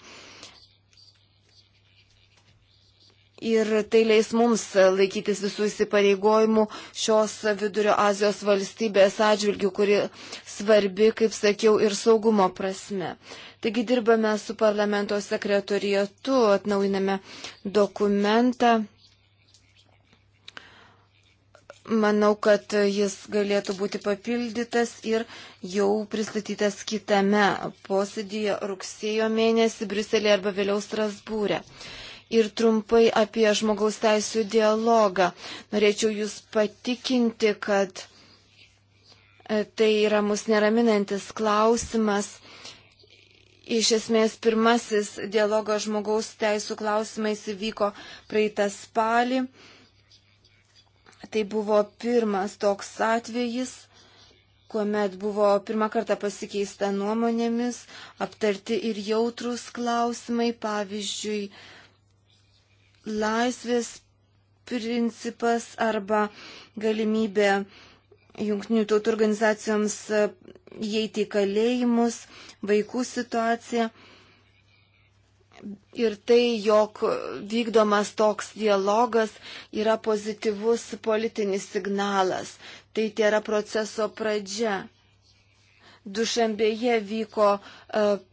ir tai leis mums laikytis visų įsipareigojimų šios Vidurio Azijos valstybės atžvilgių, kuri svarbi, kaip sakiau, ir saugumo prasme. Taigi dirbame su parlamento sekretorijatu, atnaujiname dokumentą. Manau, kad jis galėtų būti papildytas ir jau pristatytas kitame posėdėje rugsėjo mėnesį Briuselėje arba vėliau Strasbūrė. E ir trumpai apie žmogaus teisų dialogą. Norėčiau Jūs patikinti, kad e, tai yra mus neraminantis klausimas. Iš esmės pirmasis dialogas žmogaus teisų klausimais įvyko praeitą spalį. Tai buvo pirmas toks atvejis, kuomet buvo pirmą kartą pasikeista nuomonėmis, aptarti ir jautrus klausimai, pavyzdžiui, laisvės principas arba galimybė jungtinių tautų organizacijoms e, įeiti į kalėjimus, vaikų situacija. Ir tai, jog vykdomas toks dialogas yra pozityvus politinis signalas. Tai tai yra proceso pradžia. Dušambėje vyko e,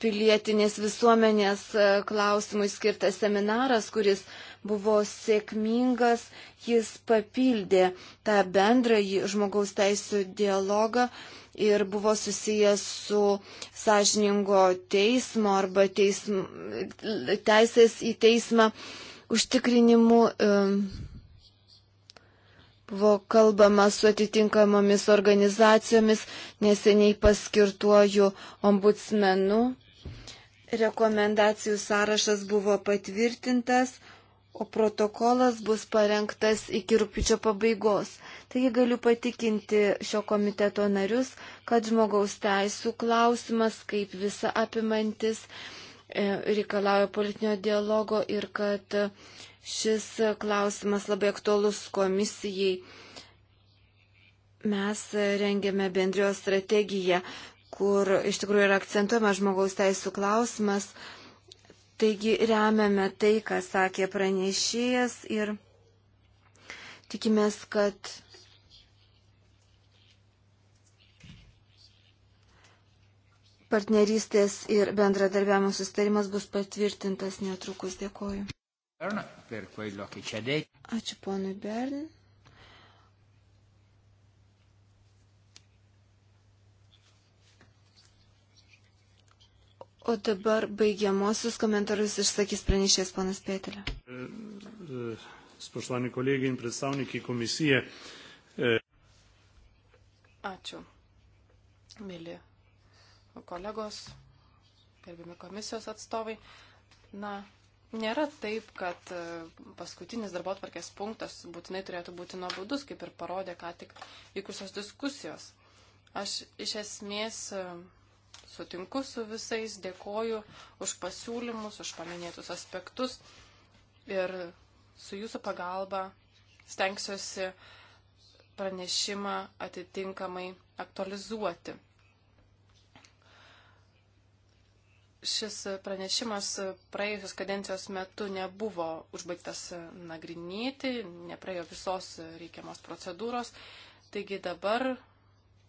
pilietinės visuomenės e, klausimui skirtas seminaras, kuris uh, buvo sėkmingas, jis papildė tą bendrąjį žmogaus teisų dialogą ir buvo susijęs su sąžiningo teismo arba teism, teisės į teismą užtikrinimu. Buvo kalbama su atitinkamomis organizacijomis, neseniai paskirtuoju ombudsmenu rekomendacijų sąrašas buvo patvirtintas, o protokolas bus parengtas iki rūpiučio pabaigos. Taigi galiu patikinti šio komiteto narius, kad žmogaus teisų klausimas, kaip visa apimantis, e, reikalauja politinio dialogo ir kad šis klausimas labai aktuolus komisijai. Mes rengėme bendrijos strategiją, kur iš tikrųjų yra akcentuojama žmogaus teisų klausimas, Taigi remiame tai, ką sakė pranešėjas ir tikimės, kad partnerystės ir bendradarbiavimo sustarimas bus patvirtintas netrukus. Dėkoju. Ačiū ponui Bern O dabar baigiamosius komentarus išsakys pranešės ponas Pėtelė. Spoštovani kolegi in predstavniki komisije. E, Ačiū, mėly kolegos, gerbimi komisijos atstovai. Na, nėra taip, kad e, paskutinis darbo atvarkės punktas būtinai turėtų būti nuobodus, kaip ir parodė ką tik vykusios diskusijos. Aš iš esmės e, Sutinku su visais, dėkoju už pasiūlymus, už paminėtus aspektus ir su jūsų pagalba stengsiuosi pranešimą atitinkamai aktualizuoti. šis pranešimas praėjusios kadencijos metu nebuvo užbaigtas nagrinėti, nepraėjo visos reikiamos procedūros. Taigi dabar,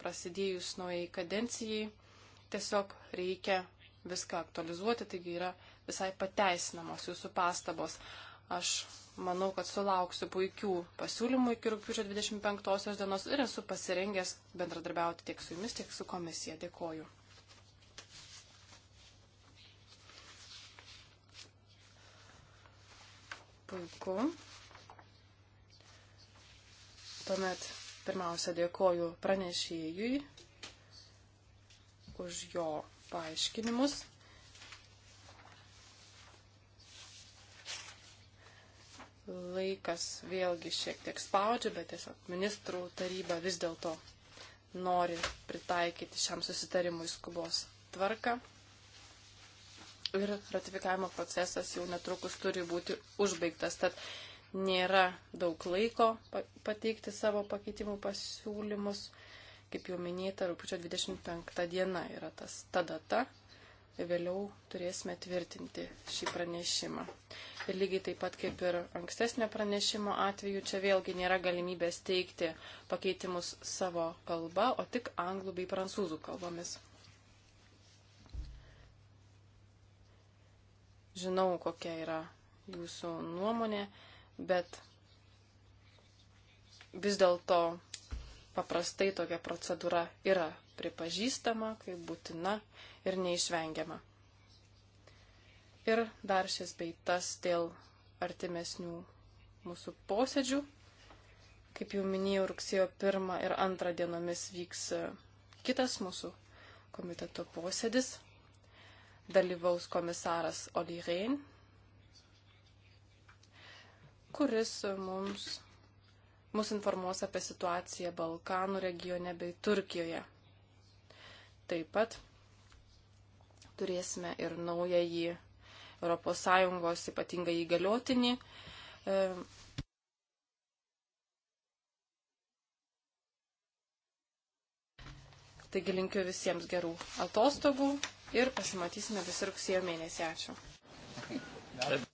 prasidėjus naujai kadencijai, Tiesiog reikia viską aktualizuoti, taigi yra visai pateisinamos jūsų pastabos. Aš manau, kad sulauksiu puikių pasiūlymų iki rūpiučio 25 dienos ir esu pasirengęs bendradarbiauti tiek su jumis, tiek su komisija. Dėkoju. Puiku. Tuomet pirmiausia dėkoju pranešėjui už jo paaiškinimus. Laikas vėlgi šiek tiek spaudžia, bet tiesiog ministrų taryba vis dėlto nori pritaikyti šiam susitarimui skubos tvarką. Ir ratifikavimo procesas jau netrukus turi būti užbaigtas, tad nėra daug laiko pateikti savo pakeitimų pasiūlymus. Kaip jau minėta, rūpučio 25 diena yra tas ta data. Vėliau turėsime tvirtinti šį pranešimą. Ir lygiai taip pat kaip ir ankstesnio pranešimo atveju, čia vėlgi nėra galimybės teikti pakeitimus savo kalba, o tik anglų bei prancūzų kalbomis. Žinau, kokia yra jūsų nuomonė, bet vis dėlto paprastai tokia procedūra yra pripažįstama kaip būtina ir neišvengiama. Ir dar šis beitas dėl artimesnių mūsų posėdžių. Kaip jau minėjau, rugsėjo 1 ir 2 dienomis vyks e, kitas mūsų komiteto posėdis. Dalyvaus komisaras Oli Rein, kuris mums mus informuos apie situaciją Balkanų regione bei Turkijoje. Taip pat turėsime ir naująjį ES ypatingą įgaliotinį. E, Taigi linkiu visiems gerų atostogų ir pasimatysime visi rugsėjo mėnesį. Ačiū.